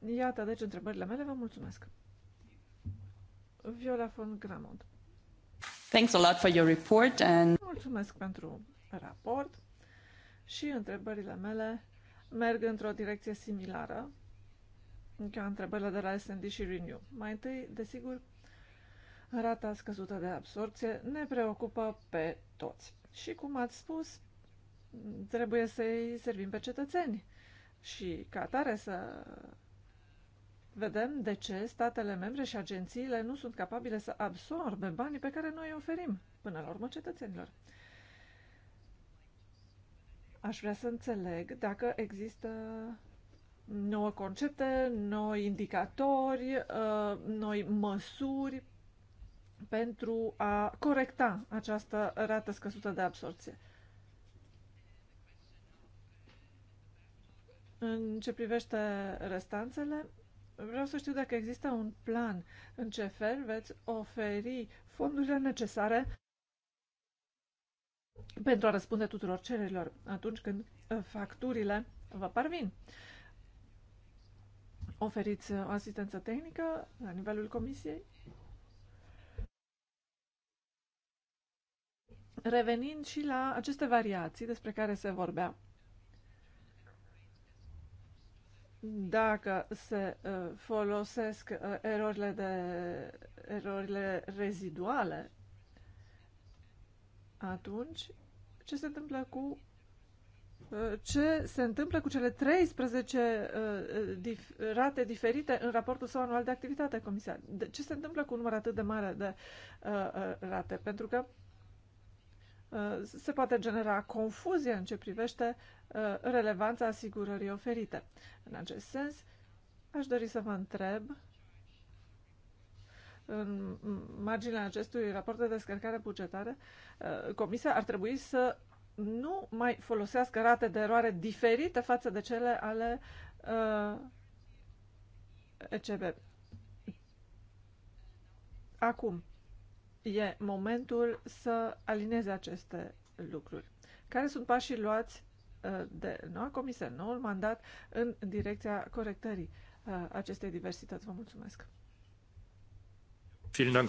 Iată, deci, întrebările mele. Vă mulțumesc. Viola von Gramont. Thanks a lot for your report and... Mulțumesc pentru raport și întrebările mele merg într-o direcție similară, ca întrebările de la S&D și Renew. Mai întâi, desigur, rata scăzută de absorpție ne preocupă pe toți. Și cum ați spus, trebuie să-i servim pe cetățeni și ca tare să vedem de ce statele membre și agențiile nu sunt capabile să absorbe banii pe care noi îi oferim până la urmă cetățenilor. Aș vrea să înțeleg dacă există noi concepte, noi indicatori, uh, noi măsuri pentru a corecta această rată scăzută de absorție. În ce privește restanțele, vreau să știu dacă există un plan în ce fel veți oferi fondurile necesare pentru a răspunde tuturor cererilor atunci când uh, facturile vă parvin. Oferiți o uh, asistență tehnică la nivelul comisiei? Revenind și la aceste variații despre care se vorbea, dacă se uh, folosesc erorile, de, erorile reziduale atunci, ce se întâmplă cu uh, ce se întâmplă cu cele 13 uh, uh, rate diferite în raportul său anual de activitate, comisar? ce se întâmplă cu un număr atât de mare de rate? Pentru că se poate genera confuzie în ce privește relevanța asigurării oferite. În acest sens, aș dori să vă întreb în marginea acestui raport de descărcare bugetară, uh, Comisia ar trebui să nu mai folosească rate de eroare diferite față de cele ale uh, ECB. Acum e momentul să alineze aceste lucruri. Care sunt pașii luați uh, de noua comisie, noul mandat în direcția corectării uh, acestei diversități? Vă mulțumesc! Äh,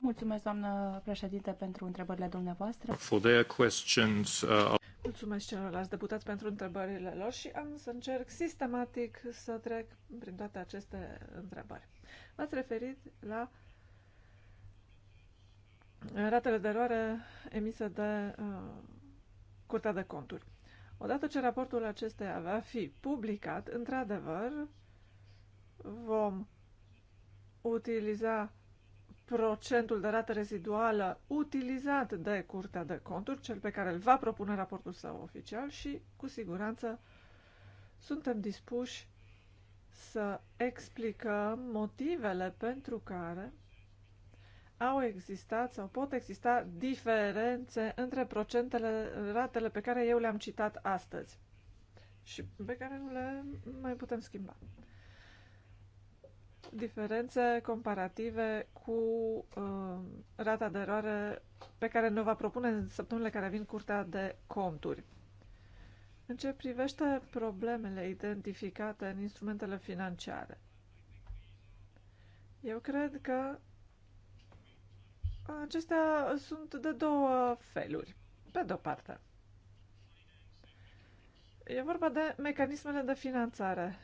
Mulțumesc, doamnă președinte, pentru întrebările dumneavoastră. For their questions, uh, Mulțumesc celorlalți deputați pentru întrebările lor și am să încerc sistematic să trec prin toate aceste întrebări. V-ați referit la ratele de eroare emise de uh, Curtea de Conturi. Odată ce raportul acesta va fi publicat, într-adevăr, vom utiliza procentul de rată reziduală utilizat de Curtea de Conturi, cel pe care îl va propune raportul său oficial și, cu siguranță, suntem dispuși să explicăm motivele pentru care au existat sau pot exista diferențe între procentele, ratele pe care eu le-am citat astăzi și pe care nu le mai putem schimba diferențe comparative cu uh, rata de eroare pe care ne va propune în săptămânile care vin Curtea de Conturi. În ce privește problemele identificate în instrumentele financiare, eu cred că acestea sunt de două feluri. Pe de-o parte, e vorba de mecanismele de finanțare,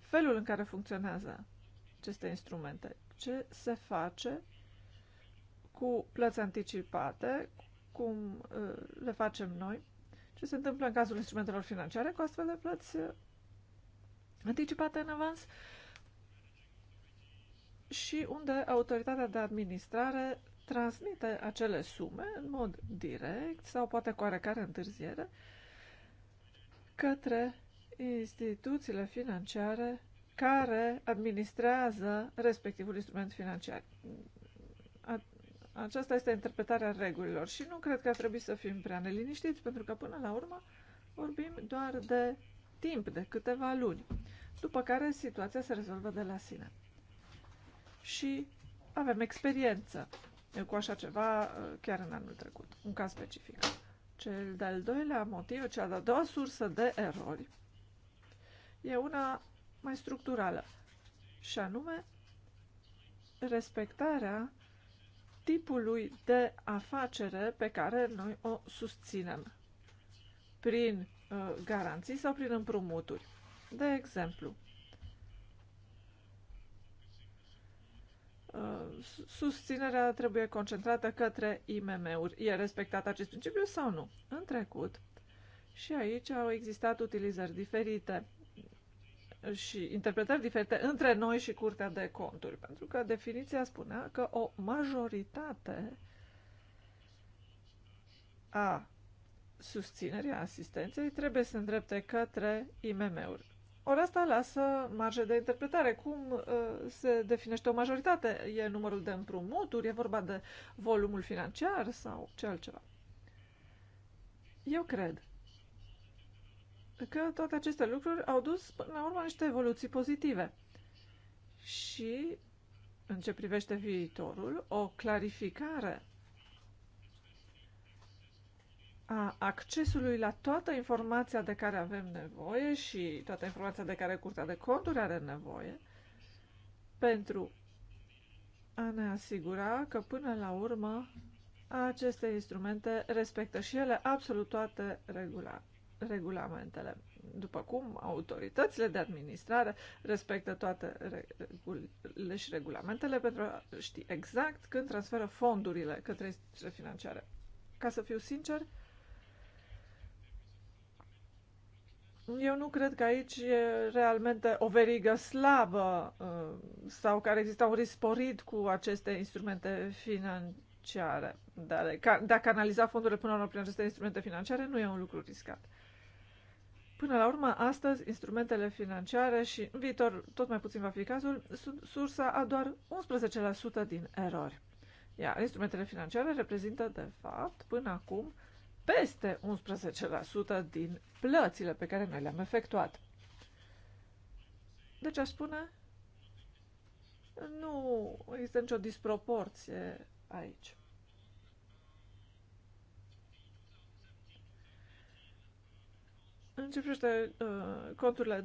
felul în care funcționează aceste instrumente? Ce se face cu plăți anticipate, cum uh, le facem noi? Ce se întâmplă în cazul instrumentelor financiare cu astfel de plăți uh, anticipate în avans? Și unde autoritatea de administrare transmite acele sume în mod direct sau poate cu oarecare întârziere către instituțiile financiare care administrează respectivul instrument financiar. Aceasta este interpretarea regulilor și nu cred că ar trebui să fim prea neliniștiți, pentru că până la urmă vorbim doar de timp, de câteva luni, după care situația se rezolvă de la sine. Și avem experiență cu așa ceva uh, chiar în anul trecut, un caz specific. Cel de-al doilea motiv, cea de-a doua sursă de erori, e una mai structurală, și anume respectarea tipului de afacere pe care noi o susținem prin uh, garanții sau prin împrumuturi. De exemplu, uh, susținerea trebuie concentrată către IMM-uri. E respectat acest principiu sau nu? În trecut, și aici au existat utilizări diferite și interpretări diferite între noi și Curtea de Conturi, pentru că definiția spunea că o majoritate a susținerii a asistenței trebuie să îndrepte către IMM-uri. Ori asta lasă marge de interpretare. Cum uh, se definește o majoritate? E numărul de împrumuturi? E vorba de volumul financiar sau ce altceva? Eu cred că toate aceste lucruri au dus până la urmă niște evoluții pozitive. Și în ce privește viitorul, o clarificare a accesului la toată informația de care avem nevoie și toată informația de care Curtea de Conturi are nevoie pentru a ne asigura că până la urmă aceste instrumente respectă și ele absolut toate regulile regulamentele. După cum autoritățile de administrare respectă toate regulile și regulamentele pentru a ști exact când transferă fondurile către instituțiile financiare. Ca să fiu sincer, eu nu cred că aici e realmente o verigă slabă uh, sau care există un risc sporit cu aceste instrumente financiare financiare. Dar dacă analiza fondurile până la urmă prin aceste instrumente financiare, nu e un lucru riscat. Până la urmă, astăzi, instrumentele financiare și în viitor tot mai puțin va fi cazul, sunt sursa a doar 11% din erori. Iar instrumentele financiare reprezintă, de fapt, până acum, peste 11% din plățile pe care noi le-am efectuat. Deci, aș spune, nu există nicio disproporție aici. În ce privește uh, conturile 2017-2018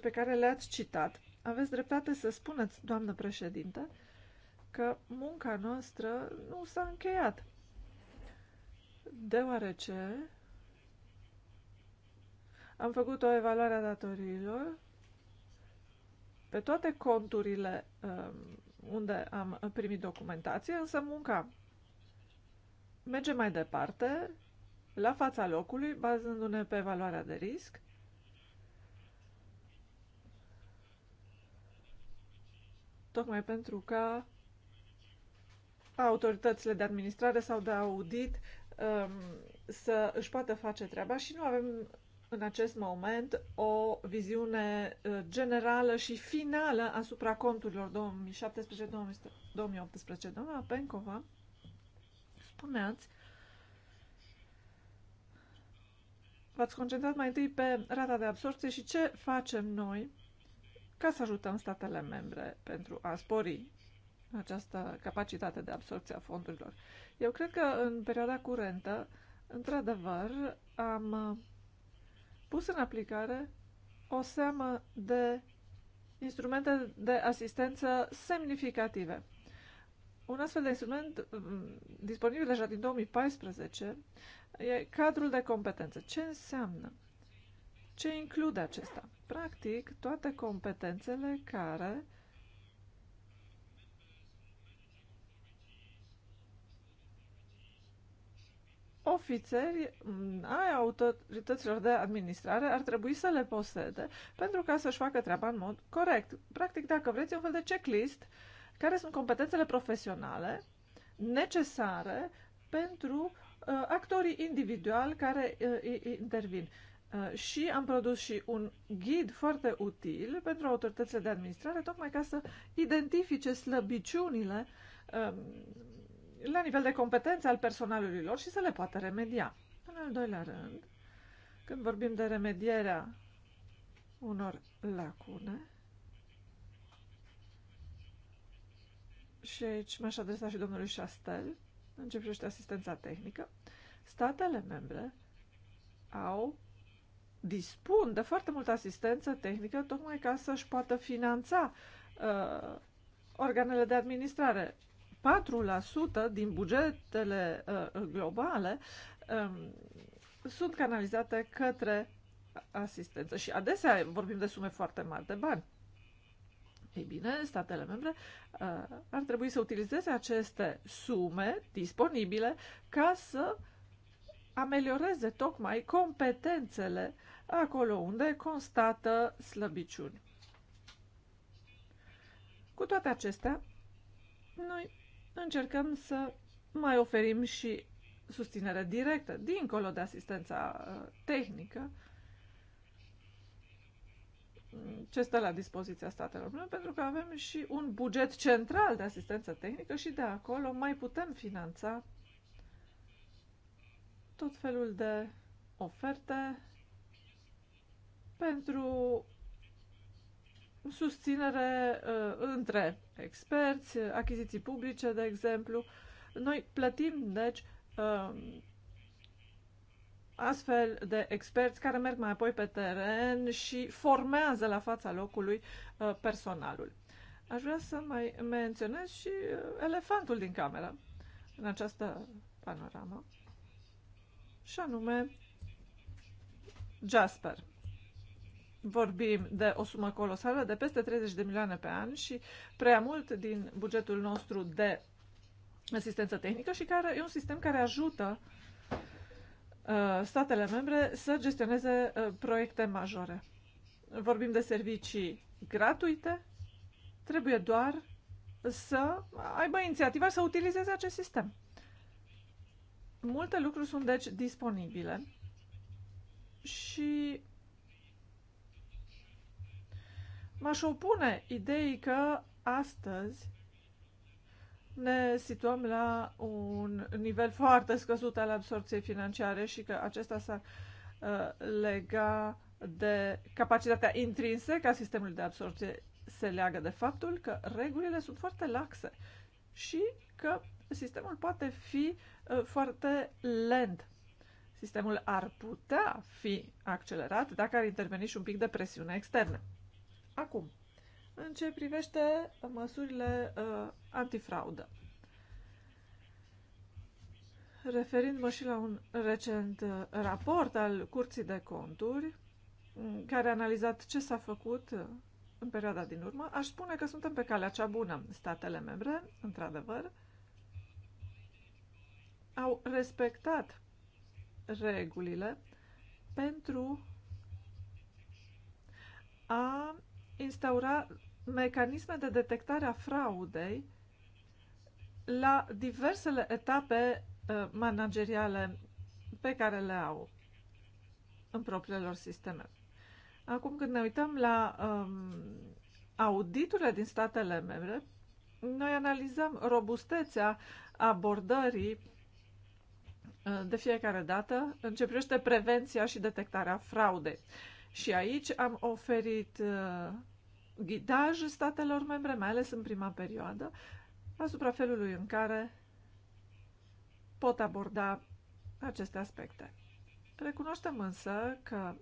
pe care le-ați citat, aveți dreptate să spuneți, doamnă președinte, că munca noastră nu s-a încheiat. Deoarece am făcut o evaluare a datoriilor pe toate conturile uh, unde am primit documentație, însă munca merge mai departe la fața locului, bazându-ne pe valoarea de risc, tocmai pentru ca autoritățile de administrare sau de audit um, să își poată face treaba și nu avem în acest moment o viziune uh, generală și finală asupra conturilor 2017-2018. Doamna Pencova, spuneați v-ați concentrat mai întâi pe rata de absorpție și ce facem noi ca să ajutăm statele membre pentru a spori această capacitate de absorpție a fondurilor. Eu cred că în perioada curentă, într-adevăr, am pus în aplicare o seamă de instrumente de asistență semnificative. Un astfel de instrument mm, disponibil deja din 2014 e cadrul de competențe. Ce înseamnă? Ce include acesta? Practic, toate competențele care ofițeri mm, ai autorităților de administrare ar trebui să le posede pentru ca să-și facă treaba în mod corect. Practic, dacă vreți, un fel de checklist uh, care sunt competențele profesionale necesare pentru uh, actorii individuali care uh, intervin. Uh, și am produs și un ghid foarte util pentru autoritățile de administrare, tocmai ca să identifice slăbiciunile uh, la nivel de competențe al personalului lor și să le poată remedia. În al doilea rând, când vorbim de remedierea unor lacune, și aici m-aș adresa și domnului Chastel, în ce privește asistența tehnică, statele membre au dispun de foarte multă asistență tehnică tocmai ca să-și poată finanța uh, organele de administrare. 4% din bugetele uh, globale um, sunt canalizate către asistență și adesea vorbim de sume foarte mari de bani. Ei bine, statele membre uh, ar trebui să utilizeze aceste sume disponibile ca să amelioreze tocmai competențele acolo unde constată slăbiciuni. Cu toate acestea, noi încercăm să mai oferim și susținere directă, dincolo de asistența uh, tehnică, ce stă la dispoziția statelor membre, pentru că avem și un buget central de asistență tehnică și de acolo mai putem finanța tot felul de oferte pentru susținere uh, între experți, achiziții publice, de exemplu. Noi plătim, deci, uh, astfel de experți care merg mai apoi pe teren și formează la fața locului uh, personalul. Aș vrea să mai menționez și uh, elefantul din cameră în această panoramă, și anume Jasper. Vorbim de o sumă colosală de peste 30 de milioane pe an și prea mult din bugetul nostru de asistență tehnică și care e un sistem care ajută uh, Uh, statele membre să gestioneze uh, proiecte majore. Vorbim de servicii gratuite, trebuie doar să aibă inițiativa să utilizeze acest sistem. Multe lucruri sunt deci disponibile și m-aș opune ideii că astăzi ne situăm la un nivel foarte scăzut al absorției financiare și că acesta s-ar uh, lega de capacitatea intrinsecă a sistemului de absorție se leagă de faptul că regulile sunt foarte laxe și că sistemul poate fi uh, foarte lent. Sistemul ar putea fi accelerat dacă ar interveni și un pic de presiune externă. Acum, în ce privește uh, măsurile uh, antifraudă. Referindu-mă și la un recent uh, raport al Curții de Conturi, mm, care a analizat ce s-a făcut uh, în perioada din urmă, aș spune că suntem pe calea cea bună. Statele membre, într-adevăr, au respectat regulile pentru a instaura mecanisme de detectare a fraudei la diversele etape uh, manageriale pe care le au în propriilor sisteme. Acum, când ne uităm la um, auditurile din statele membre, noi analizăm robustețea abordării uh, de fiecare dată în ce privește prevenția și detectarea fraudei. Și aici am oferit uh, ghidaj statelor membre, mai ales în prima perioadă, asupra felului în care pot aborda aceste aspecte. Recunoaștem însă că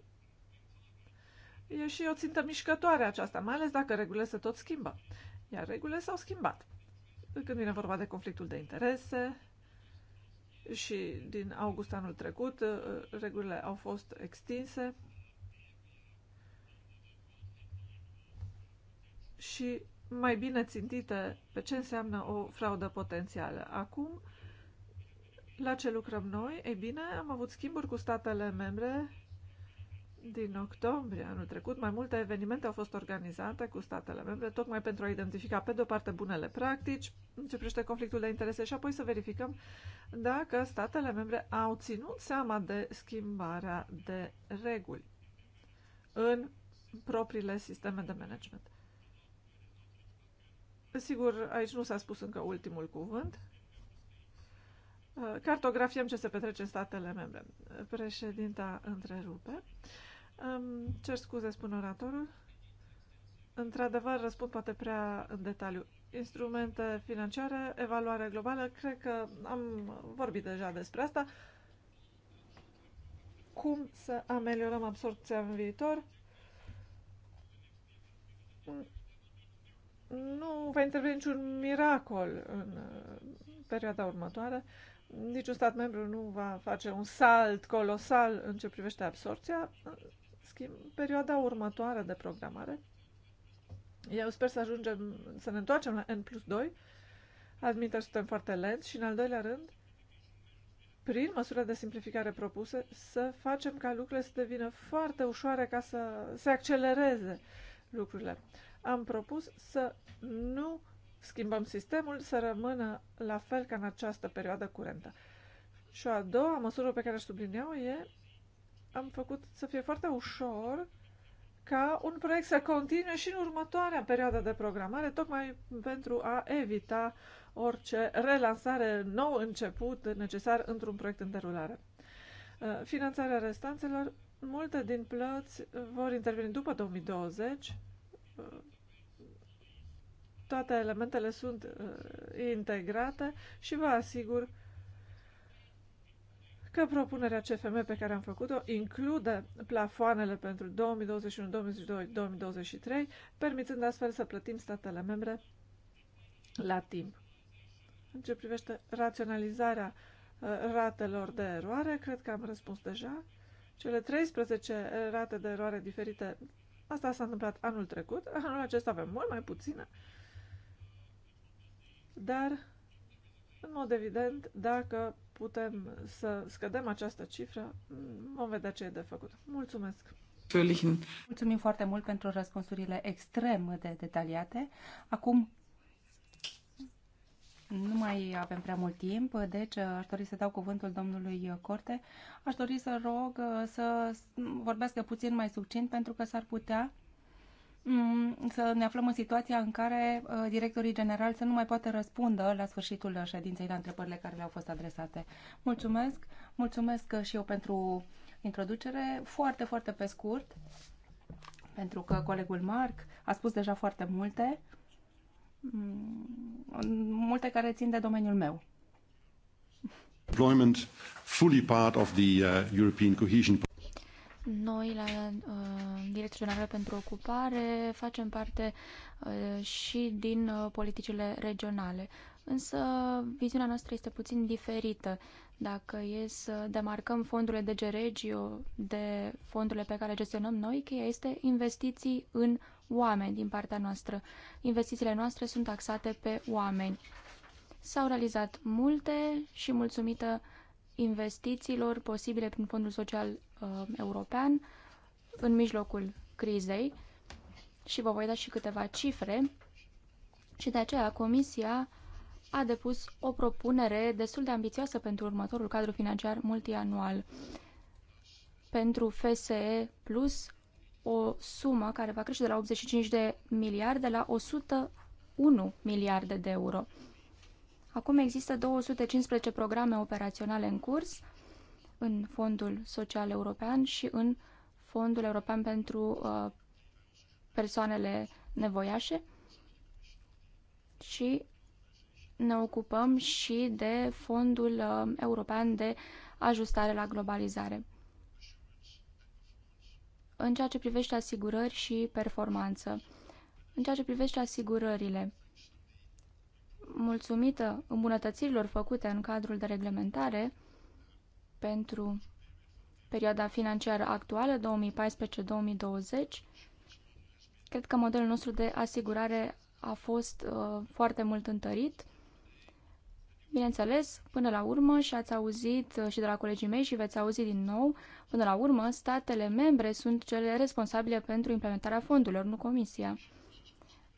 e și o țintă mișcătoare aceasta, mai ales dacă regulile se tot schimbă. Iar regulile s-au schimbat. Când vine vorba de conflictul de interese și din august anul trecut uh, regulile au fost extinse și mai bine țintite pe ce înseamnă o fraudă potențială. Acum, la ce lucrăm noi? Ei bine, am avut schimburi cu statele membre din octombrie anul trecut. Mai multe evenimente au fost organizate cu statele membre, tocmai pentru a identifica, pe de-o parte, bunele practici, în ce privește conflictul de interese și apoi să verificăm dacă statele membre au ținut seama de schimbarea de reguli în propriile sisteme de management. Sigur, aici nu s-a spus încă ultimul cuvânt. Uh, Cartografiem ce se petrece în statele membre. Președinta întrerupe. Cer scuze, spun oratorul. Într-adevăr, răspund poate prea în detaliu. Instrumente financiare, evaluare globală, cred că am vorbit deja despre asta. Cum să ameliorăm absorpția în viitor? nu va interveni niciun miracol în uh, perioada următoare. Niciun stat membru nu va face un salt colosal în ce privește absorția. În schimb, perioada următoare de programare, eu sper să ajungem, să ne întoarcem la N plus 2. admită suntem foarte lenți și, în al doilea rând, prin măsurile de simplificare propuse, să facem ca lucrurile să devină foarte ușoare ca să se accelereze lucrurile am propus să nu schimbăm sistemul, să rămână la fel ca în această perioadă curentă. Și a doua măsură pe care aș sublineau e am făcut să fie foarte ușor ca un proiect să continue și în următoarea perioadă de programare, tocmai pentru a evita orice relansare, nou început necesar într-un proiect în derulare. Uh, finanțarea restanțelor, multe din plăți vor interveni după 2020, toate elementele sunt uh, integrate și vă asigur că propunerea CFM pe care am făcut-o include plafoanele pentru 2021, 2022, 2023, permitând astfel să plătim statele membre la timp. În ce privește raționalizarea uh, ratelor de eroare, cred că am răspuns deja. Cele 13 rate de eroare diferite, asta s-a întâmplat anul trecut, anul acesta avem mult mai puține dar, în mod evident, dacă putem să scădem această cifră, vom vedea ce e de făcut. Mulțumesc! Mulțumim foarte mult pentru răspunsurile extrem de detaliate. Acum nu mai avem prea mult timp, deci uh, aș dori să dau cuvântul domnului Corte. Aș dori să rog uh, să vorbească puțin mai succint pentru că s-ar putea Mm, să ne aflăm în situația în care uh, directorii generali să nu mai poată răspundă la sfârșitul ședinței la întrebările care le-au fost adresate. Mulțumesc, mulțumesc uh, și eu pentru introducere, foarte, foarte pe scurt, pentru că colegul Marc a spus deja foarte multe, mm, multe care țin de domeniul meu. Employment fully part of the uh, European cohesion noi, la uh, Direcția Generală pentru Ocupare, facem parte uh, și din uh, politicile regionale. Însă, viziunea noastră este puțin diferită. Dacă e să demarcăm fondurile de Geregio de fondurile pe care gestionăm noi, cheia este investiții în oameni din partea noastră. Investițiile noastre sunt taxate pe oameni. S-au realizat multe și mulțumită investițiilor posibile prin Fondul Social uh, european în mijlocul crizei și vă voi da și câteva cifre și de aceea Comisia a depus o propunere destul de ambițioasă pentru următorul cadru financiar multianual. Pentru FSE Plus, o sumă care va crește de la 85 de miliarde la 101 miliarde de euro. Acum există 215 programe operaționale în curs, în Fondul Social European și în Fondul European pentru uh, persoanele nevoiașe și ne ocupăm și de Fondul uh, European de Ajustare la Globalizare. În ceea ce privește asigurări și performanță, în ceea ce privește asigurările, mulțumită îmbunătățirilor făcute în cadrul de reglementare, pentru perioada financiară actuală, 2014-2020, cred că modelul nostru de asigurare a fost uh, foarte mult întărit. Bineînțeles, până la urmă, și ați auzit uh, și de la colegii mei și veți auzi din nou, până la urmă, statele membre sunt cele responsabile pentru implementarea fondurilor, nu Comisia.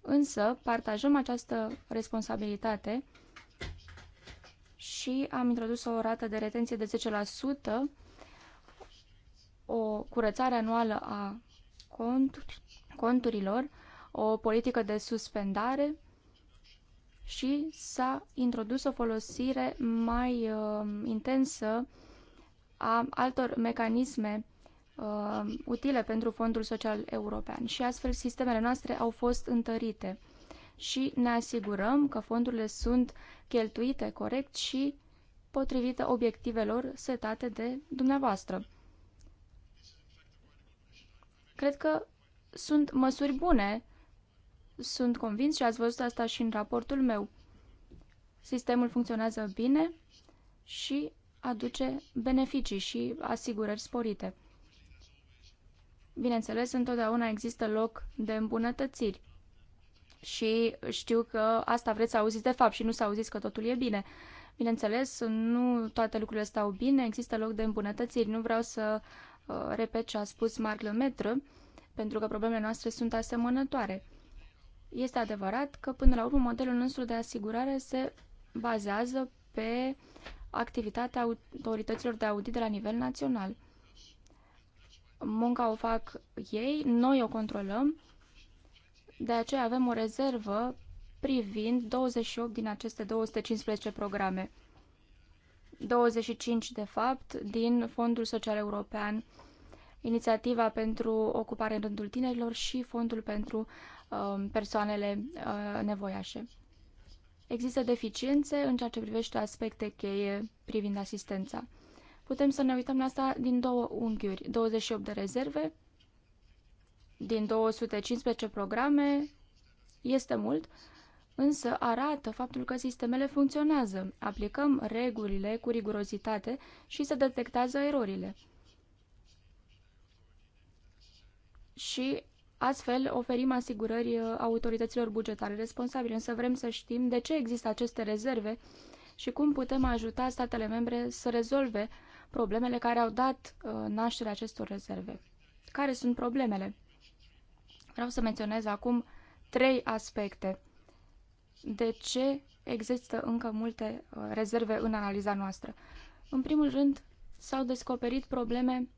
Însă, partajăm această responsabilitate și am introdus o rată de retenție de 10%, o curățare anuală a conturilor, o politică de suspendare și s-a introdus o folosire mai uh, intensă a altor mecanisme uh, utile pentru Fondul Social European și astfel sistemele noastre au fost întărite și ne asigurăm că fondurile sunt cheltuite corect și potrivite obiectivelor setate de dumneavoastră. Cred că sunt măsuri bune, sunt convins și ați văzut asta și în raportul meu. Sistemul funcționează bine și aduce beneficii și asigurări sporite. Bineînțeles, întotdeauna există loc de îmbunătățiri și știu că asta vreți să auziți de fapt și nu să auziți că totul e bine. Bineînțeles, nu toate lucrurile stau bine, există loc de îmbunătățiri. Nu vreau să uh, repet ce a spus Marc Lemaitre, pentru că problemele noastre sunt asemănătoare. Este adevărat că, până la urmă, modelul nostru de asigurare se bazează pe activitatea autorităților de audit de la nivel național. Munca o fac ei, noi o controlăm de aceea avem o rezervă privind 28 din aceste 215 programe. 25, de fapt, din Fondul Social European, Inițiativa pentru Ocupare în Rândul Tinerilor și Fondul pentru uh, Persoanele uh, Nevoiașe. Există deficiențe în ceea ce privește aspecte cheie privind asistența. Putem să ne uităm la asta din două unghiuri, 28 de rezerve din 215 programe este mult, însă arată faptul că sistemele funcționează, aplicăm regulile cu rigurozitate și se detectează erorile. Și astfel oferim asigurări uh, autorităților bugetare responsabile, însă vrem să știm de ce există aceste rezerve și cum putem ajuta statele membre să rezolve problemele care au dat uh, naștere acestor rezerve. Care sunt problemele? Vreau să menționez acum trei aspecte. De ce există încă multe uh, rezerve în analiza noastră? În primul rând, s-au descoperit probleme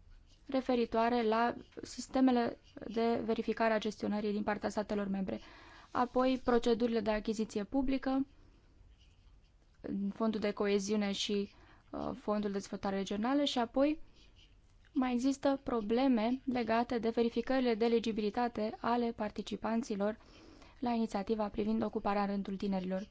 referitoare la sistemele de verificare a gestionării din partea statelor membre, apoi procedurile de achiziție publică, fondul de coeziune și uh, fondul de dezvoltare regională și apoi mai există probleme legate de verificările de legibilitate ale participanților la inițiativa privind ocuparea în rândul tinerilor.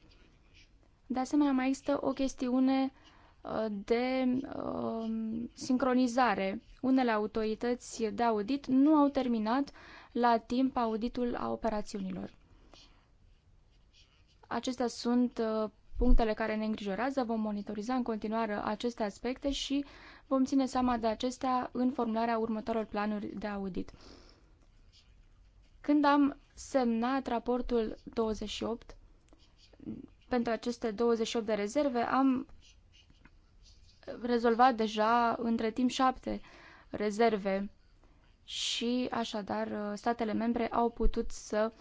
De asemenea, mai există o chestiune uh, de uh, sincronizare. Unele autorități de audit nu au terminat la timp auditul a operațiunilor. Acestea sunt uh, punctele care ne îngrijorează. Vom monitoriza în continuare aceste aspecte și uh, Vom ține seama de acestea în formularea următoarelor planuri de audit. Când am semnat raportul 28, pentru aceste 28 de rezerve, am rezolvat deja între timp șapte rezerve și așadar statele membre au putut să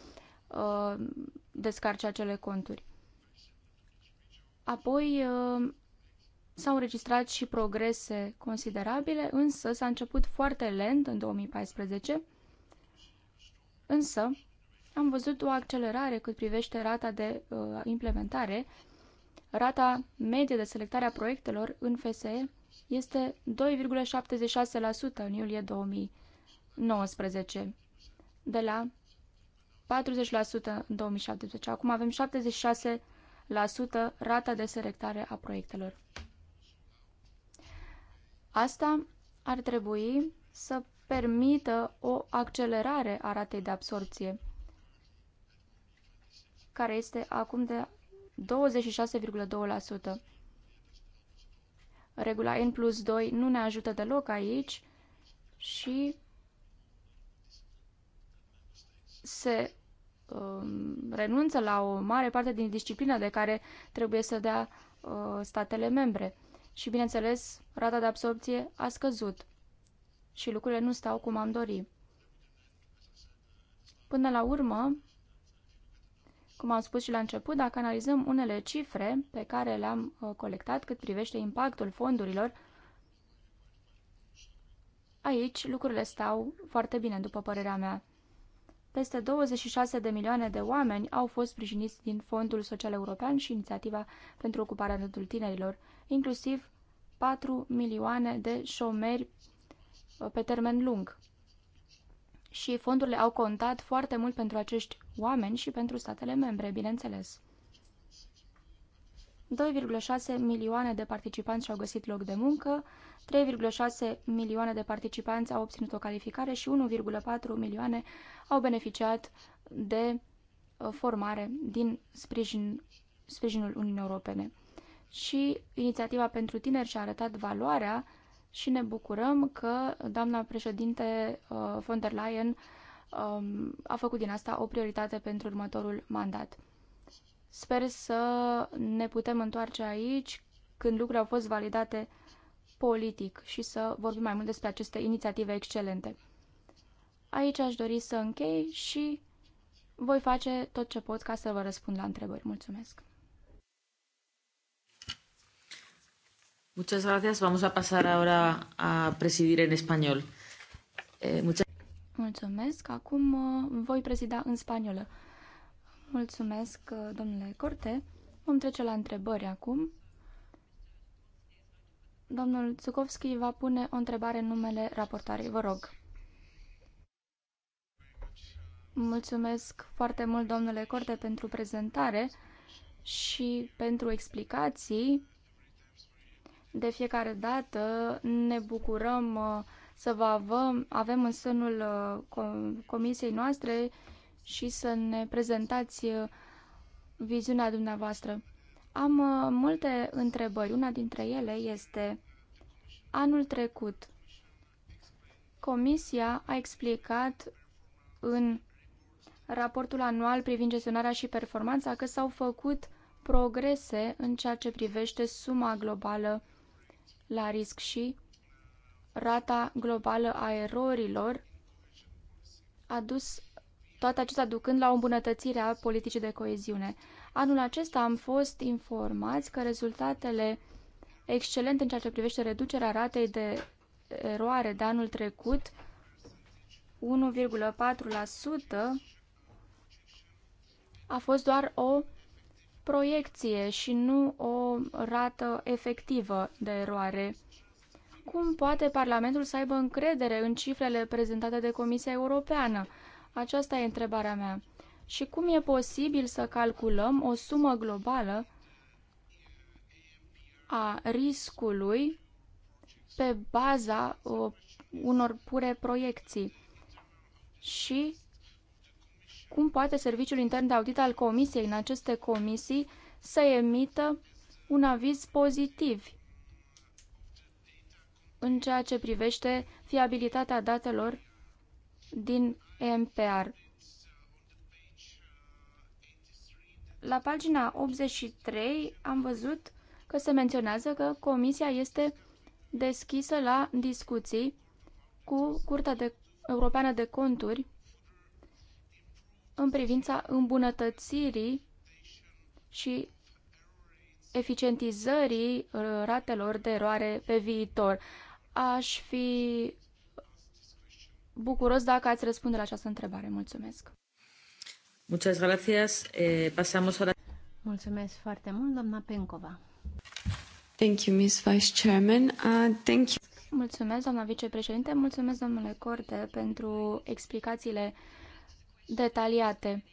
uh, descarce acele conturi. Apoi uh, S-au înregistrat și progrese considerabile, însă s-a început foarte lent în 2014. Însă am văzut o accelerare cât privește rata de uh, implementare. Rata medie de selectare a proiectelor în FSE este 2,76% în iulie 2019, de la 40% în 2017. Acum avem 76% rata de selectare a proiectelor. Asta ar trebui să permită o accelerare a ratei de absorpție, care este acum de 26,2%. Regula N plus 2 nu ne ajută deloc aici și se um, renunță la o mare parte din disciplina de care trebuie să dea uh, statele membre și, bineînțeles, rata de absorpție a scăzut și lucrurile nu stau cum am dori. Până la urmă, cum am spus și la început, dacă analizăm unele cifre pe care le-am uh, colectat cât privește impactul fondurilor, aici lucrurile stau foarte bine, după părerea mea. Peste 26 de milioane de oameni au fost sprijiniți din Fondul Social European și Inițiativa pentru Ocuparea Rândul Tinerilor inclusiv 4 milioane de șomeri uh, pe termen lung. Și fondurile au contat foarte mult pentru acești oameni și pentru statele membre, bineînțeles. 2,6 milioane de participanți și-au găsit loc de muncă, 3,6 milioane de participanți au obținut o calificare și 1,4 milioane au beneficiat de uh, formare din sprijin, sprijinul Uniunii Europene și inițiativa pentru tineri și-a arătat valoarea și ne bucurăm că doamna președinte uh, von der Leyen um, a făcut din asta o prioritate pentru următorul mandat. Sper să ne putem întoarce aici când lucrurile au fost validate politic și să vorbim mai mult despre aceste inițiative excelente. Aici aș dori să închei și voi face tot ce pot ca să vă răspund la întrebări. Mulțumesc! Muchas gracias. Vamos a pasar ahora a presidir en español. Eh, Mulțumesc. Acum uh, voi prezida în spaniolă. Mulțumesc, uh, domnule Corte. Vom trece la întrebări acum. Domnul Tsukovski va pune o întrebare în numele raportarei. Vă rog. Mulțumesc foarte mult, domnule Corte, pentru prezentare și pentru explicații de fiecare dată ne bucurăm uh, să vă avem, avem în sânul uh, comisiei noastre și să ne prezentați uh, viziunea dumneavoastră. Am multe întrebări. Una dintre ele este anul trecut. Comisia a explicat în raportul anual privind gestionarea și performanța că s-au făcut progrese în ceea ce privește suma globală la risc și rata globală a erorilor a dus toate acestea ducând la o îmbunătățire a politicii de coeziune. Anul acesta am fost informați că rezultatele excelente în ceea ce privește reducerea ratei de eroare de anul trecut, 1,4%, a fost doar o proiecție și nu o rată efectivă de eroare. Cum poate Parlamentul să aibă încredere în cifrele prezentate de Comisia Europeană? Aceasta e întrebarea mea. Și cum e posibil să calculăm o sumă globală a riscului pe baza uh, unor pure proiecții? Și cum poate Serviciul Intern de Audit al Comisiei în aceste comisii să emită un aviz pozitiv în ceea ce privește fiabilitatea datelor din EMPR. La pagina 83 am văzut că se menționează că Comisia este deschisă la discuții cu Curtea de Europeană de Conturi în privința îmbunătățirii și eficientizării uh, ratelor de eroare pe viitor. Aș fi bucuros dacă ați răspunde la această întrebare. Mulțumesc. Muchas gracias. Eh, pasamos ahora... Mulțumesc foarte mult, doamna Pencova. Thank you, Ms. Vice Chairman. Uh, thank you. Mulțumesc, doamna vicepreședinte. Mulțumesc, domnule Corte, pentru explicațiile detaliate.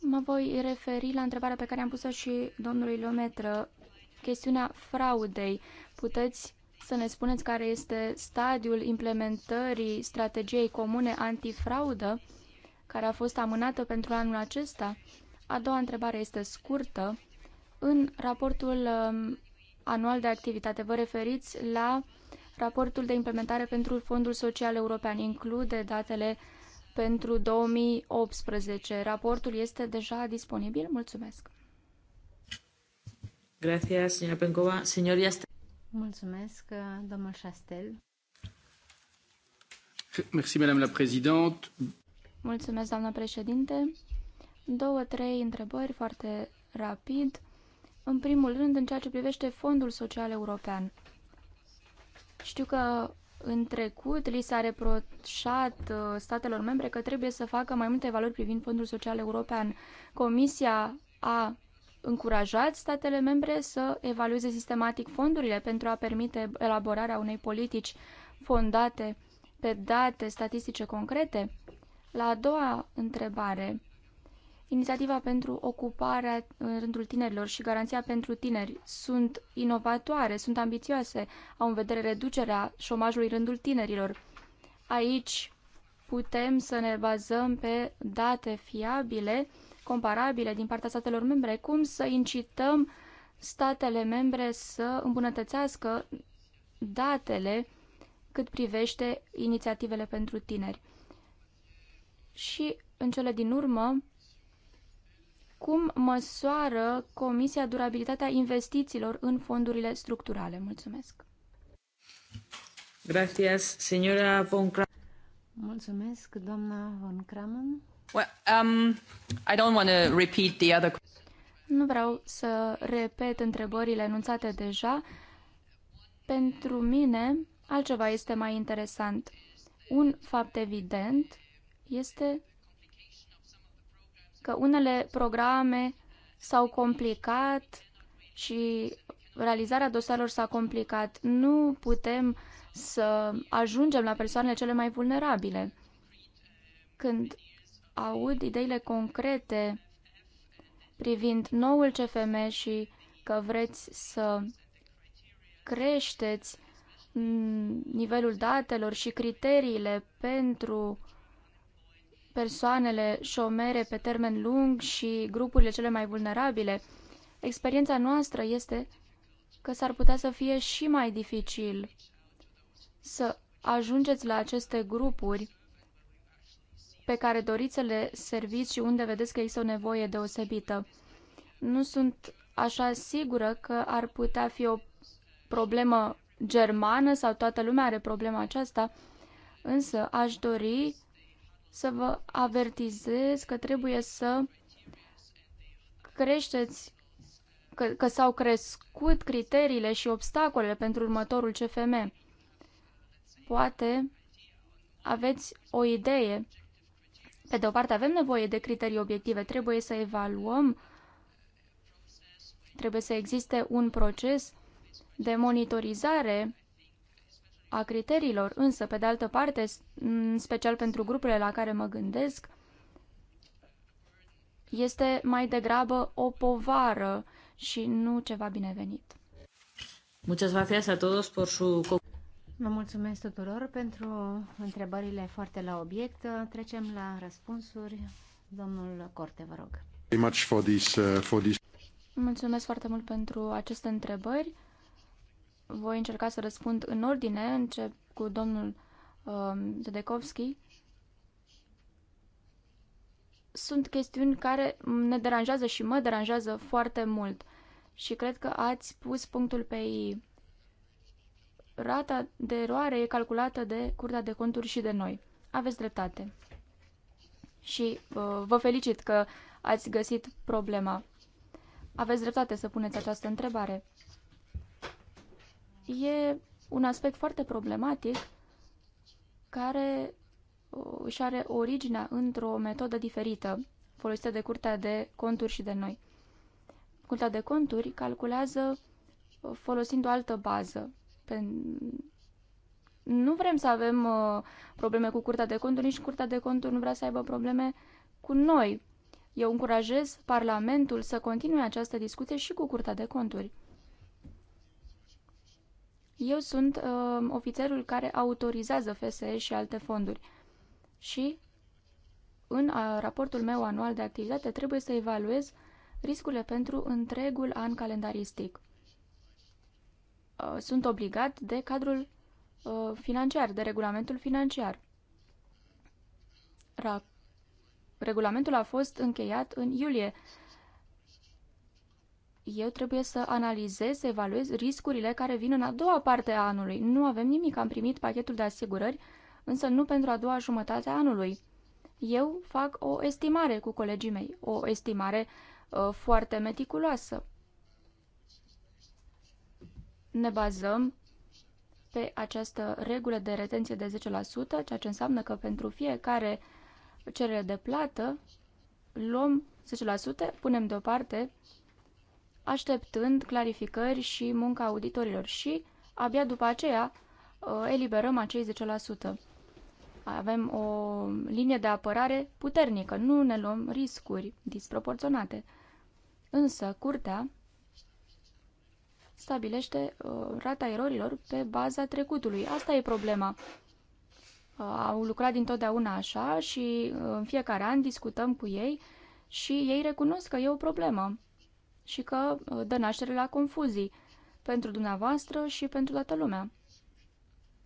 Mă voi referi la întrebarea pe care am pus-o și domnului Lometră, chestiunea fraudei. Puteți să ne spuneți care este stadiul implementării strategiei comune antifraudă, care a fost amânată pentru anul acesta? A doua întrebare este scurtă. În raportul um, anual de activitate vă referiți la raportul de implementare pentru Fondul Social European. Include datele uh, pentru 2018. Raportul este deja disponibil. Mulțumesc! Gracias, señora Pencova. Señor Yastel. Mulțumesc, domnul Chastel. Merci, madame la présidente. Mulțumesc, doamna președinte. Două, trei întrebări foarte rapid. În primul rând, în ceea ce privește Fondul Social European. Știu că în trecut, li s-a reproșat uh, statelor membre că trebuie să facă mai multe valori privind Fondul Social European. Comisia a încurajat statele membre să evalueze sistematic fondurile pentru a permite elaborarea unei politici fondate pe date statistice concrete? La a doua întrebare, Inițiativa pentru ocuparea în eh, rândul tinerilor și garanția pentru tineri sunt inovatoare, sunt ambițioase, au în vedere reducerea șomajului în rândul tinerilor. Aici putem să ne bazăm pe date fiabile, comparabile din partea statelor membre, cum să incităm statele membre să îmbunătățească datele cât privește inițiativele pentru tineri. Și, în cele din urmă, cum măsoară Comisia durabilitatea investițiilor în fondurile structurale? Mulțumesc! Gracias, señora von Kram. Mulțumesc, doamna von Kramen. Well, um, I don't want to repeat the other... Nu vreau să repet întrebările enunțate deja. Pentru mine, altceva este mai interesant. Un fapt evident este că unele programe s-au complicat și realizarea dosarelor s-a complicat. Nu putem să ajungem la persoanele cele mai vulnerabile. Când aud ideile concrete privind noul CFM și că vreți să creșteți nivelul datelor și criteriile pentru persoanele șomere pe termen lung și grupurile cele mai vulnerabile. Experiența noastră este că s-ar putea să fie și mai dificil să ajungeți la aceste grupuri pe care doriți să le serviți și unde vedeți că există o nevoie deosebită. Nu sunt așa sigură că ar putea fi o problemă germană sau toată lumea are problema aceasta, însă aș dori să vă avertizez că trebuie să creșteți, că, că s-au crescut criteriile și obstacolele pentru următorul CFM. Poate aveți o idee. Pe de o parte avem nevoie de criterii obiective, trebuie să evaluăm, trebuie să existe un proces de monitorizare a criteriilor, însă, pe de altă parte, în special pentru grupurile la care mă gândesc, este mai degrabă o povară și nu ceva binevenit. Muchas gracias a todos por su... Vă mulțumesc tuturor pentru întrebările foarte la obiect. Trecem la răspunsuri. Domnul Corte, vă rog. Uh, mulțumesc foarte mult pentru aceste întrebări voi încerca să răspund în ordine, încep cu domnul um, Uh, Sunt chestiuni care ne deranjează și mă deranjează foarte mult și cred că ați pus punctul pe ei. Rata de eroare e calculată de Curtea de Conturi și de noi. Aveți dreptate. Și uh, vă felicit că ați găsit problema. Aveți dreptate să puneți această întrebare e un aspect foarte problematic care își are originea într-o metodă diferită folosită de Curtea de Conturi și de noi. Curtea de Conturi calculează folosind o altă bază. Nu vrem să avem probleme cu Curtea de Conturi, nici Curtea de Conturi nu vrea să aibă probleme cu noi. Eu încurajez Parlamentul să continue această discuție și cu Curtea de Conturi. Eu sunt uh, ofițerul care autorizează FSE și alte fonduri. Și în uh, raportul meu anual de activitate trebuie să evaluez riscurile pentru întregul an calendaristic. Uh, sunt obligat de cadrul uh, financiar, de regulamentul financiar. Ra regulamentul a fost încheiat în iulie eu trebuie să analizez, să evaluez riscurile care vin în a doua parte a anului. Nu avem nimic, am primit pachetul de asigurări, însă nu pentru a doua jumătate a anului. Eu fac o estimare cu colegii mei, o estimare uh, foarte meticuloasă. Ne bazăm pe această regulă de retenție de 10%, ceea ce înseamnă că pentru fiecare cerere de plată luăm 10%, punem deoparte așteptând clarificări și munca auditorilor și abia după aceea uh, eliberăm acei 10%. Avem o linie de apărare puternică, nu ne luăm riscuri disproporționate. Însă, curtea stabilește uh, rata erorilor pe baza trecutului. Asta e problema. Uh, au lucrat dintotdeauna așa și în fiecare an discutăm cu ei și ei recunosc că e o problemă și că uh, dă naștere la confuzii pentru dumneavoastră și pentru toată lumea.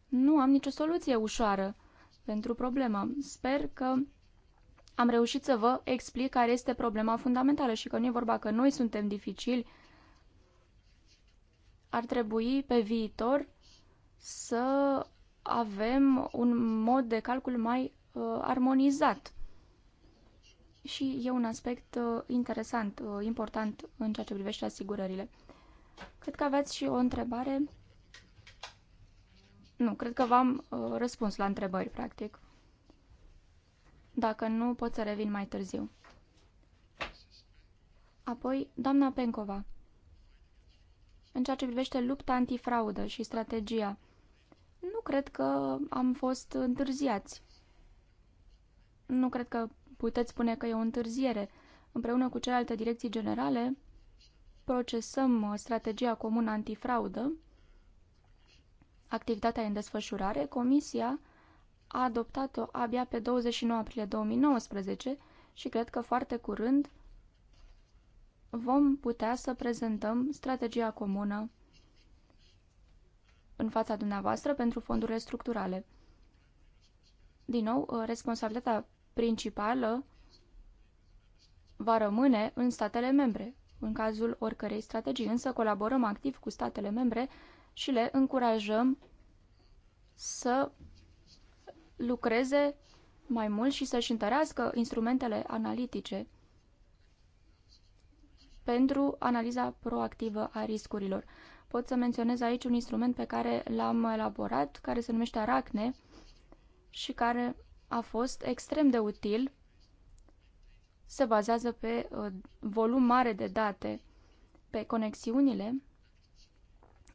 Nu am nicio soluție ușoară pentru problemă. Sper că am reușit să vă explic care este problema fundamentală și că nu e vorba că noi suntem dificili. Ar trebui pe viitor să avem un mod de calcul mai uh, armonizat și e un aspect uh, interesant, uh, important în ceea ce privește asigurările. Cred că aveți și o întrebare. Nu, cred că v-am uh, răspuns la întrebări, practic. Dacă nu, pot să revin mai târziu. Apoi, doamna Pencova. În ceea ce privește lupta antifraudă și strategia, nu cred că am fost întârziați. Nu cred că puteți spune că e o întârziere. Împreună cu celelalte direcții generale, procesăm uh, strategia comună antifraudă. Activitatea în desfășurare. Comisia a adoptat-o abia pe 29 aprilie 2019 și cred că foarte curând vom putea să prezentăm strategia comună în fața dumneavoastră pentru fondurile structurale. Din nou, uh, responsabilitatea principală va rămâne în statele membre, în cazul oricărei strategii, însă colaborăm activ cu statele membre și le încurajăm să lucreze mai mult și să-și întărească instrumentele analitice pentru analiza proactivă a riscurilor. Pot să menționez aici un instrument pe care l-am elaborat, care se numește Aracne și care a fost extrem de util. Se bazează pe uh, volum mare de date, pe conexiunile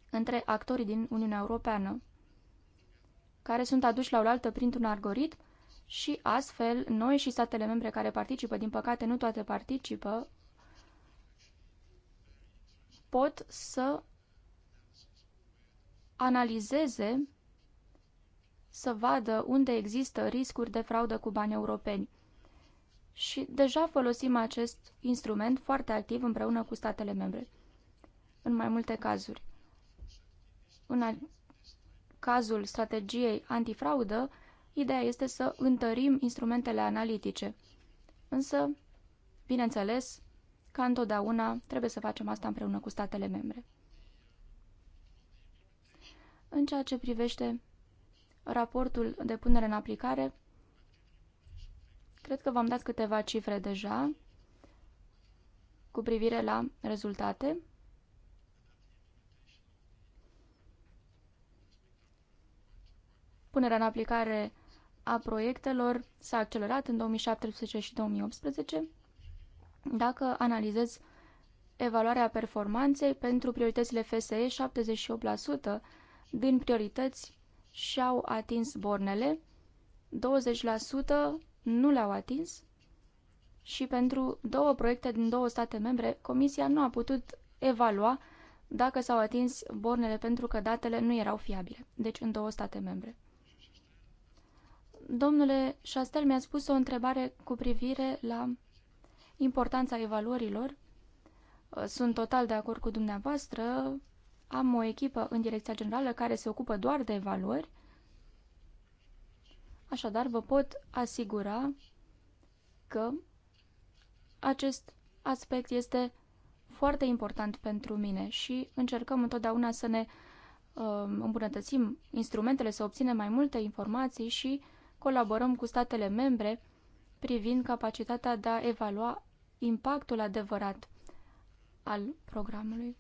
între actorii din Uniunea Europeană, care sunt aduși la oaltă printr-un algoritm și astfel noi și statele membre care participă, din păcate nu toate participă, pot să analizeze să vadă unde există riscuri de fraudă cu bani europeni. Și deja folosim acest instrument foarte activ împreună cu statele membre, în mai multe cazuri. În cazul strategiei antifraudă, ideea este să întărim instrumentele analitice. Însă, bineînțeles, ca întotdeauna, trebuie să facem asta împreună cu statele membre. În ceea ce privește raportul de punere în aplicare. Cred că v-am dat câteva cifre deja cu privire la rezultate. Punerea în aplicare a proiectelor s-a accelerat în 2017 și 2018. Dacă analizez evaluarea performanței pentru prioritățile FSE, 78% din priorități și-au atins bornele, 20% nu le-au atins și pentru două proiecte din două state membre, Comisia nu a putut evalua dacă s-au atins bornele pentru că datele nu erau fiabile, deci în două state membre. Domnule Șastel mi-a spus o întrebare cu privire la importanța evaluărilor. Sunt total de acord cu dumneavoastră, am o echipă în direcția generală care se ocupă doar de evaluări, așadar vă pot asigura că acest aspect este foarte important pentru mine și încercăm întotdeauna să ne um, îmbunătățim instrumentele, să obținem mai multe informații și colaborăm cu statele membre privind capacitatea de a evalua impactul adevărat al programului.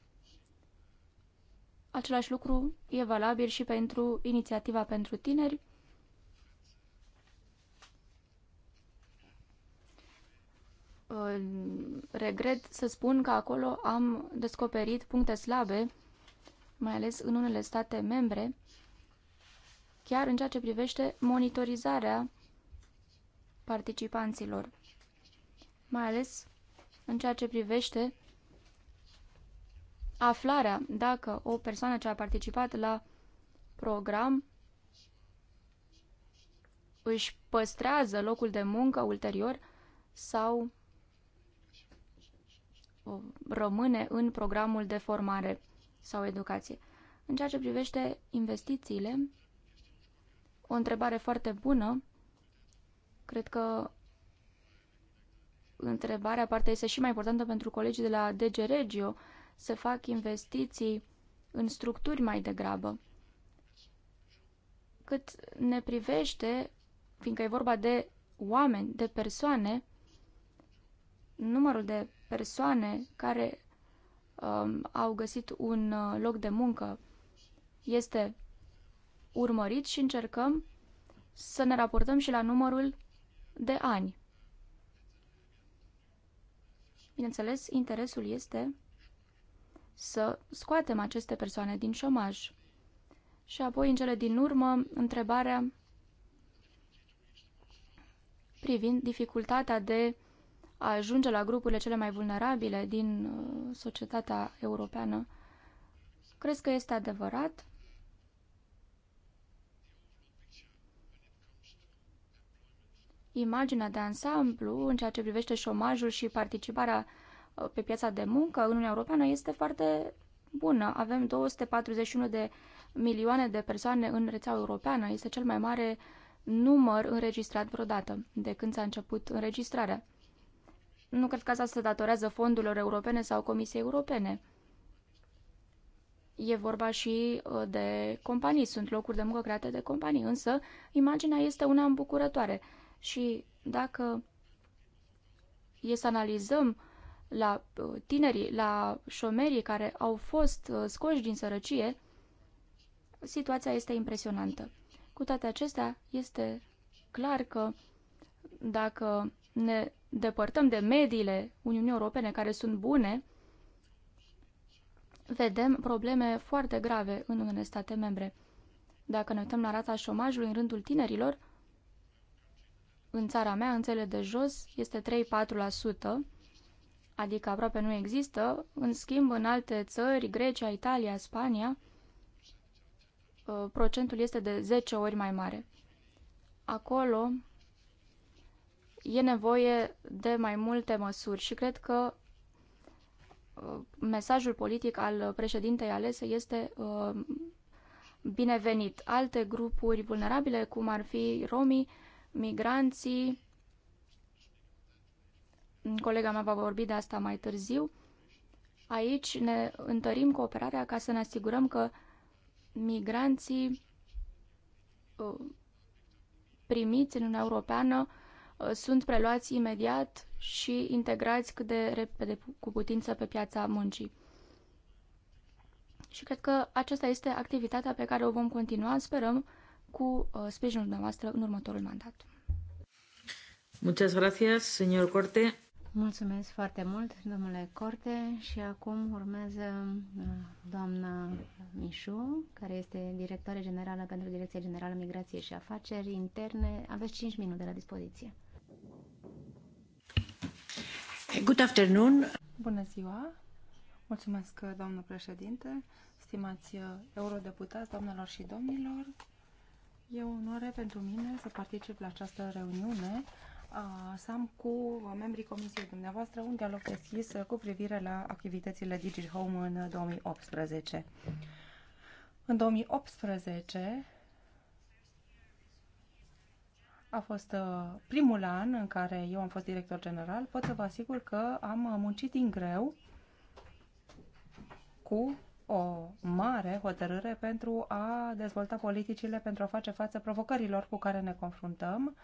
Același lucru e valabil și pentru inițiativa pentru tineri. Regret să spun că acolo am descoperit puncte slabe, mai ales în unele state membre, chiar în ceea ce privește monitorizarea participanților, mai ales în ceea ce privește aflarea dacă o persoană ce a participat la program își păstrează locul de muncă ulterior sau rămâne în programul de formare sau educație. În ceea ce privește investițiile, o întrebare foarte bună, cred că întrebarea parte este și mai importantă pentru colegii de la DG Regio, se fac investiții în structuri mai degrabă. Cât ne privește, fiindcă e vorba de oameni, de persoane, numărul de persoane care um, au găsit un uh, loc de muncă este urmărit și încercăm să ne raportăm și la numărul de ani. Bineînțeles, interesul este să scoatem aceste persoane din șomaj. Și apoi, în cele din urmă, întrebarea privind dificultatea de a ajunge la grupurile cele mai vulnerabile din uh, societatea europeană. Crezi că este adevărat? Imaginea de ansamblu în ceea ce privește șomajul și participarea pe piața de muncă în Uniunea Europeană este foarte bună. Avem 241 de milioane de persoane în rețeaua europeană. Este cel mai mare număr înregistrat vreodată de când s-a început înregistrarea. Nu cred că asta se datorează fondurilor europene sau Comisiei Europene. E vorba și uh, de companii, sunt locuri de muncă create de companii, însă imaginea este una îmbucurătoare. Și dacă e să analizăm la uh, tinerii, la șomerii care au fost uh, scoși din sărăcie, situația este impresionantă. Cu toate acestea, este clar că dacă ne depărtăm de mediile Uniunii Europene care sunt bune, vedem probleme foarte grave în unele state membre. Dacă ne uităm la rata șomajului în rândul tinerilor, în țara mea, în țele de jos, este 3-4%, adică aproape nu există. În schimb, în alte țări, Grecia, Italia, Spania, uh, procentul este de 10 ori mai mare. Acolo e nevoie de mai multe măsuri și cred că uh, mesajul politic al președintei alese este uh, binevenit. Alte grupuri vulnerabile, cum ar fi romii, migranții, colega mea va vorbi de asta mai târziu, aici ne întărim cooperarea ca să ne asigurăm că migranții uh, primiți în Uniunea Europeană uh, sunt preluați imediat și integrați cât de repede cu putință pe piața muncii. Și cred că aceasta este activitatea pe care o vom continua, sperăm, cu uh, sprijinul dumneavoastră în următorul mandat. Muchas gracias, señor Corte. Mulțumesc foarte mult, domnule Corte, și acum urmează uh, doamna Mișu, care este directoare generală pentru Direcția Generală Migrație și Afaceri Interne. Aveți 5 minute la dispoziție. Good afternoon. Bună ziua! Mulțumesc, doamnă președinte, stimați eurodeputați, doamnelor și domnilor. E o onoare pentru mine să particip la această reuniune S-am cu membrii comisiei dumneavoastră un dialog deschis cu privire la activitățile DigiHome în 2018. În 2018 a fost primul an în care eu am fost director general. Pot să vă asigur că am muncit din greu cu o mare hotărâre pentru a dezvolta politicile pentru a face față provocărilor cu care ne confruntăm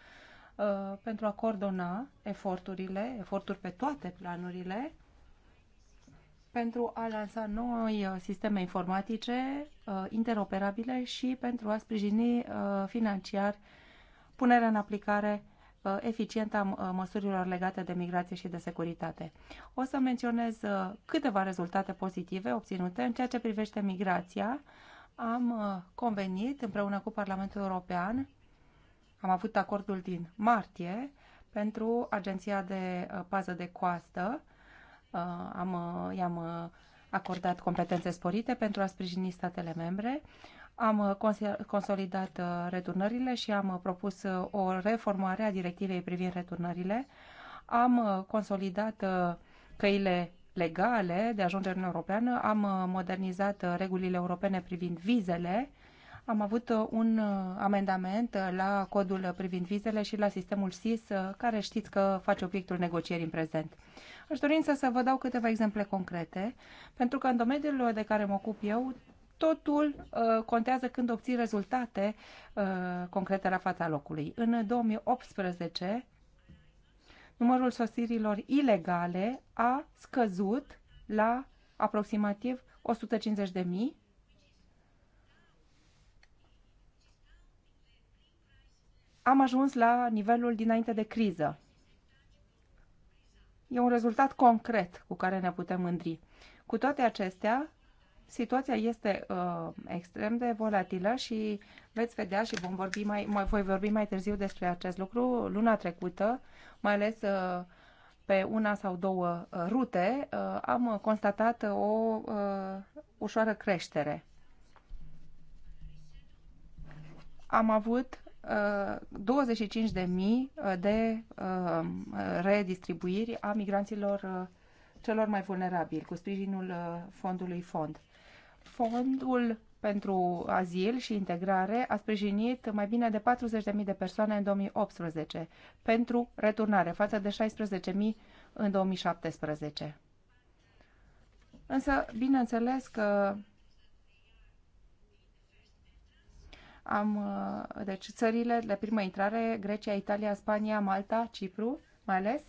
Uh, pentru a coordona eforturile, eforturi pe toate planurile, pentru a lansa noi uh, sisteme informatice uh, interoperabile și pentru a sprijini financiar punerea în aplicare eficientă a măsurilor legate de migrație și de securitate. O să menționez câteva rezultate pozitive obținute în ceea ce privește migrația. Am convenit împreună cu Parlamentul European am avut acordul din martie pentru Agenția de uh, Pază de Coastă. Uh, am, uh, i-am acordat competențe sporite pentru a sprijini statele membre. Am consolidat returnările și am propus o reformare a directivei privind returnările. Am consolidat căile legale de ajungere în Europeană, am modernizat regulile europene privind vizele am avut uh, un uh, amendament uh, la codul privind vizele și la sistemul SIS, care știți că face obiectul negocierii în prezent. Aș dori însă să vă dau câteva exemple concrete, pentru că în domeniul de care mă ocup eu, totul uh, contează când obții rezultate uh, concrete la fața locului. În 2018, numărul sosirilor ilegale a scăzut la aproximativ 150.000. am ajuns la nivelul dinainte de criză. E un rezultat concret cu care ne putem mândri. Cu toate acestea, situația este uh, extrem de volatilă și veți vedea și vom vorbi mai, mai, voi vorbi mai târziu despre acest lucru luna trecută, mai ales uh, pe una sau două uh, rute, uh, am constatat o uh, ușoară creștere. Am avut 25.000 de uh, redistribuiri a migranților uh, celor mai vulnerabili cu sprijinul uh, fondului fond. Fondul pentru azil și integrare a sprijinit mai bine de 40.000 de persoane în 2018 pentru returnare față de 16.000 în 2017. Însă, bineînțeles că Am, uh, deci, țările de prima intrare, Grecia, Italia, Spania, Malta, Cipru, mai ales,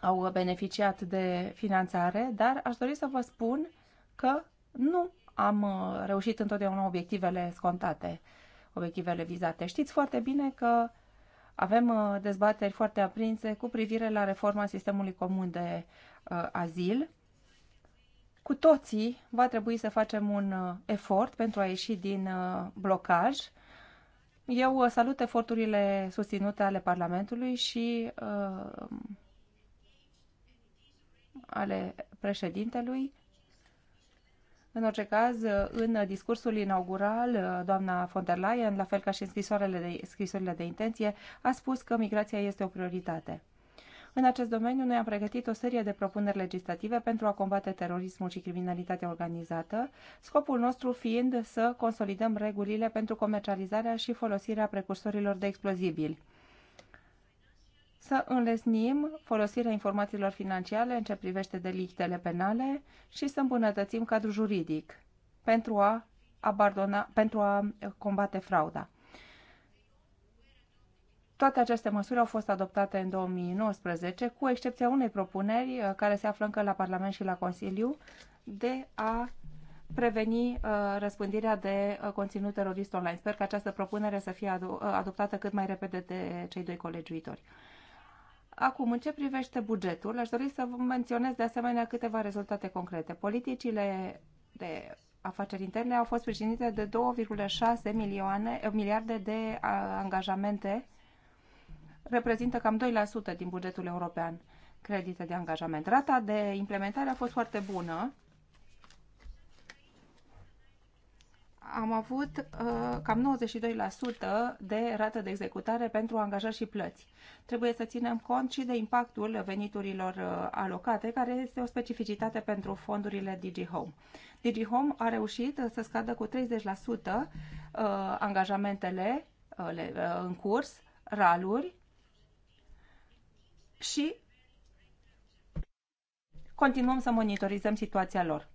au beneficiat de finanțare, dar aș dori să vă spun că nu am uh, reușit întotdeauna obiectivele scontate, obiectivele vizate. Știți foarte bine că avem uh, dezbateri foarte aprinse cu privire la reforma sistemului comun de azil cu toții va trebui să facem un uh, efort pentru a ieși din uh, blocaj. Eu uh, salut eforturile susținute ale Parlamentului și uh, ale președintelui. În orice caz, în discursul inaugural, doamna von der Leyen, la fel ca și în scrisoarele de, scrisorile de intenție, a spus că migrația este o prioritate. În acest domeniu, noi am pregătit o serie de propuneri legislative pentru a combate terorismul și criminalitatea organizată, scopul nostru fiind să consolidăm regulile pentru comercializarea și folosirea precursorilor de explozibili să înlesnim folosirea informațiilor financiare în ce privește delictele penale și să îmbunătățim cadrul juridic pentru a, abandona, pentru a combate frauda. Toate aceste măsuri au fost adoptate în 2019, cu excepția unei propuneri uh, care se află încă la Parlament și la Consiliu de a preveni uh, răspândirea de uh, conținut terorist online. Sper că această propunere să fie uh, adoptată cât mai repede de cei doi colegiuitori. Acum, în ce privește bugetul, aș dori să vă menționez de asemenea câteva rezultate concrete. Politicile de afaceri interne au fost sprijinite de 2,6 miliarde de uh, angajamente reprezintă cam 2% din bugetul european credite de angajament. Rata de implementare a fost foarte bună. Am avut uh, cam 92% de rată de executare pentru angajări și plăți. Trebuie să ținem cont și de impactul veniturilor uh, alocate, care este o specificitate pentru fondurile DigiHome. DigiHome a reușit să scadă cu 30% uh, angajamentele uh, uh, în curs, raluri, și continuăm să monitorizăm situația lor.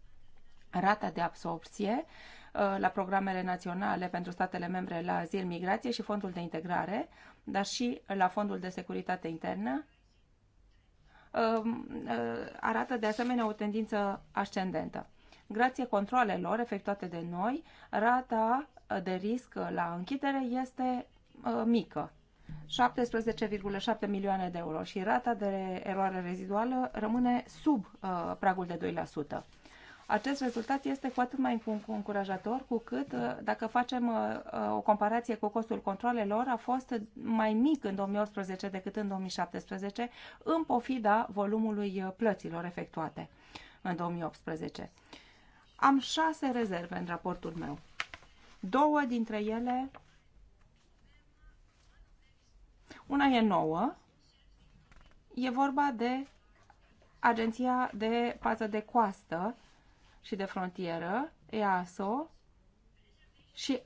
Rata de absorpție uh, la programele naționale pentru statele membre la azil, migrație și fondul de integrare, dar și la fondul de securitate internă, um, uh, arată de asemenea o tendință ascendentă. Grație controlelor efectuate de noi, rata de risc la închidere este uh, mică. 17,7 milioane de euro și rata de eroare reziduală rămâne sub uh, pragul de 2%. Acest rezultat este cu atât mai încurajator cu cât, uh, dacă facem uh, uh, o comparație cu costul controlelor, a fost mai mic în 2018 decât în 2017, în pofida volumului plăților efectuate în 2018. Am șase rezerve în raportul meu. Două dintre ele una e nouă, e vorba de Agenția de Pază de Coastă și de Frontieră, EASO, și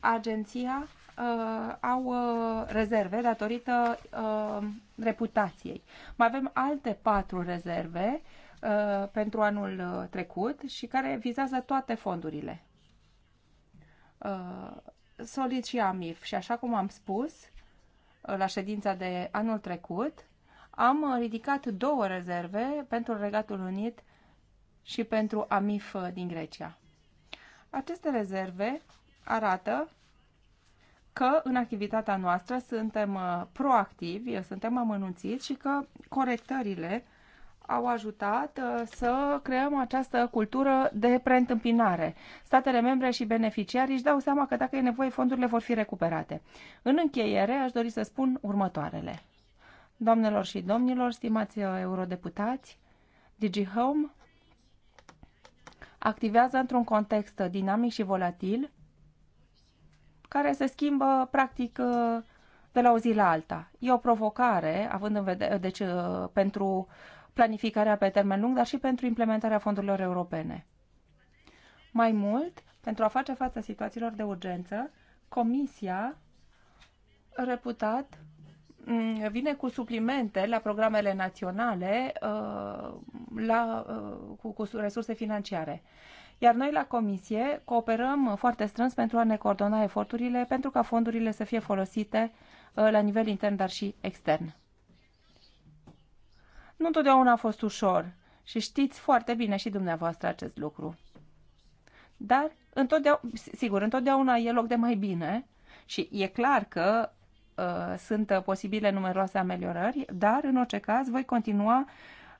agenția uh, au uh, rezerve datorită uh, reputației. Mai avem alte patru rezerve uh, pentru anul uh, trecut și care vizează toate fondurile. Uh, Solid și AMIF. Și așa cum am spus, la ședința de anul trecut, am ridicat două rezerve pentru Regatul Unit și pentru AMIF din Grecia. Aceste rezerve arată că în activitatea noastră suntem uh, proactivi, suntem amănunțiți și că corectările au ajutat uh, să creăm această cultură de preîntâmpinare. Statele membre și beneficiarii își dau seama că dacă e nevoie, fondurile vor fi recuperate. În încheiere, aș dori să spun următoarele. Doamnelor și domnilor, stimați uh, eurodeputați, DigiHome activează într-un context dinamic și volatil, care se schimbă practic uh, de la o zi la alta. E o provocare, având în vedere, deci, pentru uh, planificarea pe termen lung, dar și pentru implementarea fondurilor europene. Mai mult, pentru a face față situațiilor de urgență, Comisia reputat mm, vine cu suplimente la programele naționale uh, la, uh, cu, cu resurse financiare. Iar noi la Comisie cooperăm foarte strâns pentru a ne coordona eforturile pentru ca fondurile să fie folosite uh, la nivel intern, dar și extern. Nu întotdeauna a fost ușor și știți foarte bine și dumneavoastră acest lucru. Dar, întotdeauna, sigur, întotdeauna e loc de mai bine și e clar că uh, sunt posibile numeroase ameliorări, dar, în orice caz, voi continua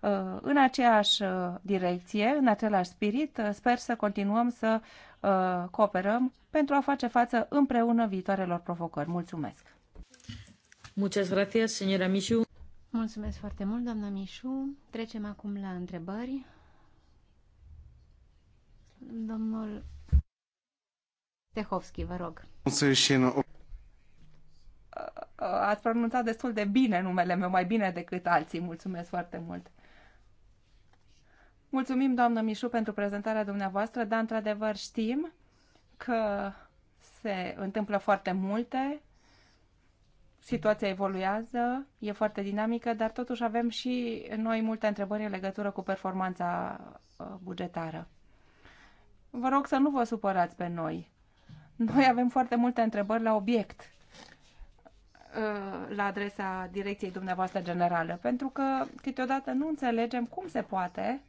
uh, în aceeași uh, direcție, în același spirit. Uh, sper să continuăm să uh, cooperăm pentru a face față împreună viitoarelor provocări. Mulțumesc! Muchas gracias, señora Michu. Mulțumesc foarte mult, doamna Mișu. Trecem acum la întrebări. Domnul Tehovski, vă rog. Ați pronunțat destul de bine numele meu, mai bine decât alții. Mulțumesc foarte mult. Mulțumim, doamnă Mișu, pentru prezentarea dumneavoastră, dar într-adevăr știm că se întâmplă foarte multe situația evoluează, e foarte dinamică, dar totuși avem și noi multe întrebări în legătură cu performanța uh, bugetară. Vă rog să nu vă supărați pe noi. Noi avem foarte multe întrebări la obiect uh, la adresa direcției dumneavoastră generală, pentru că câteodată nu înțelegem cum se poate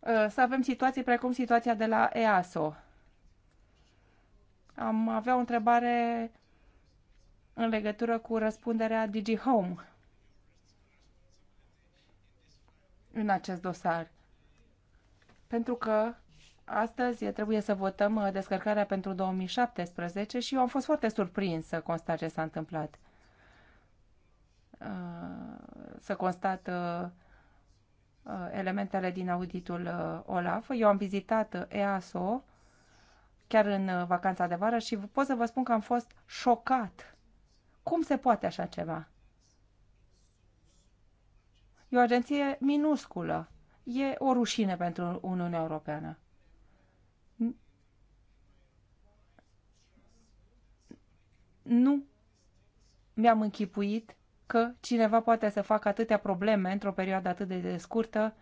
uh, să avem situații precum situația de la EASO, am avea o întrebare în legătură cu răspunderea DigiHome în acest dosar. Pentru că astăzi trebuie să votăm uh, descărcarea pentru 2017 și eu am fost foarte surprins să constat ce s-a întâmplat. Uh, să constat uh, elementele din auditul OLAF. Eu am vizitat EASO chiar în uh, vacanța de vară și pot să vă spun că am fost șocat. Cum se poate așa ceva? E o agenție minusculă. E o rușine pentru Uniunea Europeană. Nu mi-am închipuit că cineva poate să facă atâtea probleme într-o perioadă atât de scurtă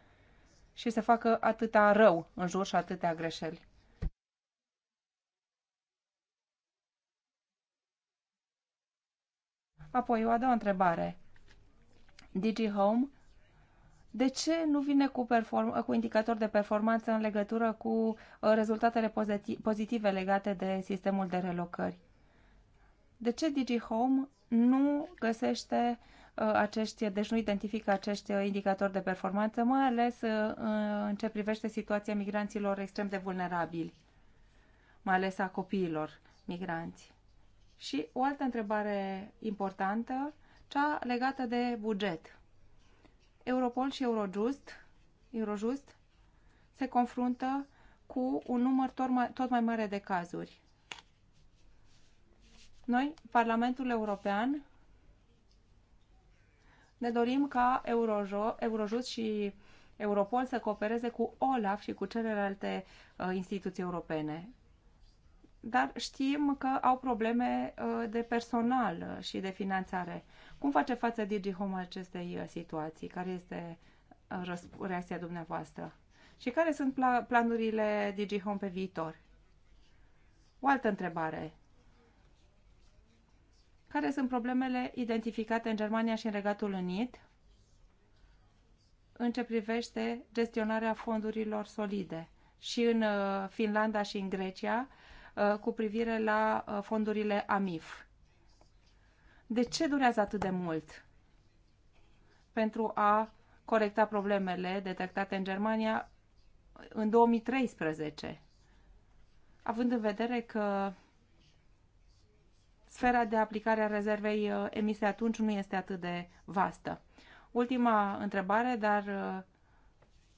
și să facă atâta rău în jur și atâtea greșeli. Apoi, o a doua întrebare. Digi Home, de ce nu vine cu, perform- cu indicator de performanță în legătură cu uh, rezultatele pozitive legate de sistemul de relocări? De ce Digi Home nu găsește uh, acești, deci nu identifică acești uh, indicatori de performanță, mai ales în ce privește situația migranților extrem de vulnerabili, mai ales a copiilor migranți. Și o altă întrebare importantă, cea legată de buget. Europol și Eurojust, Eurojust se confruntă cu un număr tot mai, tot mai mare de cazuri. Noi, Parlamentul European, ne dorim ca Eurojo, Eurojust și Europol să coopereze cu OLAF și cu celelalte uh, instituții europene dar știm că au probleme uh, de personal uh, și de finanțare. Cum face față DigiHome acestei uh, situații? Care este reacția dumneavoastră? Și care sunt planurile DigiHome pe viitor? O altă întrebare. Care sunt problemele identificate în Germania și în Regatul Unit în ce privește gestionarea fondurilor solide? Și în Finlanda și în Grecia Uh, cu privire la uh, fondurile AMIF. De ce durează atât de mult pentru a corecta problemele detectate în Germania în 2013, având în vedere că sfera de aplicare a rezervei uh, emise atunci nu este atât de vastă. Ultima întrebare, dar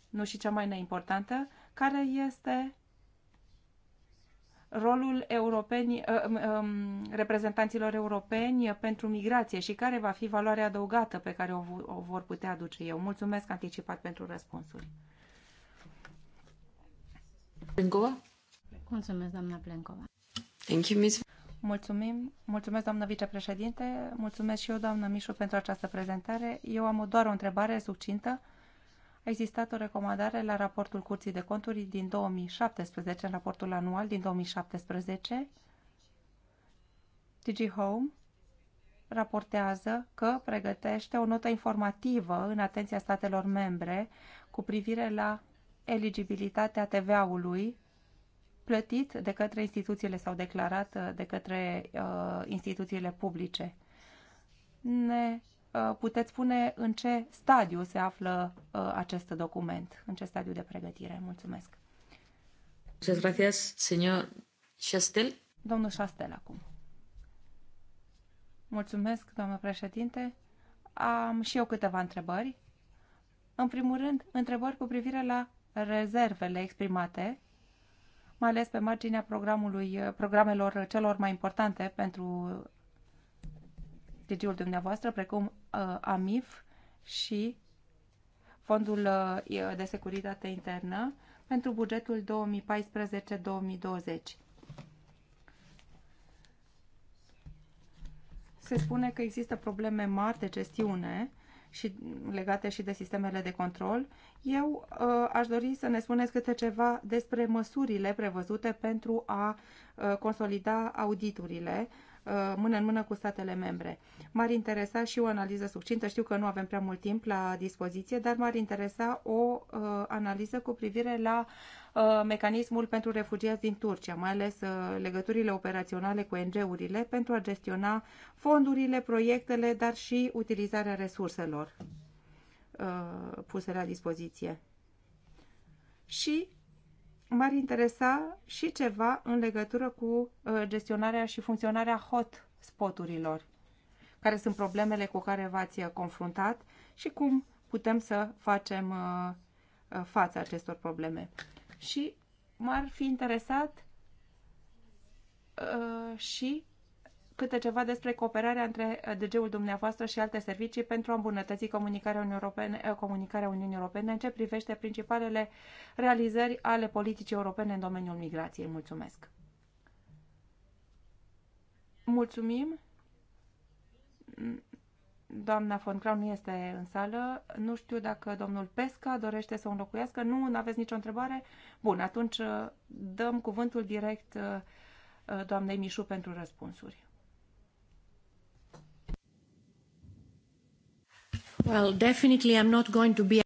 nu și cea mai neimportantă, care este rolul europeni, ă, ă, ă, reprezentanților europeni pentru migrație și care va fi valoarea adăugată pe care o vor putea aduce eu. Mulțumesc anticipat pentru răspunsuri. Plencova? Mulțumesc, doamna Plencova. Thank you, Ms. Mulțumim. Mulțumesc, doamnă vicepreședinte. Mulțumesc și eu, doamnă Mișu, pentru această prezentare. Eu am doar o întrebare succintă a existat o recomandare la raportul Curții de Conturi din 2017, în raportul anual din 2017. DG Home raportează că pregătește o notă informativă în atenția statelor membre cu privire la eligibilitatea TVA-ului plătit de către instituțiile sau declarat de către uh, instituțiile publice. Ne Uh, puteți spune în ce stadiu se află uh, acest document, în ce stadiu de pregătire. Mulțumesc. Muchas gracias, señor Chastel. Domnul Chastel acum. Mulțumesc, doamnă președinte. Am și eu câteva întrebări. În primul rând, întrebări cu privire la rezervele exprimate, mai ales pe marginea programului, programelor celor mai importante pentru DG-ul dumneavoastră, precum Uh, AMIF și Fondul uh, de Securitate Internă pentru bugetul 2014-2020. Se spune că există probleme mari de gestiune și legate și de sistemele de control. Eu uh, aș dori să ne spuneți câte ceva despre măsurile prevăzute pentru a uh, consolida auditurile Uh, mână în mână cu statele membre. M-ar interesa și o analiză succintă, știu că nu avem prea mult timp la dispoziție, dar m-ar interesa o uh, analiză cu privire la uh, mecanismul pentru refugiați din Turcia, mai ales legăturile operaționale cu NG-urile pentru a gestiona fondurile, proiectele, dar și utilizarea resurselor puse la dispoziție. Și m-ar interesa și ceva în legătură cu uh, gestionarea și funcționarea hot spoturilor, Care sunt problemele cu care v-ați uh, confruntat și cum putem să facem uh, față acestor probleme. Și m-ar fi interesat și câte ceva despre cooperarea între uh, DG-ul dumneavoastră și alte servicii pentru a îmbunătăți comunicarea Uniunii Europene, uh, comunicarea Uniunii Europene în ce privește principalele realizări ale politicii europene în domeniul migrației. Mulțumesc! Mulțumim! Doamna von Crown nu este în sală. Nu știu dacă domnul Pesca dorește să o înlocuiască. Nu, nu aveți nicio întrebare? Bun, atunci uh, dăm cuvântul direct doamnei Mișu pentru răspunsuri. Well, definitely I'm not going to be...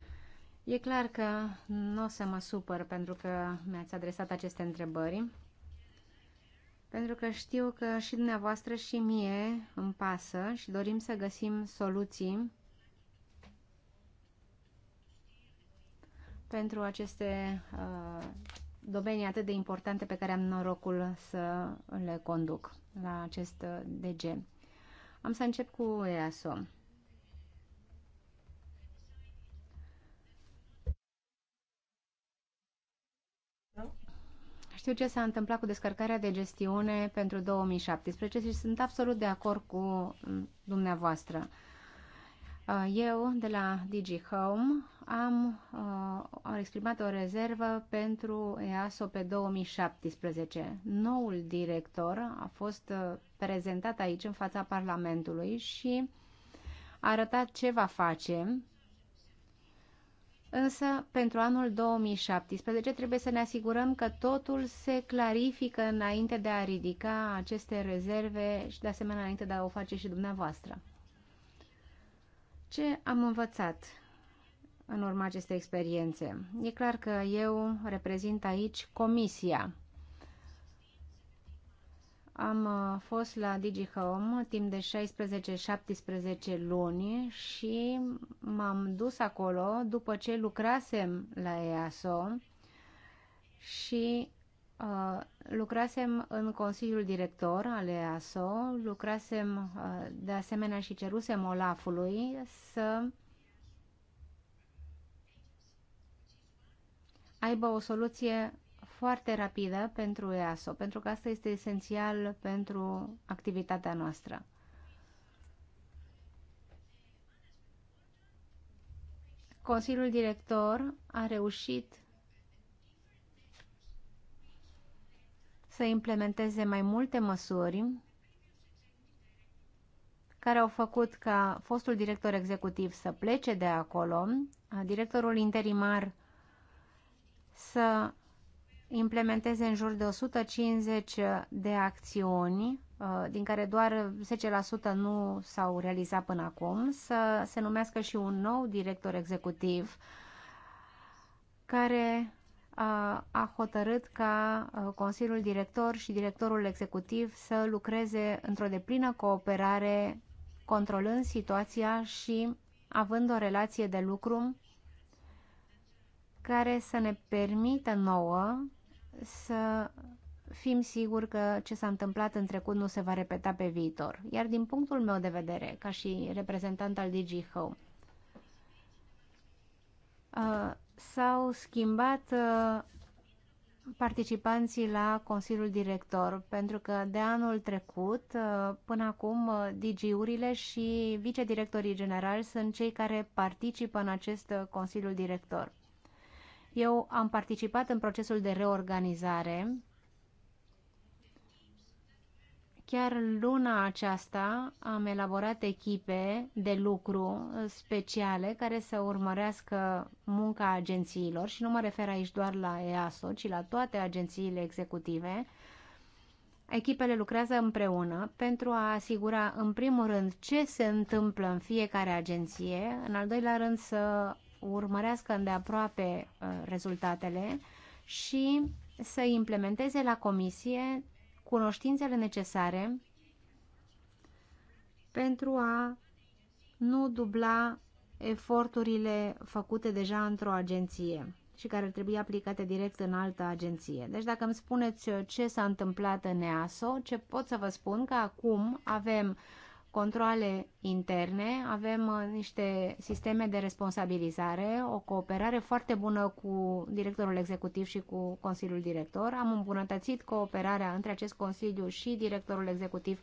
E clar că nu o să mă supăr pentru că mi-ați adresat aceste întrebări, pentru că știu că și dumneavoastră și mie îmi pasă și dorim să găsim soluții pentru aceste uh, domenii atât de importante pe care am norocul să le conduc la acest uh, DG. Am să încep cu EASO. Știu ce s-a întâmplat cu descărcarea de gestiune pentru 2017 și sunt absolut de acord cu mm, dumneavoastră. Uh, eu, de la DigiHome, am, uh, am exprimat o rezervă pentru EASO pe 2017. Noul director a fost uh, prezentat aici în fața Parlamentului și a arătat ce va face Însă, pentru anul 2017 trebuie să ne asigurăm că totul se clarifică înainte de a ridica aceste rezerve și, de asemenea, înainte de a o face și dumneavoastră. Ce am învățat în urma acestei experiențe? E clar că eu reprezint aici comisia am uh, fost la DigiHome timp de 16-17 luni și m-am dus acolo după ce lucrasem la EASO și uh, lucrasem în Consiliul Director al EASO, lucrasem uh, de asemenea și cerusem Olafului să aibă o soluție foarte rapidă pentru EASO, pentru că asta este esențial pentru activitatea noastră. Consiliul Director a reușit să implementeze mai multe măsuri care au făcut ca fostul director executiv să plece de acolo, directorul interimar să implementeze în jur de 150 de acțiuni, uh, din care doar 10% nu s-au realizat până acum, să se numească și un nou director executiv care uh, a hotărât ca uh, Consiliul Director și Directorul Executiv să lucreze într-o deplină cooperare, controlând situația și având o relație de lucru care să ne permită nouă să fim siguri că ce s-a întâmplat în trecut nu se va repeta pe viitor. Iar din punctul meu de vedere, ca și reprezentant al DG Home, uh, s-au schimbat uh, participanții la Consiliul Director, pentru că de anul trecut, uh, până acum, DG-urile și vicedirectorii generali sunt cei care participă în acest Consiliul Director. Eu am participat în procesul de reorganizare. Chiar luna aceasta am elaborat echipe de lucru speciale care să urmărească munca agențiilor și nu mă refer aici doar la EASO, ci la toate agențiile executive. Echipele lucrează împreună pentru a asigura, în primul rând, ce se întâmplă în fiecare agenție, în al doilea rând, să urmărească îndeaproape uh, rezultatele și să implementeze la comisie cunoștințele necesare pentru a nu dubla eforturile făcute deja într-o agenție și care ar trebui aplicate direct în altă agenție. Deci dacă îmi spuneți ce s-a întâmplat în EASO, ce pot să vă spun că acum avem uh, controle interne, avem uh, niște sisteme de responsabilizare, o cooperare foarte bună cu directorul executiv și cu Consiliul Director. Am îmbunătățit cooperarea între acest Consiliu și directorul executiv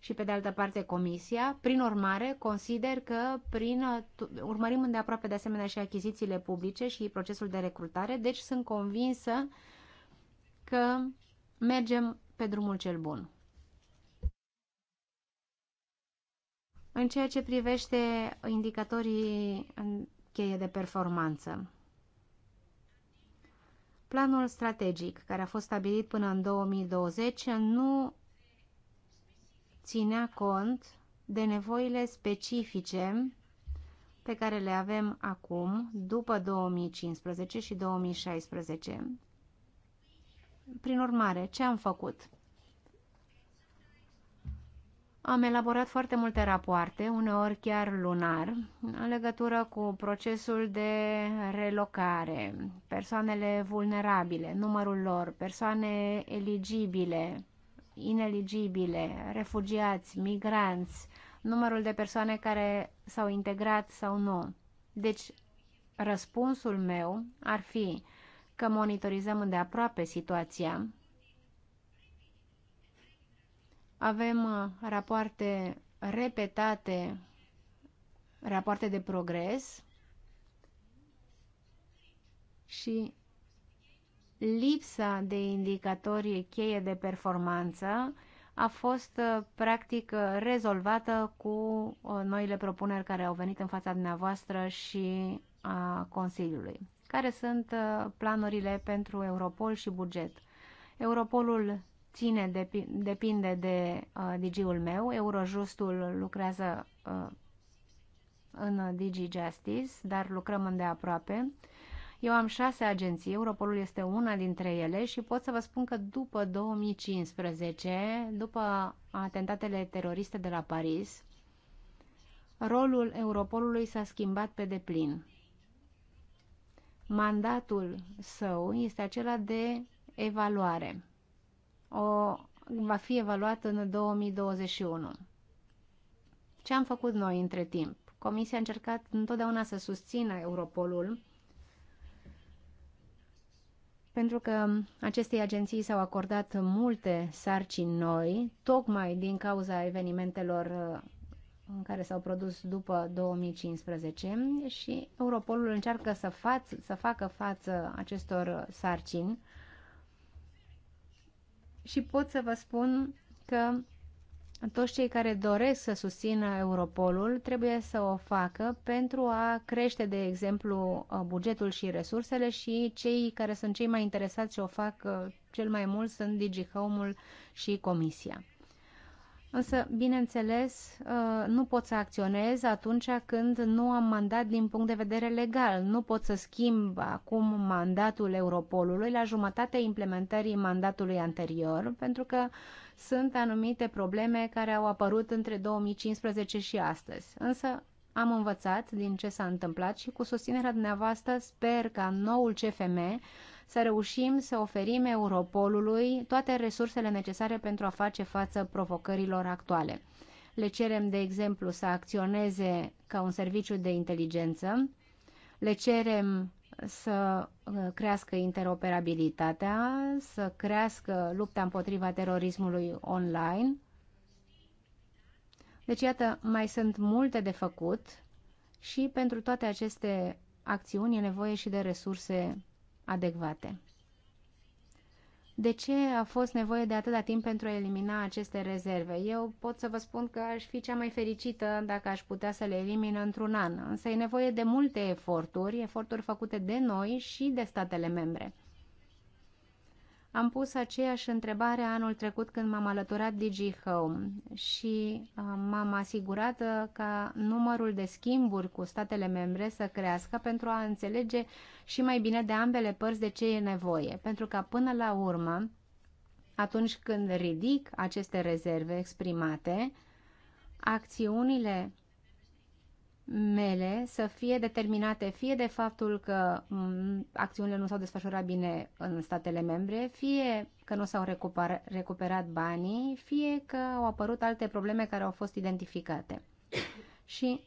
și, pe de altă parte, Comisia. Prin urmare, consider că prin, uh, urmărim îndeaproape de asemenea și achizițiile publice și procesul de recrutare, deci sunt convinsă că mergem pe drumul cel bun. în ceea ce privește indicatorii în cheie de performanță. Planul strategic, care a fost stabilit până în 2020, nu ținea cont de nevoile specifice pe care le avem acum, după 2015 și 2016. Prin urmare, ce am făcut? Am elaborat foarte multe rapoarte, uneori chiar lunar, în legătură cu procesul de relocare, persoanele vulnerabile, numărul lor, persoane eligibile, ineligibile, refugiați, migranți, numărul de persoane care s-au integrat sau nu. Deci, răspunsul meu ar fi că monitorizăm îndeaproape situația avem uh, rapoarte repetate, rapoarte de progres și lipsa de indicatori cheie de performanță a fost uh, practic uh, rezolvată cu noile propuneri care au venit în fața dumneavoastră și a Consiliului. Care sunt planurile pentru Europol și buget? Europolul ține, de, depinde de uh, digiul meu. Eurojustul lucrează uh, în digi Justice, dar lucrăm îndeaproape. Eu am șase agenții, Europolul este una dintre ele și pot să vă spun că după 2015, după atentatele teroriste de la Paris, rolul Europolului s-a schimbat pe deplin. Mandatul său este acela de evaluare o, va fi evaluat în 2021. Ce am făcut noi între timp? Comisia a încercat întotdeauna să susțină Europolul pentru că acestei agenții s-au acordat multe sarcini noi, tocmai din cauza evenimentelor uh, în care s-au produs după 2015 și Europolul încearcă să, fa- să facă față acestor sarcini și pot să vă spun că toți cei care doresc să susțină Europolul trebuie să o facă pentru a crește, de exemplu, uh, bugetul și resursele și cei care sunt cei mai interesați și o fac cel mai mult sunt DigiHome-ul și Comisia. Însă, bineînțeles, uh, nu pot să acționez atunci când nu am mandat din punct de vedere legal. Nu pot să schimb acum mandatul Europolului la jumătatea implementării mandatului anterior, pentru că sunt anumite probleme care au apărut între 2015 și astăzi. Însă, am învățat din ce s-a întâmplat și cu susținerea dumneavoastră sper ca noul CFM să reușim să oferim Europolului toate resursele necesare pentru a face față provocărilor actuale. Le cerem, de exemplu, să acționeze ca un serviciu de inteligență, le cerem să uh, crească interoperabilitatea, să crească lupta împotriva terorismului online. Deci, iată, mai sunt multe de făcut și pentru toate aceste acțiuni e nevoie și de resurse adecvate. De ce a fost nevoie de atâta timp pentru a elimina aceste rezerve? Eu pot să vă spun că aș fi cea mai fericită dacă aș putea să le elimin într-un an, însă e nevoie de multe eforturi, eforturi făcute de noi și de statele membre. Am pus aceeași întrebare anul trecut când m-am alăturat Digi Home și uh, m-am asigurat uh, ca numărul de schimburi cu statele membre să crească pentru a înțelege și mai bine de ambele părți de ce e nevoie. Pentru că până la urmă, atunci când ridic aceste rezerve exprimate, acțiunile mele să fie determinate fie de faptul că acțiunile nu s-au desfășurat bine în statele membre, fie că nu s-au recuperat, recuperat banii, fie că au apărut alte probleme care au fost identificate. Și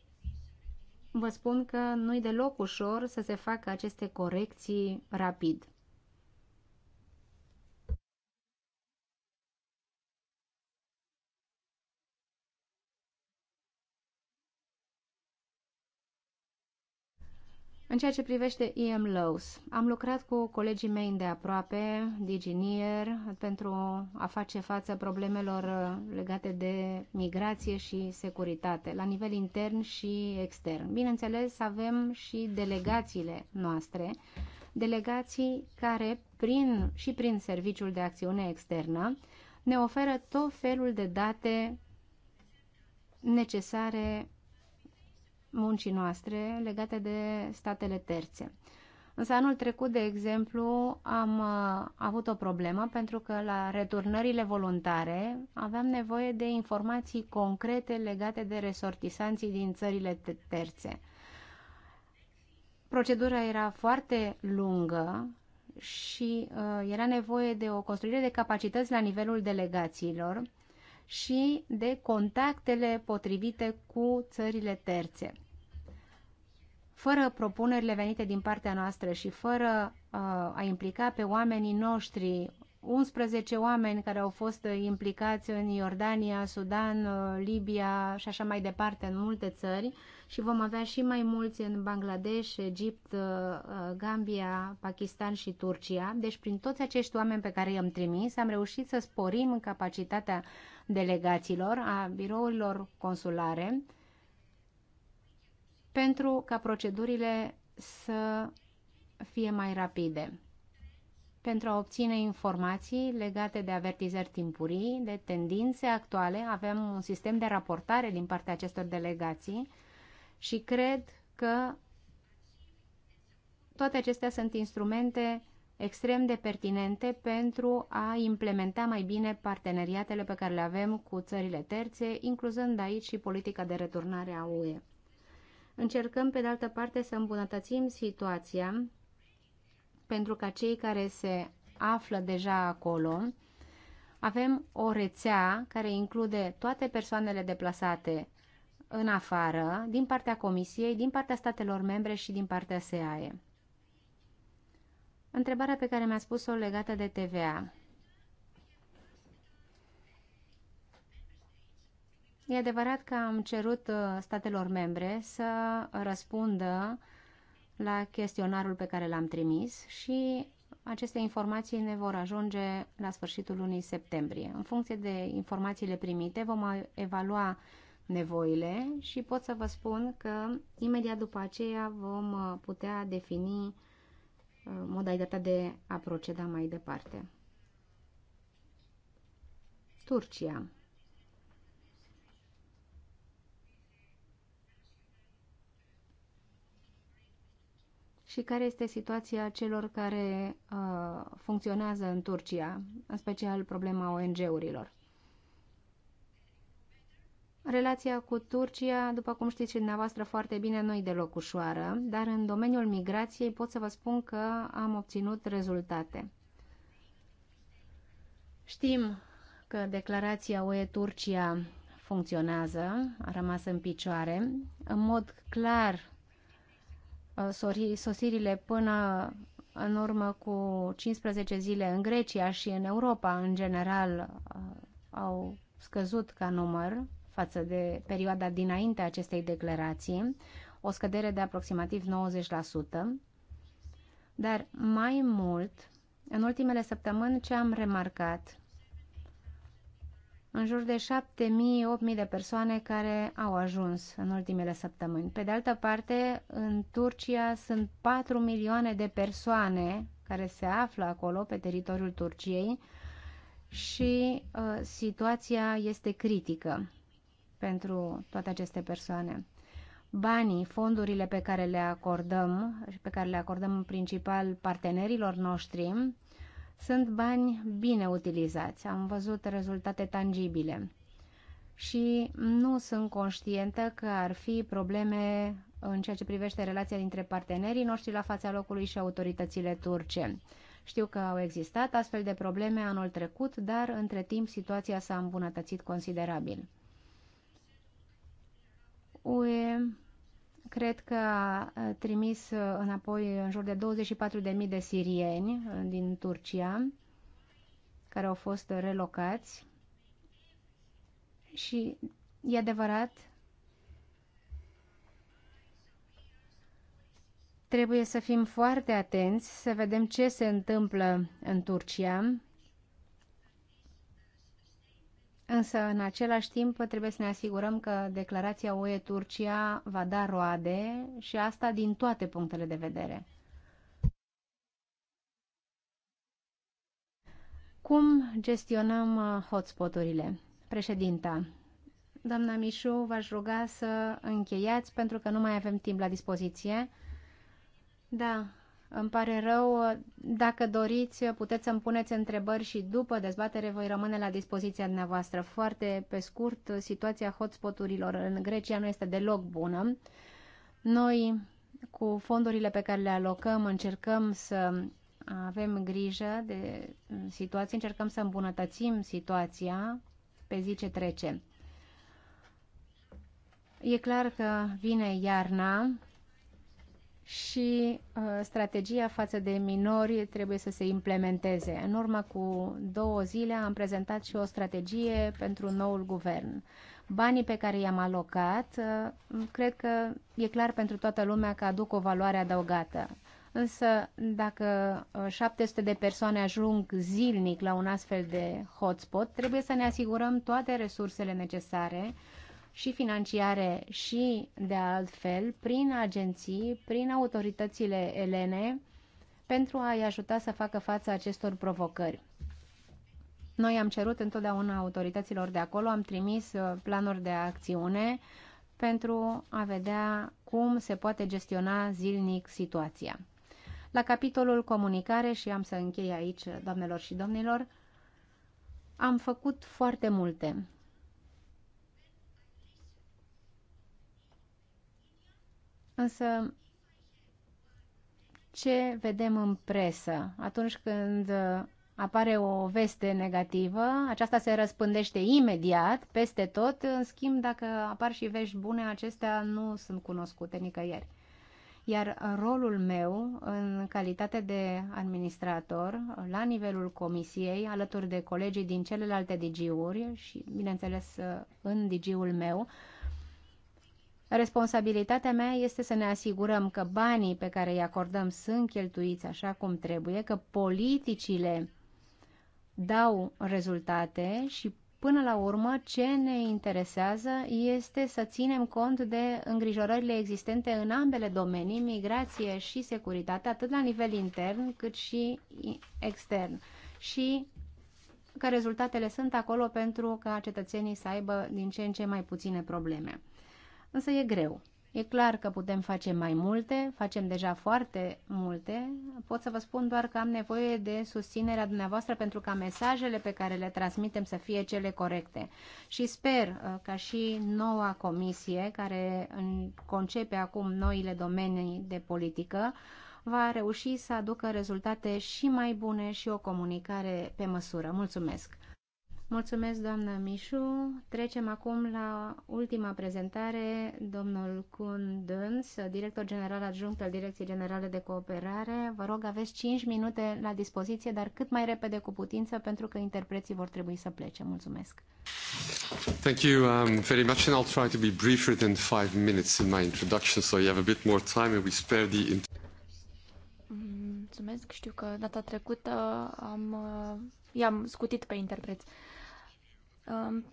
vă spun că nu-i deloc ușor să se facă aceste corecții rapid. În ceea ce privește EM Lows, am lucrat cu colegii mei de aproape, Diginier, pentru a face față problemelor uh, legate de migrație și securitate, la nivel intern și extern. Bineînțeles, avem și delegațiile noastre, delegații care, prin, și prin Serviciul de Acțiune Externă, ne oferă tot felul de date necesare muncii noastre legate de statele terțe. Însă anul trecut, de exemplu, am uh, avut o problemă pentru că la returnările voluntare aveam nevoie de informații concrete legate de resortisanții din țările terțe. Procedura era foarte lungă și uh, era nevoie de o construire de capacități la nivelul delegațiilor și de contactele potrivite cu țările terțe. Fără propunerile venite din partea noastră și fără uh, a implica pe oamenii noștri 11 oameni care au fost uh, implicați în Iordania, Sudan, uh, Libia și așa mai departe, în multe țări și vom avea și mai mulți în Bangladesh, Egipt, uh, Gambia, Pakistan și Turcia. Deci prin toți acești oameni pe care i-am trimis am reușit să sporim capacitatea delegațiilor, a birourilor consulare pentru ca procedurile să fie mai rapide pentru a obține informații legate de avertizări timpurii, de tendințe actuale. Avem un sistem de raportare din partea acestor delegații și cred că toate acestea sunt instrumente extrem de pertinente pentru a implementa mai bine parteneriatele pe care le avem cu țările terțe, incluzând aici și politica de returnare a UE. Încercăm, pe de altă parte, să îmbunătățim situația pentru ca cei care se află deja acolo avem o rețea care include toate persoanele deplasate în afară, din partea Comisiei, din partea statelor membre și din partea SEAE. Întrebarea pe care mi-a spus-o legată de TVA. E adevărat că am cerut uh, statelor membre să răspundă la chestionarul pe care l-am trimis și aceste informații ne vor ajunge la sfârșitul lunii septembrie. În funcție de informațiile primite vom evalua nevoile și pot să vă spun că imediat după aceea vom uh, putea defini uh, modalitatea de a proceda mai departe. Turcia și care este situația celor care uh, funcționează în Turcia, în special problema ONG-urilor. Relația cu Turcia, după cum știți și dumneavoastră foarte bine, nu e deloc ușoară, dar în domeniul migrației pot să vă spun că am obținut rezultate. Știm că declarația UE Turcia funcționează, a rămas în picioare. În mod clar, Uh, sosirile până în urmă cu 15 zile în Grecia și în Europa în general uh, au scăzut ca număr față de perioada dinainte acestei declarații, o scădere de aproximativ 90%, dar mai mult, în ultimele săptămâni ce am remarcat în jur de 7.000-8.000 de persoane care au ajuns în ultimele săptămâni. Pe de altă parte, în Turcia sunt 4 milioane de persoane care se află acolo, pe teritoriul Turciei, și uh, situația este critică pentru toate aceste persoane. Banii, fondurile pe care le acordăm și pe care le acordăm în principal partenerilor noștri, sunt bani bine utilizați, am văzut rezultate tangibile și nu sunt conștientă că ar fi probleme în ceea ce privește relația dintre partenerii noștri la fața locului și autoritățile turce. Știu că au existat astfel de probleme anul trecut, dar între timp situația s-a îmbunătățit considerabil. UE Cred că a trimis uh, înapoi în jur de 24.000 de sirieni uh, din Turcia care au fost relocați și e adevărat trebuie să fim foarte atenți să vedem ce se întâmplă în Turcia Însă, în același timp, trebuie să ne asigurăm că declarația UE-Turcia va da roade și asta din toate punctele de vedere. Cum gestionăm uh, hotspoturile? Președinta, doamna Mișu, v-aș ruga să încheiați pentru că nu mai avem timp la dispoziție. Da, îmi pare rău, dacă doriți, puteți să-mi puneți întrebări și după dezbatere voi rămâne la dispoziția dumneavoastră. Foarte pe scurt, situația hotspoturilor în Grecia nu este deloc bună. Noi, cu fondurile pe care le alocăm, încercăm să avem grijă de situație, încercăm să îmbunătățim situația pe zi ce trece. E clar că vine iarna, și uh, strategia față de minori trebuie să se implementeze. În urmă cu două zile am prezentat și o strategie pentru noul guvern. Banii pe care i-am alocat, uh, cred că e clar pentru toată lumea că aduc o valoare adăugată. Însă, dacă 700 uh, de persoane ajung zilnic la un astfel de hotspot, trebuie să ne asigurăm toate resursele necesare și financiare și de altfel prin agenții, prin autoritățile elene pentru a-i ajuta să facă față acestor provocări. Noi am cerut întotdeauna autorităților de acolo, am trimis uh, planuri de acțiune pentru a vedea cum se poate gestiona zilnic situația. La capitolul comunicare, și am să închei aici, doamnelor și domnilor, am făcut foarte multe. Însă, ce vedem în presă atunci când apare o veste negativă, aceasta se răspândește imediat, peste tot, în schimb, dacă apar și vești bune, acestea nu sunt cunoscute nicăieri. Iar rolul meu, în calitate de administrator, la nivelul comisiei, alături de colegii din celelalte digiuri și, bineînțeles, în digiul meu, Responsabilitatea mea este să ne asigurăm că banii pe care îi acordăm sunt cheltuiți așa cum trebuie, că politicile dau rezultate și Până la urmă, ce ne interesează este să ținem cont de îngrijorările existente în ambele domenii, migrație și securitate, atât la nivel intern cât și extern. Și că rezultatele sunt acolo pentru ca cetățenii să aibă din ce în ce mai puține probleme. Însă e greu. E clar că putem face mai multe, facem deja foarte multe. Pot să vă spun doar că am nevoie de susținerea dumneavoastră pentru ca mesajele pe care le transmitem să fie cele corecte. Și sper uh, ca și noua comisie, care concepe acum noile domenii de politică, va reuși să aducă rezultate și mai bune și o comunicare pe măsură. Mulțumesc! Mulțumesc, doamna Mișu. Trecem acum la ultima prezentare. Domnul Kun Dâns, director general adjunct al Direcției Generale de Cooperare. Vă rog, aveți 5 minute la dispoziție, dar cât mai repede cu putință, pentru că interpreții vor trebui să plece. Mulțumesc. Thank you um, very much, and I'll try to be briefer than five minutes in my introduction, so you have a bit more time and we spare the... Mm, mulțumesc, știu că data trecută am, uh, i-am scutit pe interpreți. Uh, în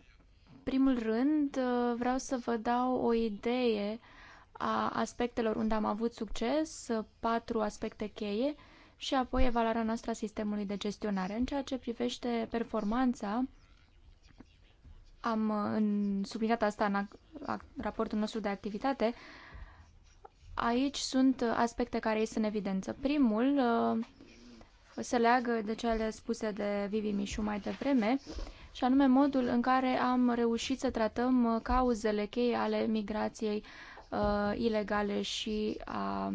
primul rând, uh, vreau să vă dau o idee a aspectelor unde am avut succes, uh, patru aspecte cheie, și apoi evaluarea noastră a sistemului de gestionare. În ceea ce privește performanța, am uh, subliniat asta în raportul nostru de activitate, aici sunt aspecte care ies în evidență. Primul se leagă de cele spuse de Vivi Mișu mai devreme și anume modul în care am reușit să tratăm uh, cauzele cheie ale migrației uh, ilegale și a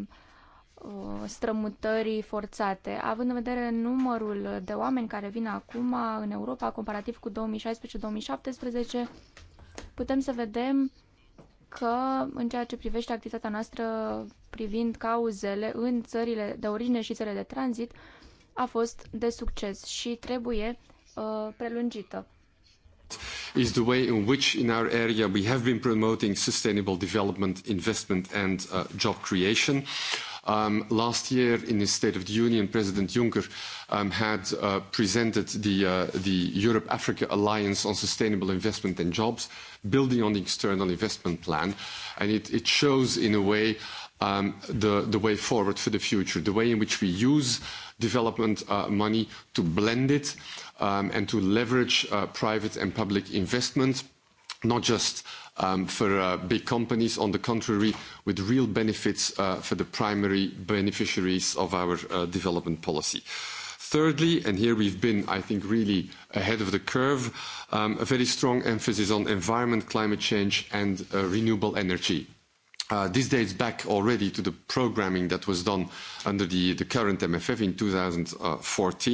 uh, strămutării forțate. Având în vedere numărul de oameni care vin acum în Europa, comparativ cu 2016-2017, putem să vedem că în ceea ce privește activitatea noastră privind cauzele în țările de origine și țările de tranzit, a fost de succes și trebuie Uh, prelungită. Is the way in which in our area we have been promoting sustainable development, investment and uh, job creation. Um, last year, in State of the Union, President Juncker um, had uh, presented the, uh, the Europe-Africa Alliance on Sustainable Investment and Jobs, building on the external investment plan. And it, it shows, in a way, um, the, the way forward for the future, the way in which we use development uh, money to blend it Um, and to leverage uh, private and public investment, not just um, for uh, big companies, on the contrary, with real benefits uh, for the primary beneficiaries of our development policy. Thirdly, and here we've been, I think, really ahead of the curve, um, a very strong emphasis on environment, climate change, and renewable energy Uh, this dates back already to the programming that was done under the, the current MFF in 2014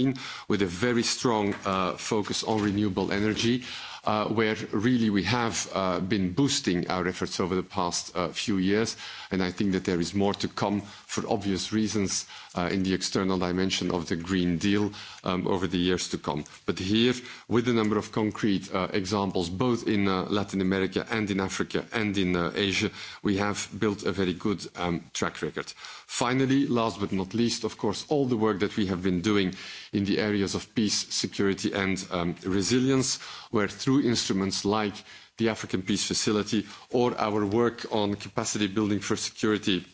uh, with a very strong uh, focus on renewable energy. Uh, where really we have uh, been boosting our efforts over the past uh, few years. And I think that there is more to come for obvious reasons in the external dimension of the Green Deal um, over the years to come. But here, with a number of concrete examples, both in Latin America and in Africa and in Asia, we have built a very good um, track record. Finally, last but not least, of course, all the work that we have been doing in the areas of peace, security, and um, resilience, where through instruments like the African Peace Facility or our work on capacity building for security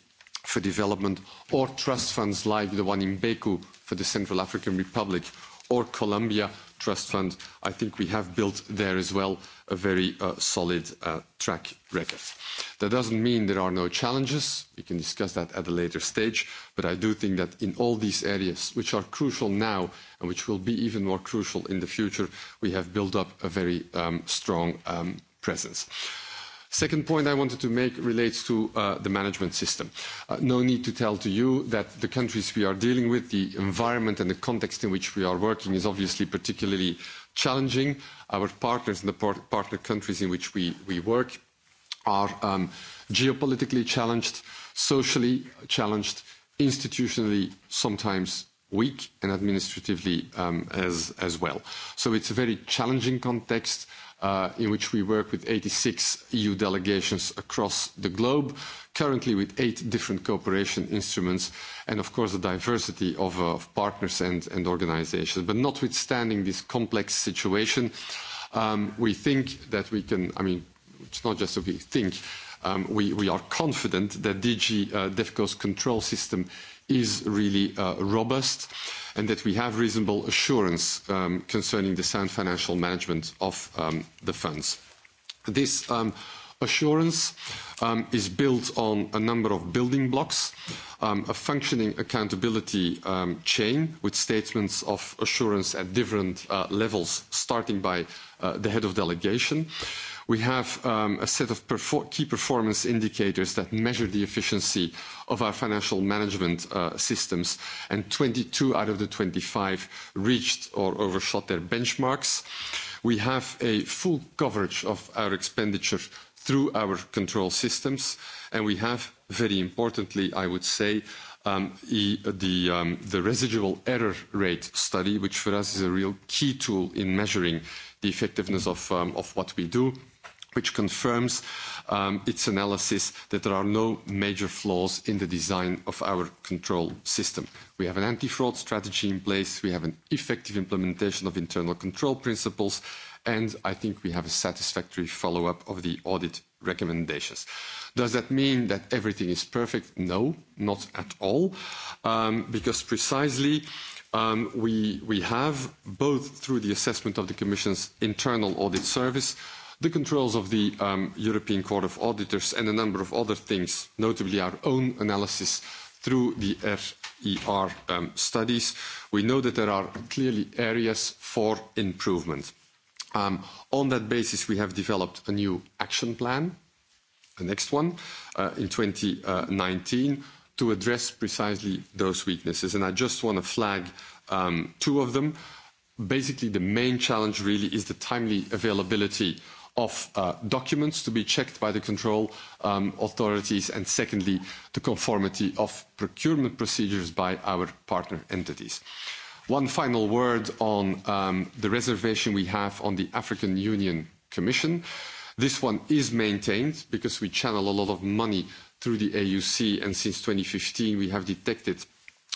for development or trust funds like the one in Baku for the Central African Republic or Colombia Trust Fund, I think we have built there as well a very uh, solid uh, track record. That doesn't mean there are no challenges. We can discuss that at a later stage. But I do think that in all these areas, which are crucial now and which will be even more crucial in the future, we have built up a very um, strong um, presence. Second point I wanted to make relates to uh, the management system. Uh, no need to tell to you that the countries we are dealing with, the environment and the context in which we are working is obviously particularly challenging. Our partners and the partner countries in which we, we work are um, geopolitically challenged, socially challenged, institutionally sometimes weak, and administratively um, as, as well. So it's a very challenging context Uh, in which we work with 86 EU delegations across the globe, currently with eight different cooperation instruments, and of course the diversity of, uh, of partners and, and organizations. But notwithstanding this complex situation, um, we think that we can, I mean, it's not just that we think, um, we, we are confident that DG uh, DEFCO's control system is really uh, robust and that we have reasonable assurance um, concerning the sound financial management of um, the funds. This um, assurance is built on a number of building blocks, a functioning accountability chain with statements of assurance at different uh, levels, starting by uh, the head of delegation. We have um, a set of key performance indicators that measure the efficiency of our financial management uh, systems, and 22 out of the 25 reached or overshot their benchmarks. We have a full coverage of our expenditure through our control systems, and we have, very importantly, I would say, um, um, the, residual error rate study, which for us is a real key tool in measuring the effectiveness of, of what we do which confirms um, its analysis that there are no major flaws in the design of our control system. We have an anti-fraud strategy in place, we have an effective implementation of internal control principles, and I think we have a satisfactory follow-up of the audit recommendations. Does that mean that everything is perfect? No, not at all, um, because precisely um, we, we have, both through the assessment of the Commission's internal audit service, the controls of the um, European Court of Auditors and a number of other things, notably our own analysis through the FER um, studies, we know that there are clearly areas for improvement. Um, on that basis, we have developed a new action plan, the next one, uh, in 2019 to address precisely those weaknesses. And I just want to flag um, two of them. Basically, the main challenge really is the timely availability of uh, documents to be checked by the control um, authorities, and secondly, the conformity of procurement procedures by our partner entities. One final word on um, the reservation we have on the African Union Commission. This one is maintained because we channel a lot of money through the AUC, and since 2015, we have detected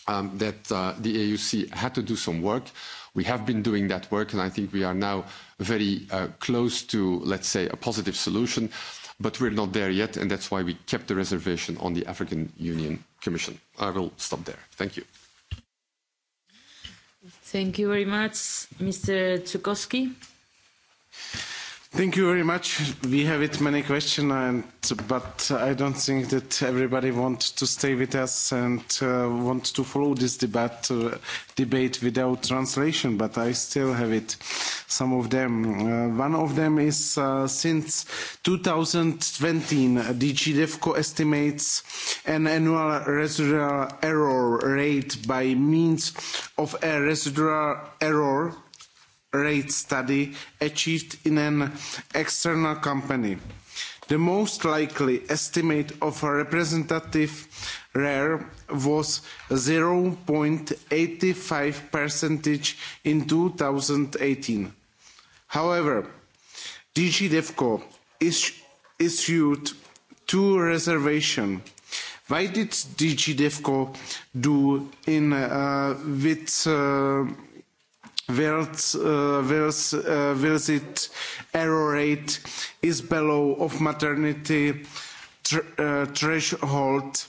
um, that uh, the AUC had to do some work We have been doing that work, and I think we are now very uh, close to, let's say, a positive solution, but we're not there yet, and that's why we kept the reservation on the African Union Commission. I will stop there. Thank you. Thank you very much, Mr. Tsukowski. Thank you very much. We have it many questions, and, but I don't think that everybody wants to stay with us and uh, want to follow this debate, uh, debate without translation, but I still have it, some of them. Uh, one of them is uh, since 2020, DG DEFCO estimates an annual residual error rate by means of a residual error rate study achieved in an external company. The most likely estimate of a representative rare was 0.85 percentage in 2018. However, DG DevCo issued two reservations. Why did DG DevCo do in uh, with uh, Whereas, uh, whereas, uh, whereas it error rate is below of maternity tr uh, threshold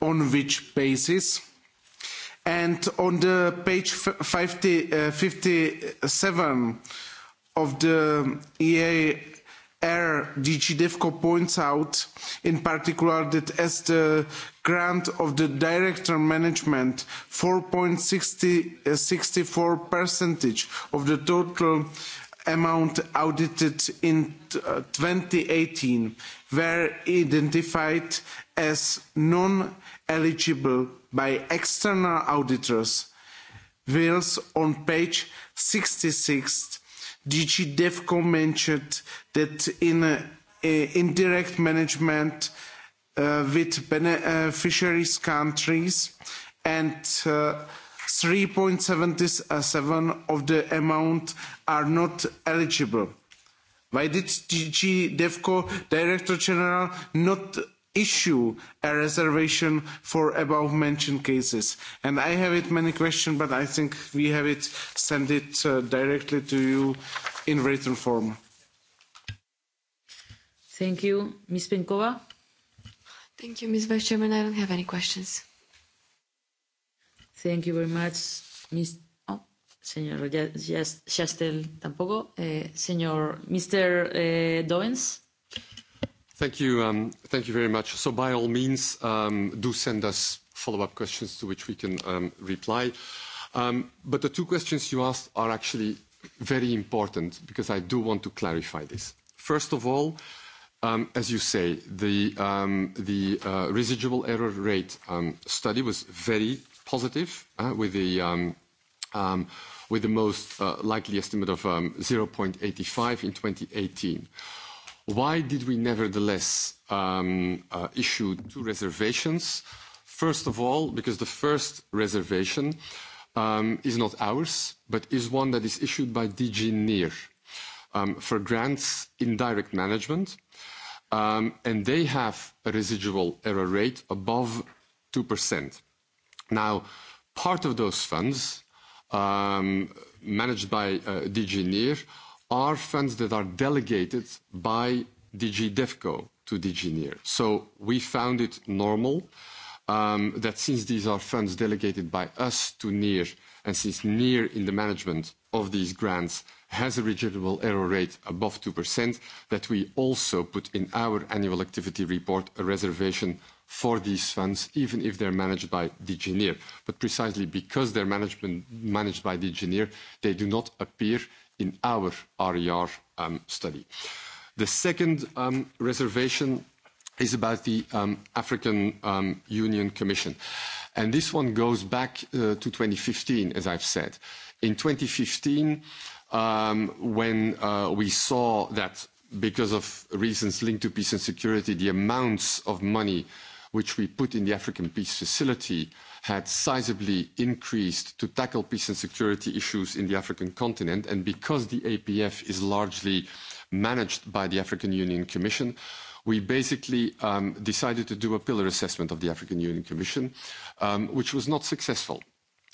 on which basis. And on the page 50, uh, 57 of the EA error DG DEFCO points out, in particular, that as the grant of the director management, 4.64 percentage of the total amount audited in 2018 were identified as non-eligible by external auditors, whilst on page 66 DG DEFCO mentioned that in uh, indirect management uh, with beneficiaries countries and uh, 3.77 of the amount are not eligible. Why did DG DEFCO Director General not issue a reservation for above mentioned cases and i have it many questions but i think we have it send it uh, directly to you in written form thank you ms penkova thank you ms vice chairman i don't have any questions thank you very much ms oh, señor Chastel tampoco señor mr eh, eh Doens Thank you. Um, thank you very much. So by all means, um, do send us follow-up questions to which we can um, reply. But the two questions you asked are actually very important because I do want to clarify this. First of all, as you say, the, uh, residual error rate study was very positive uh, with the most uh, likely estimate of 0.85 in 2018. Why did we nevertheless um, uh, issue two reservations? First of all, because the first reservation um, is not ours, but is one that is issued by DG NIR um, for grants in direct management, and they have a residual error rate above 2%. Now, part of those funds managed by uh, DG NIR are funds that are delegated by DG DEFCO to DG NEAR. So we found it normal um, that since these are funds delegated by us to NEAR, and since NEAR in the management of these grants has a regenerable error rate above 2%, that we also put in our annual activity report a reservation for these funds, even if they're managed by DGNIR. But precisely because they're management, managed by DGNIR, they do not appear in our RER um, study. The second um, reservation is about the um, African Union Commission. And this one goes back uh, to 2015, as I've said. In 2015, when uh, we saw that because of reasons linked to peace and security, the amounts of money which we put in the African Peace Facility had sizably increased to tackle peace and security issues in the African continent. And because the APF is largely managed by the African Union Commission, we basically um, decided to do a pillar assessment of the African Union Commission, um, which was not successful.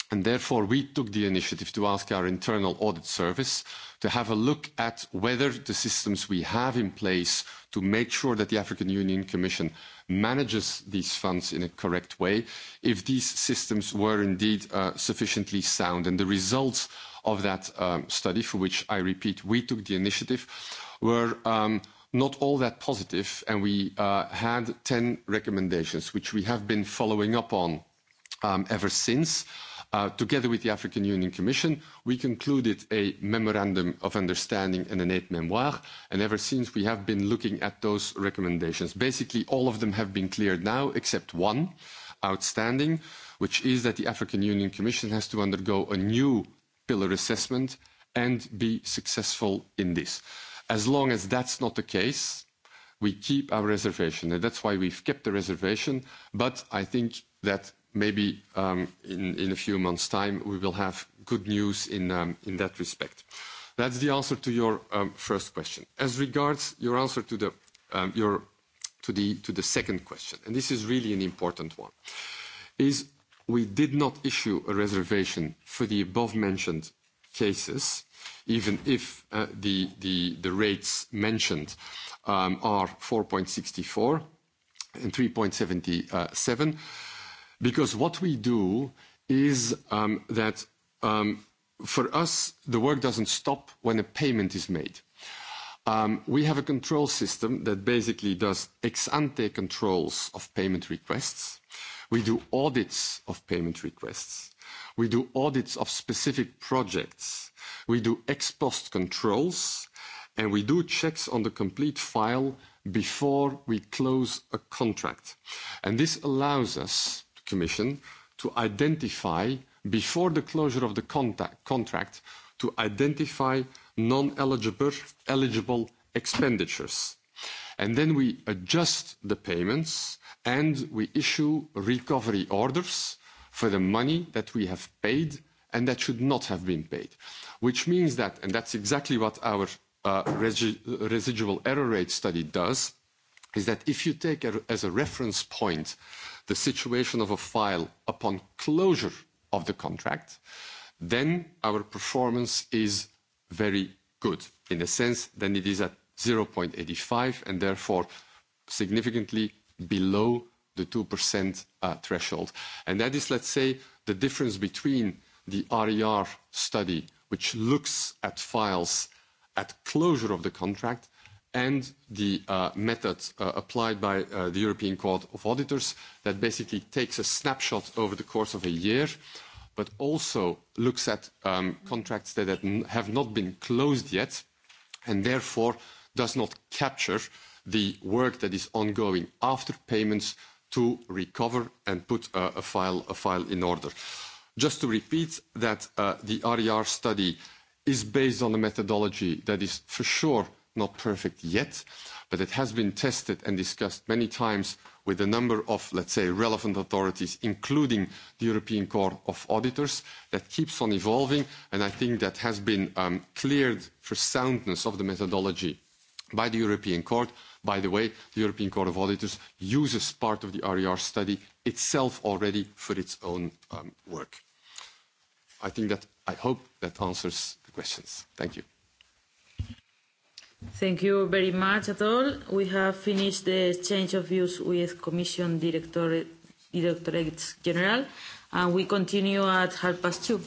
And therefore, we took the initiative to ask our internal audit service to have a look at whether the systems we have in place to make sure that the African Union Commission manages these funds in a correct way, if these systems were indeed uh, sufficiently sound. And the results of that um, study, for which I repeat, we took the initiative, were um, not all that positive, and we uh, had 10 recommendations, which we have been following up on um, ever since. Uh, together with the African Union Commission, we concluded a memorandum of understanding and an aide memoire, and ever since we have been looking at those recommendations. Basically, all of them have been cleared now, except one outstanding, which is that the African Union Commission has to undergo a new pillar assessment and be successful in this. As long as that's not the case, we keep our reservation, and that's why we've kept the reservation. But I think that maybe um, in, a few months' time, we will have good news in, um, in that respect. That's the answer to your um, first question. As regards your answer to the, your, to, the, to the second question, and this is really an important one, is we did not issue a reservation for the above-mentioned cases, even if uh, the, the rates mentioned are 4.64 and 3.77 Because what we do is um, that um, for us, the work doesn't stop when a payment is made. Um, we have a control system that basically does ex ante controls of payment requests. We do audits of payment requests. We do audits of specific projects. We do ex post controls. And we do checks on the complete file before we close a contract. And this allows us Commission to identify, before the closure of the contact, contract, to identify non-eligible eligible expenditures. And then we adjust the payments and we issue recovery orders for the money that we have paid and that should not have been paid. Which means that, and that's exactly what our uh, resi residual error rate study does, is that if you take a, as a reference point the situation of a file upon closure of the contract, then our performance is very good in the sense that it is at 0.85 and therefore significantly below the 2% uh, threshold. And that is, let's say, the difference between the RER study, which looks at files at closure of the contract, and the uh, method uh, applied by uh, the European Court of Auditors that basically takes a snapshot over the course of a year, but also looks at um, contracts that have not been closed yet, and therefore does not capture the work that is ongoing after payments to recover and put uh, a file, a file in order. Just to repeat that uh, the RER study is based on a methodology that is for sure not perfect yet, but it has been tested and discussed many times with a number of, let's say, relevant authorities, including the European Court of Auditors, that keeps on evolving, and I think that has been um, cleared for soundness of the methodology by the European Court. By the way, the European Court of Auditors uses part of the RER study itself already for its own um, work. I think that, I hope that answers the questions. Thank you. Thank you very much at all. We have finished the exchange of views with Commission Director, Directorate General and we continue at half past two.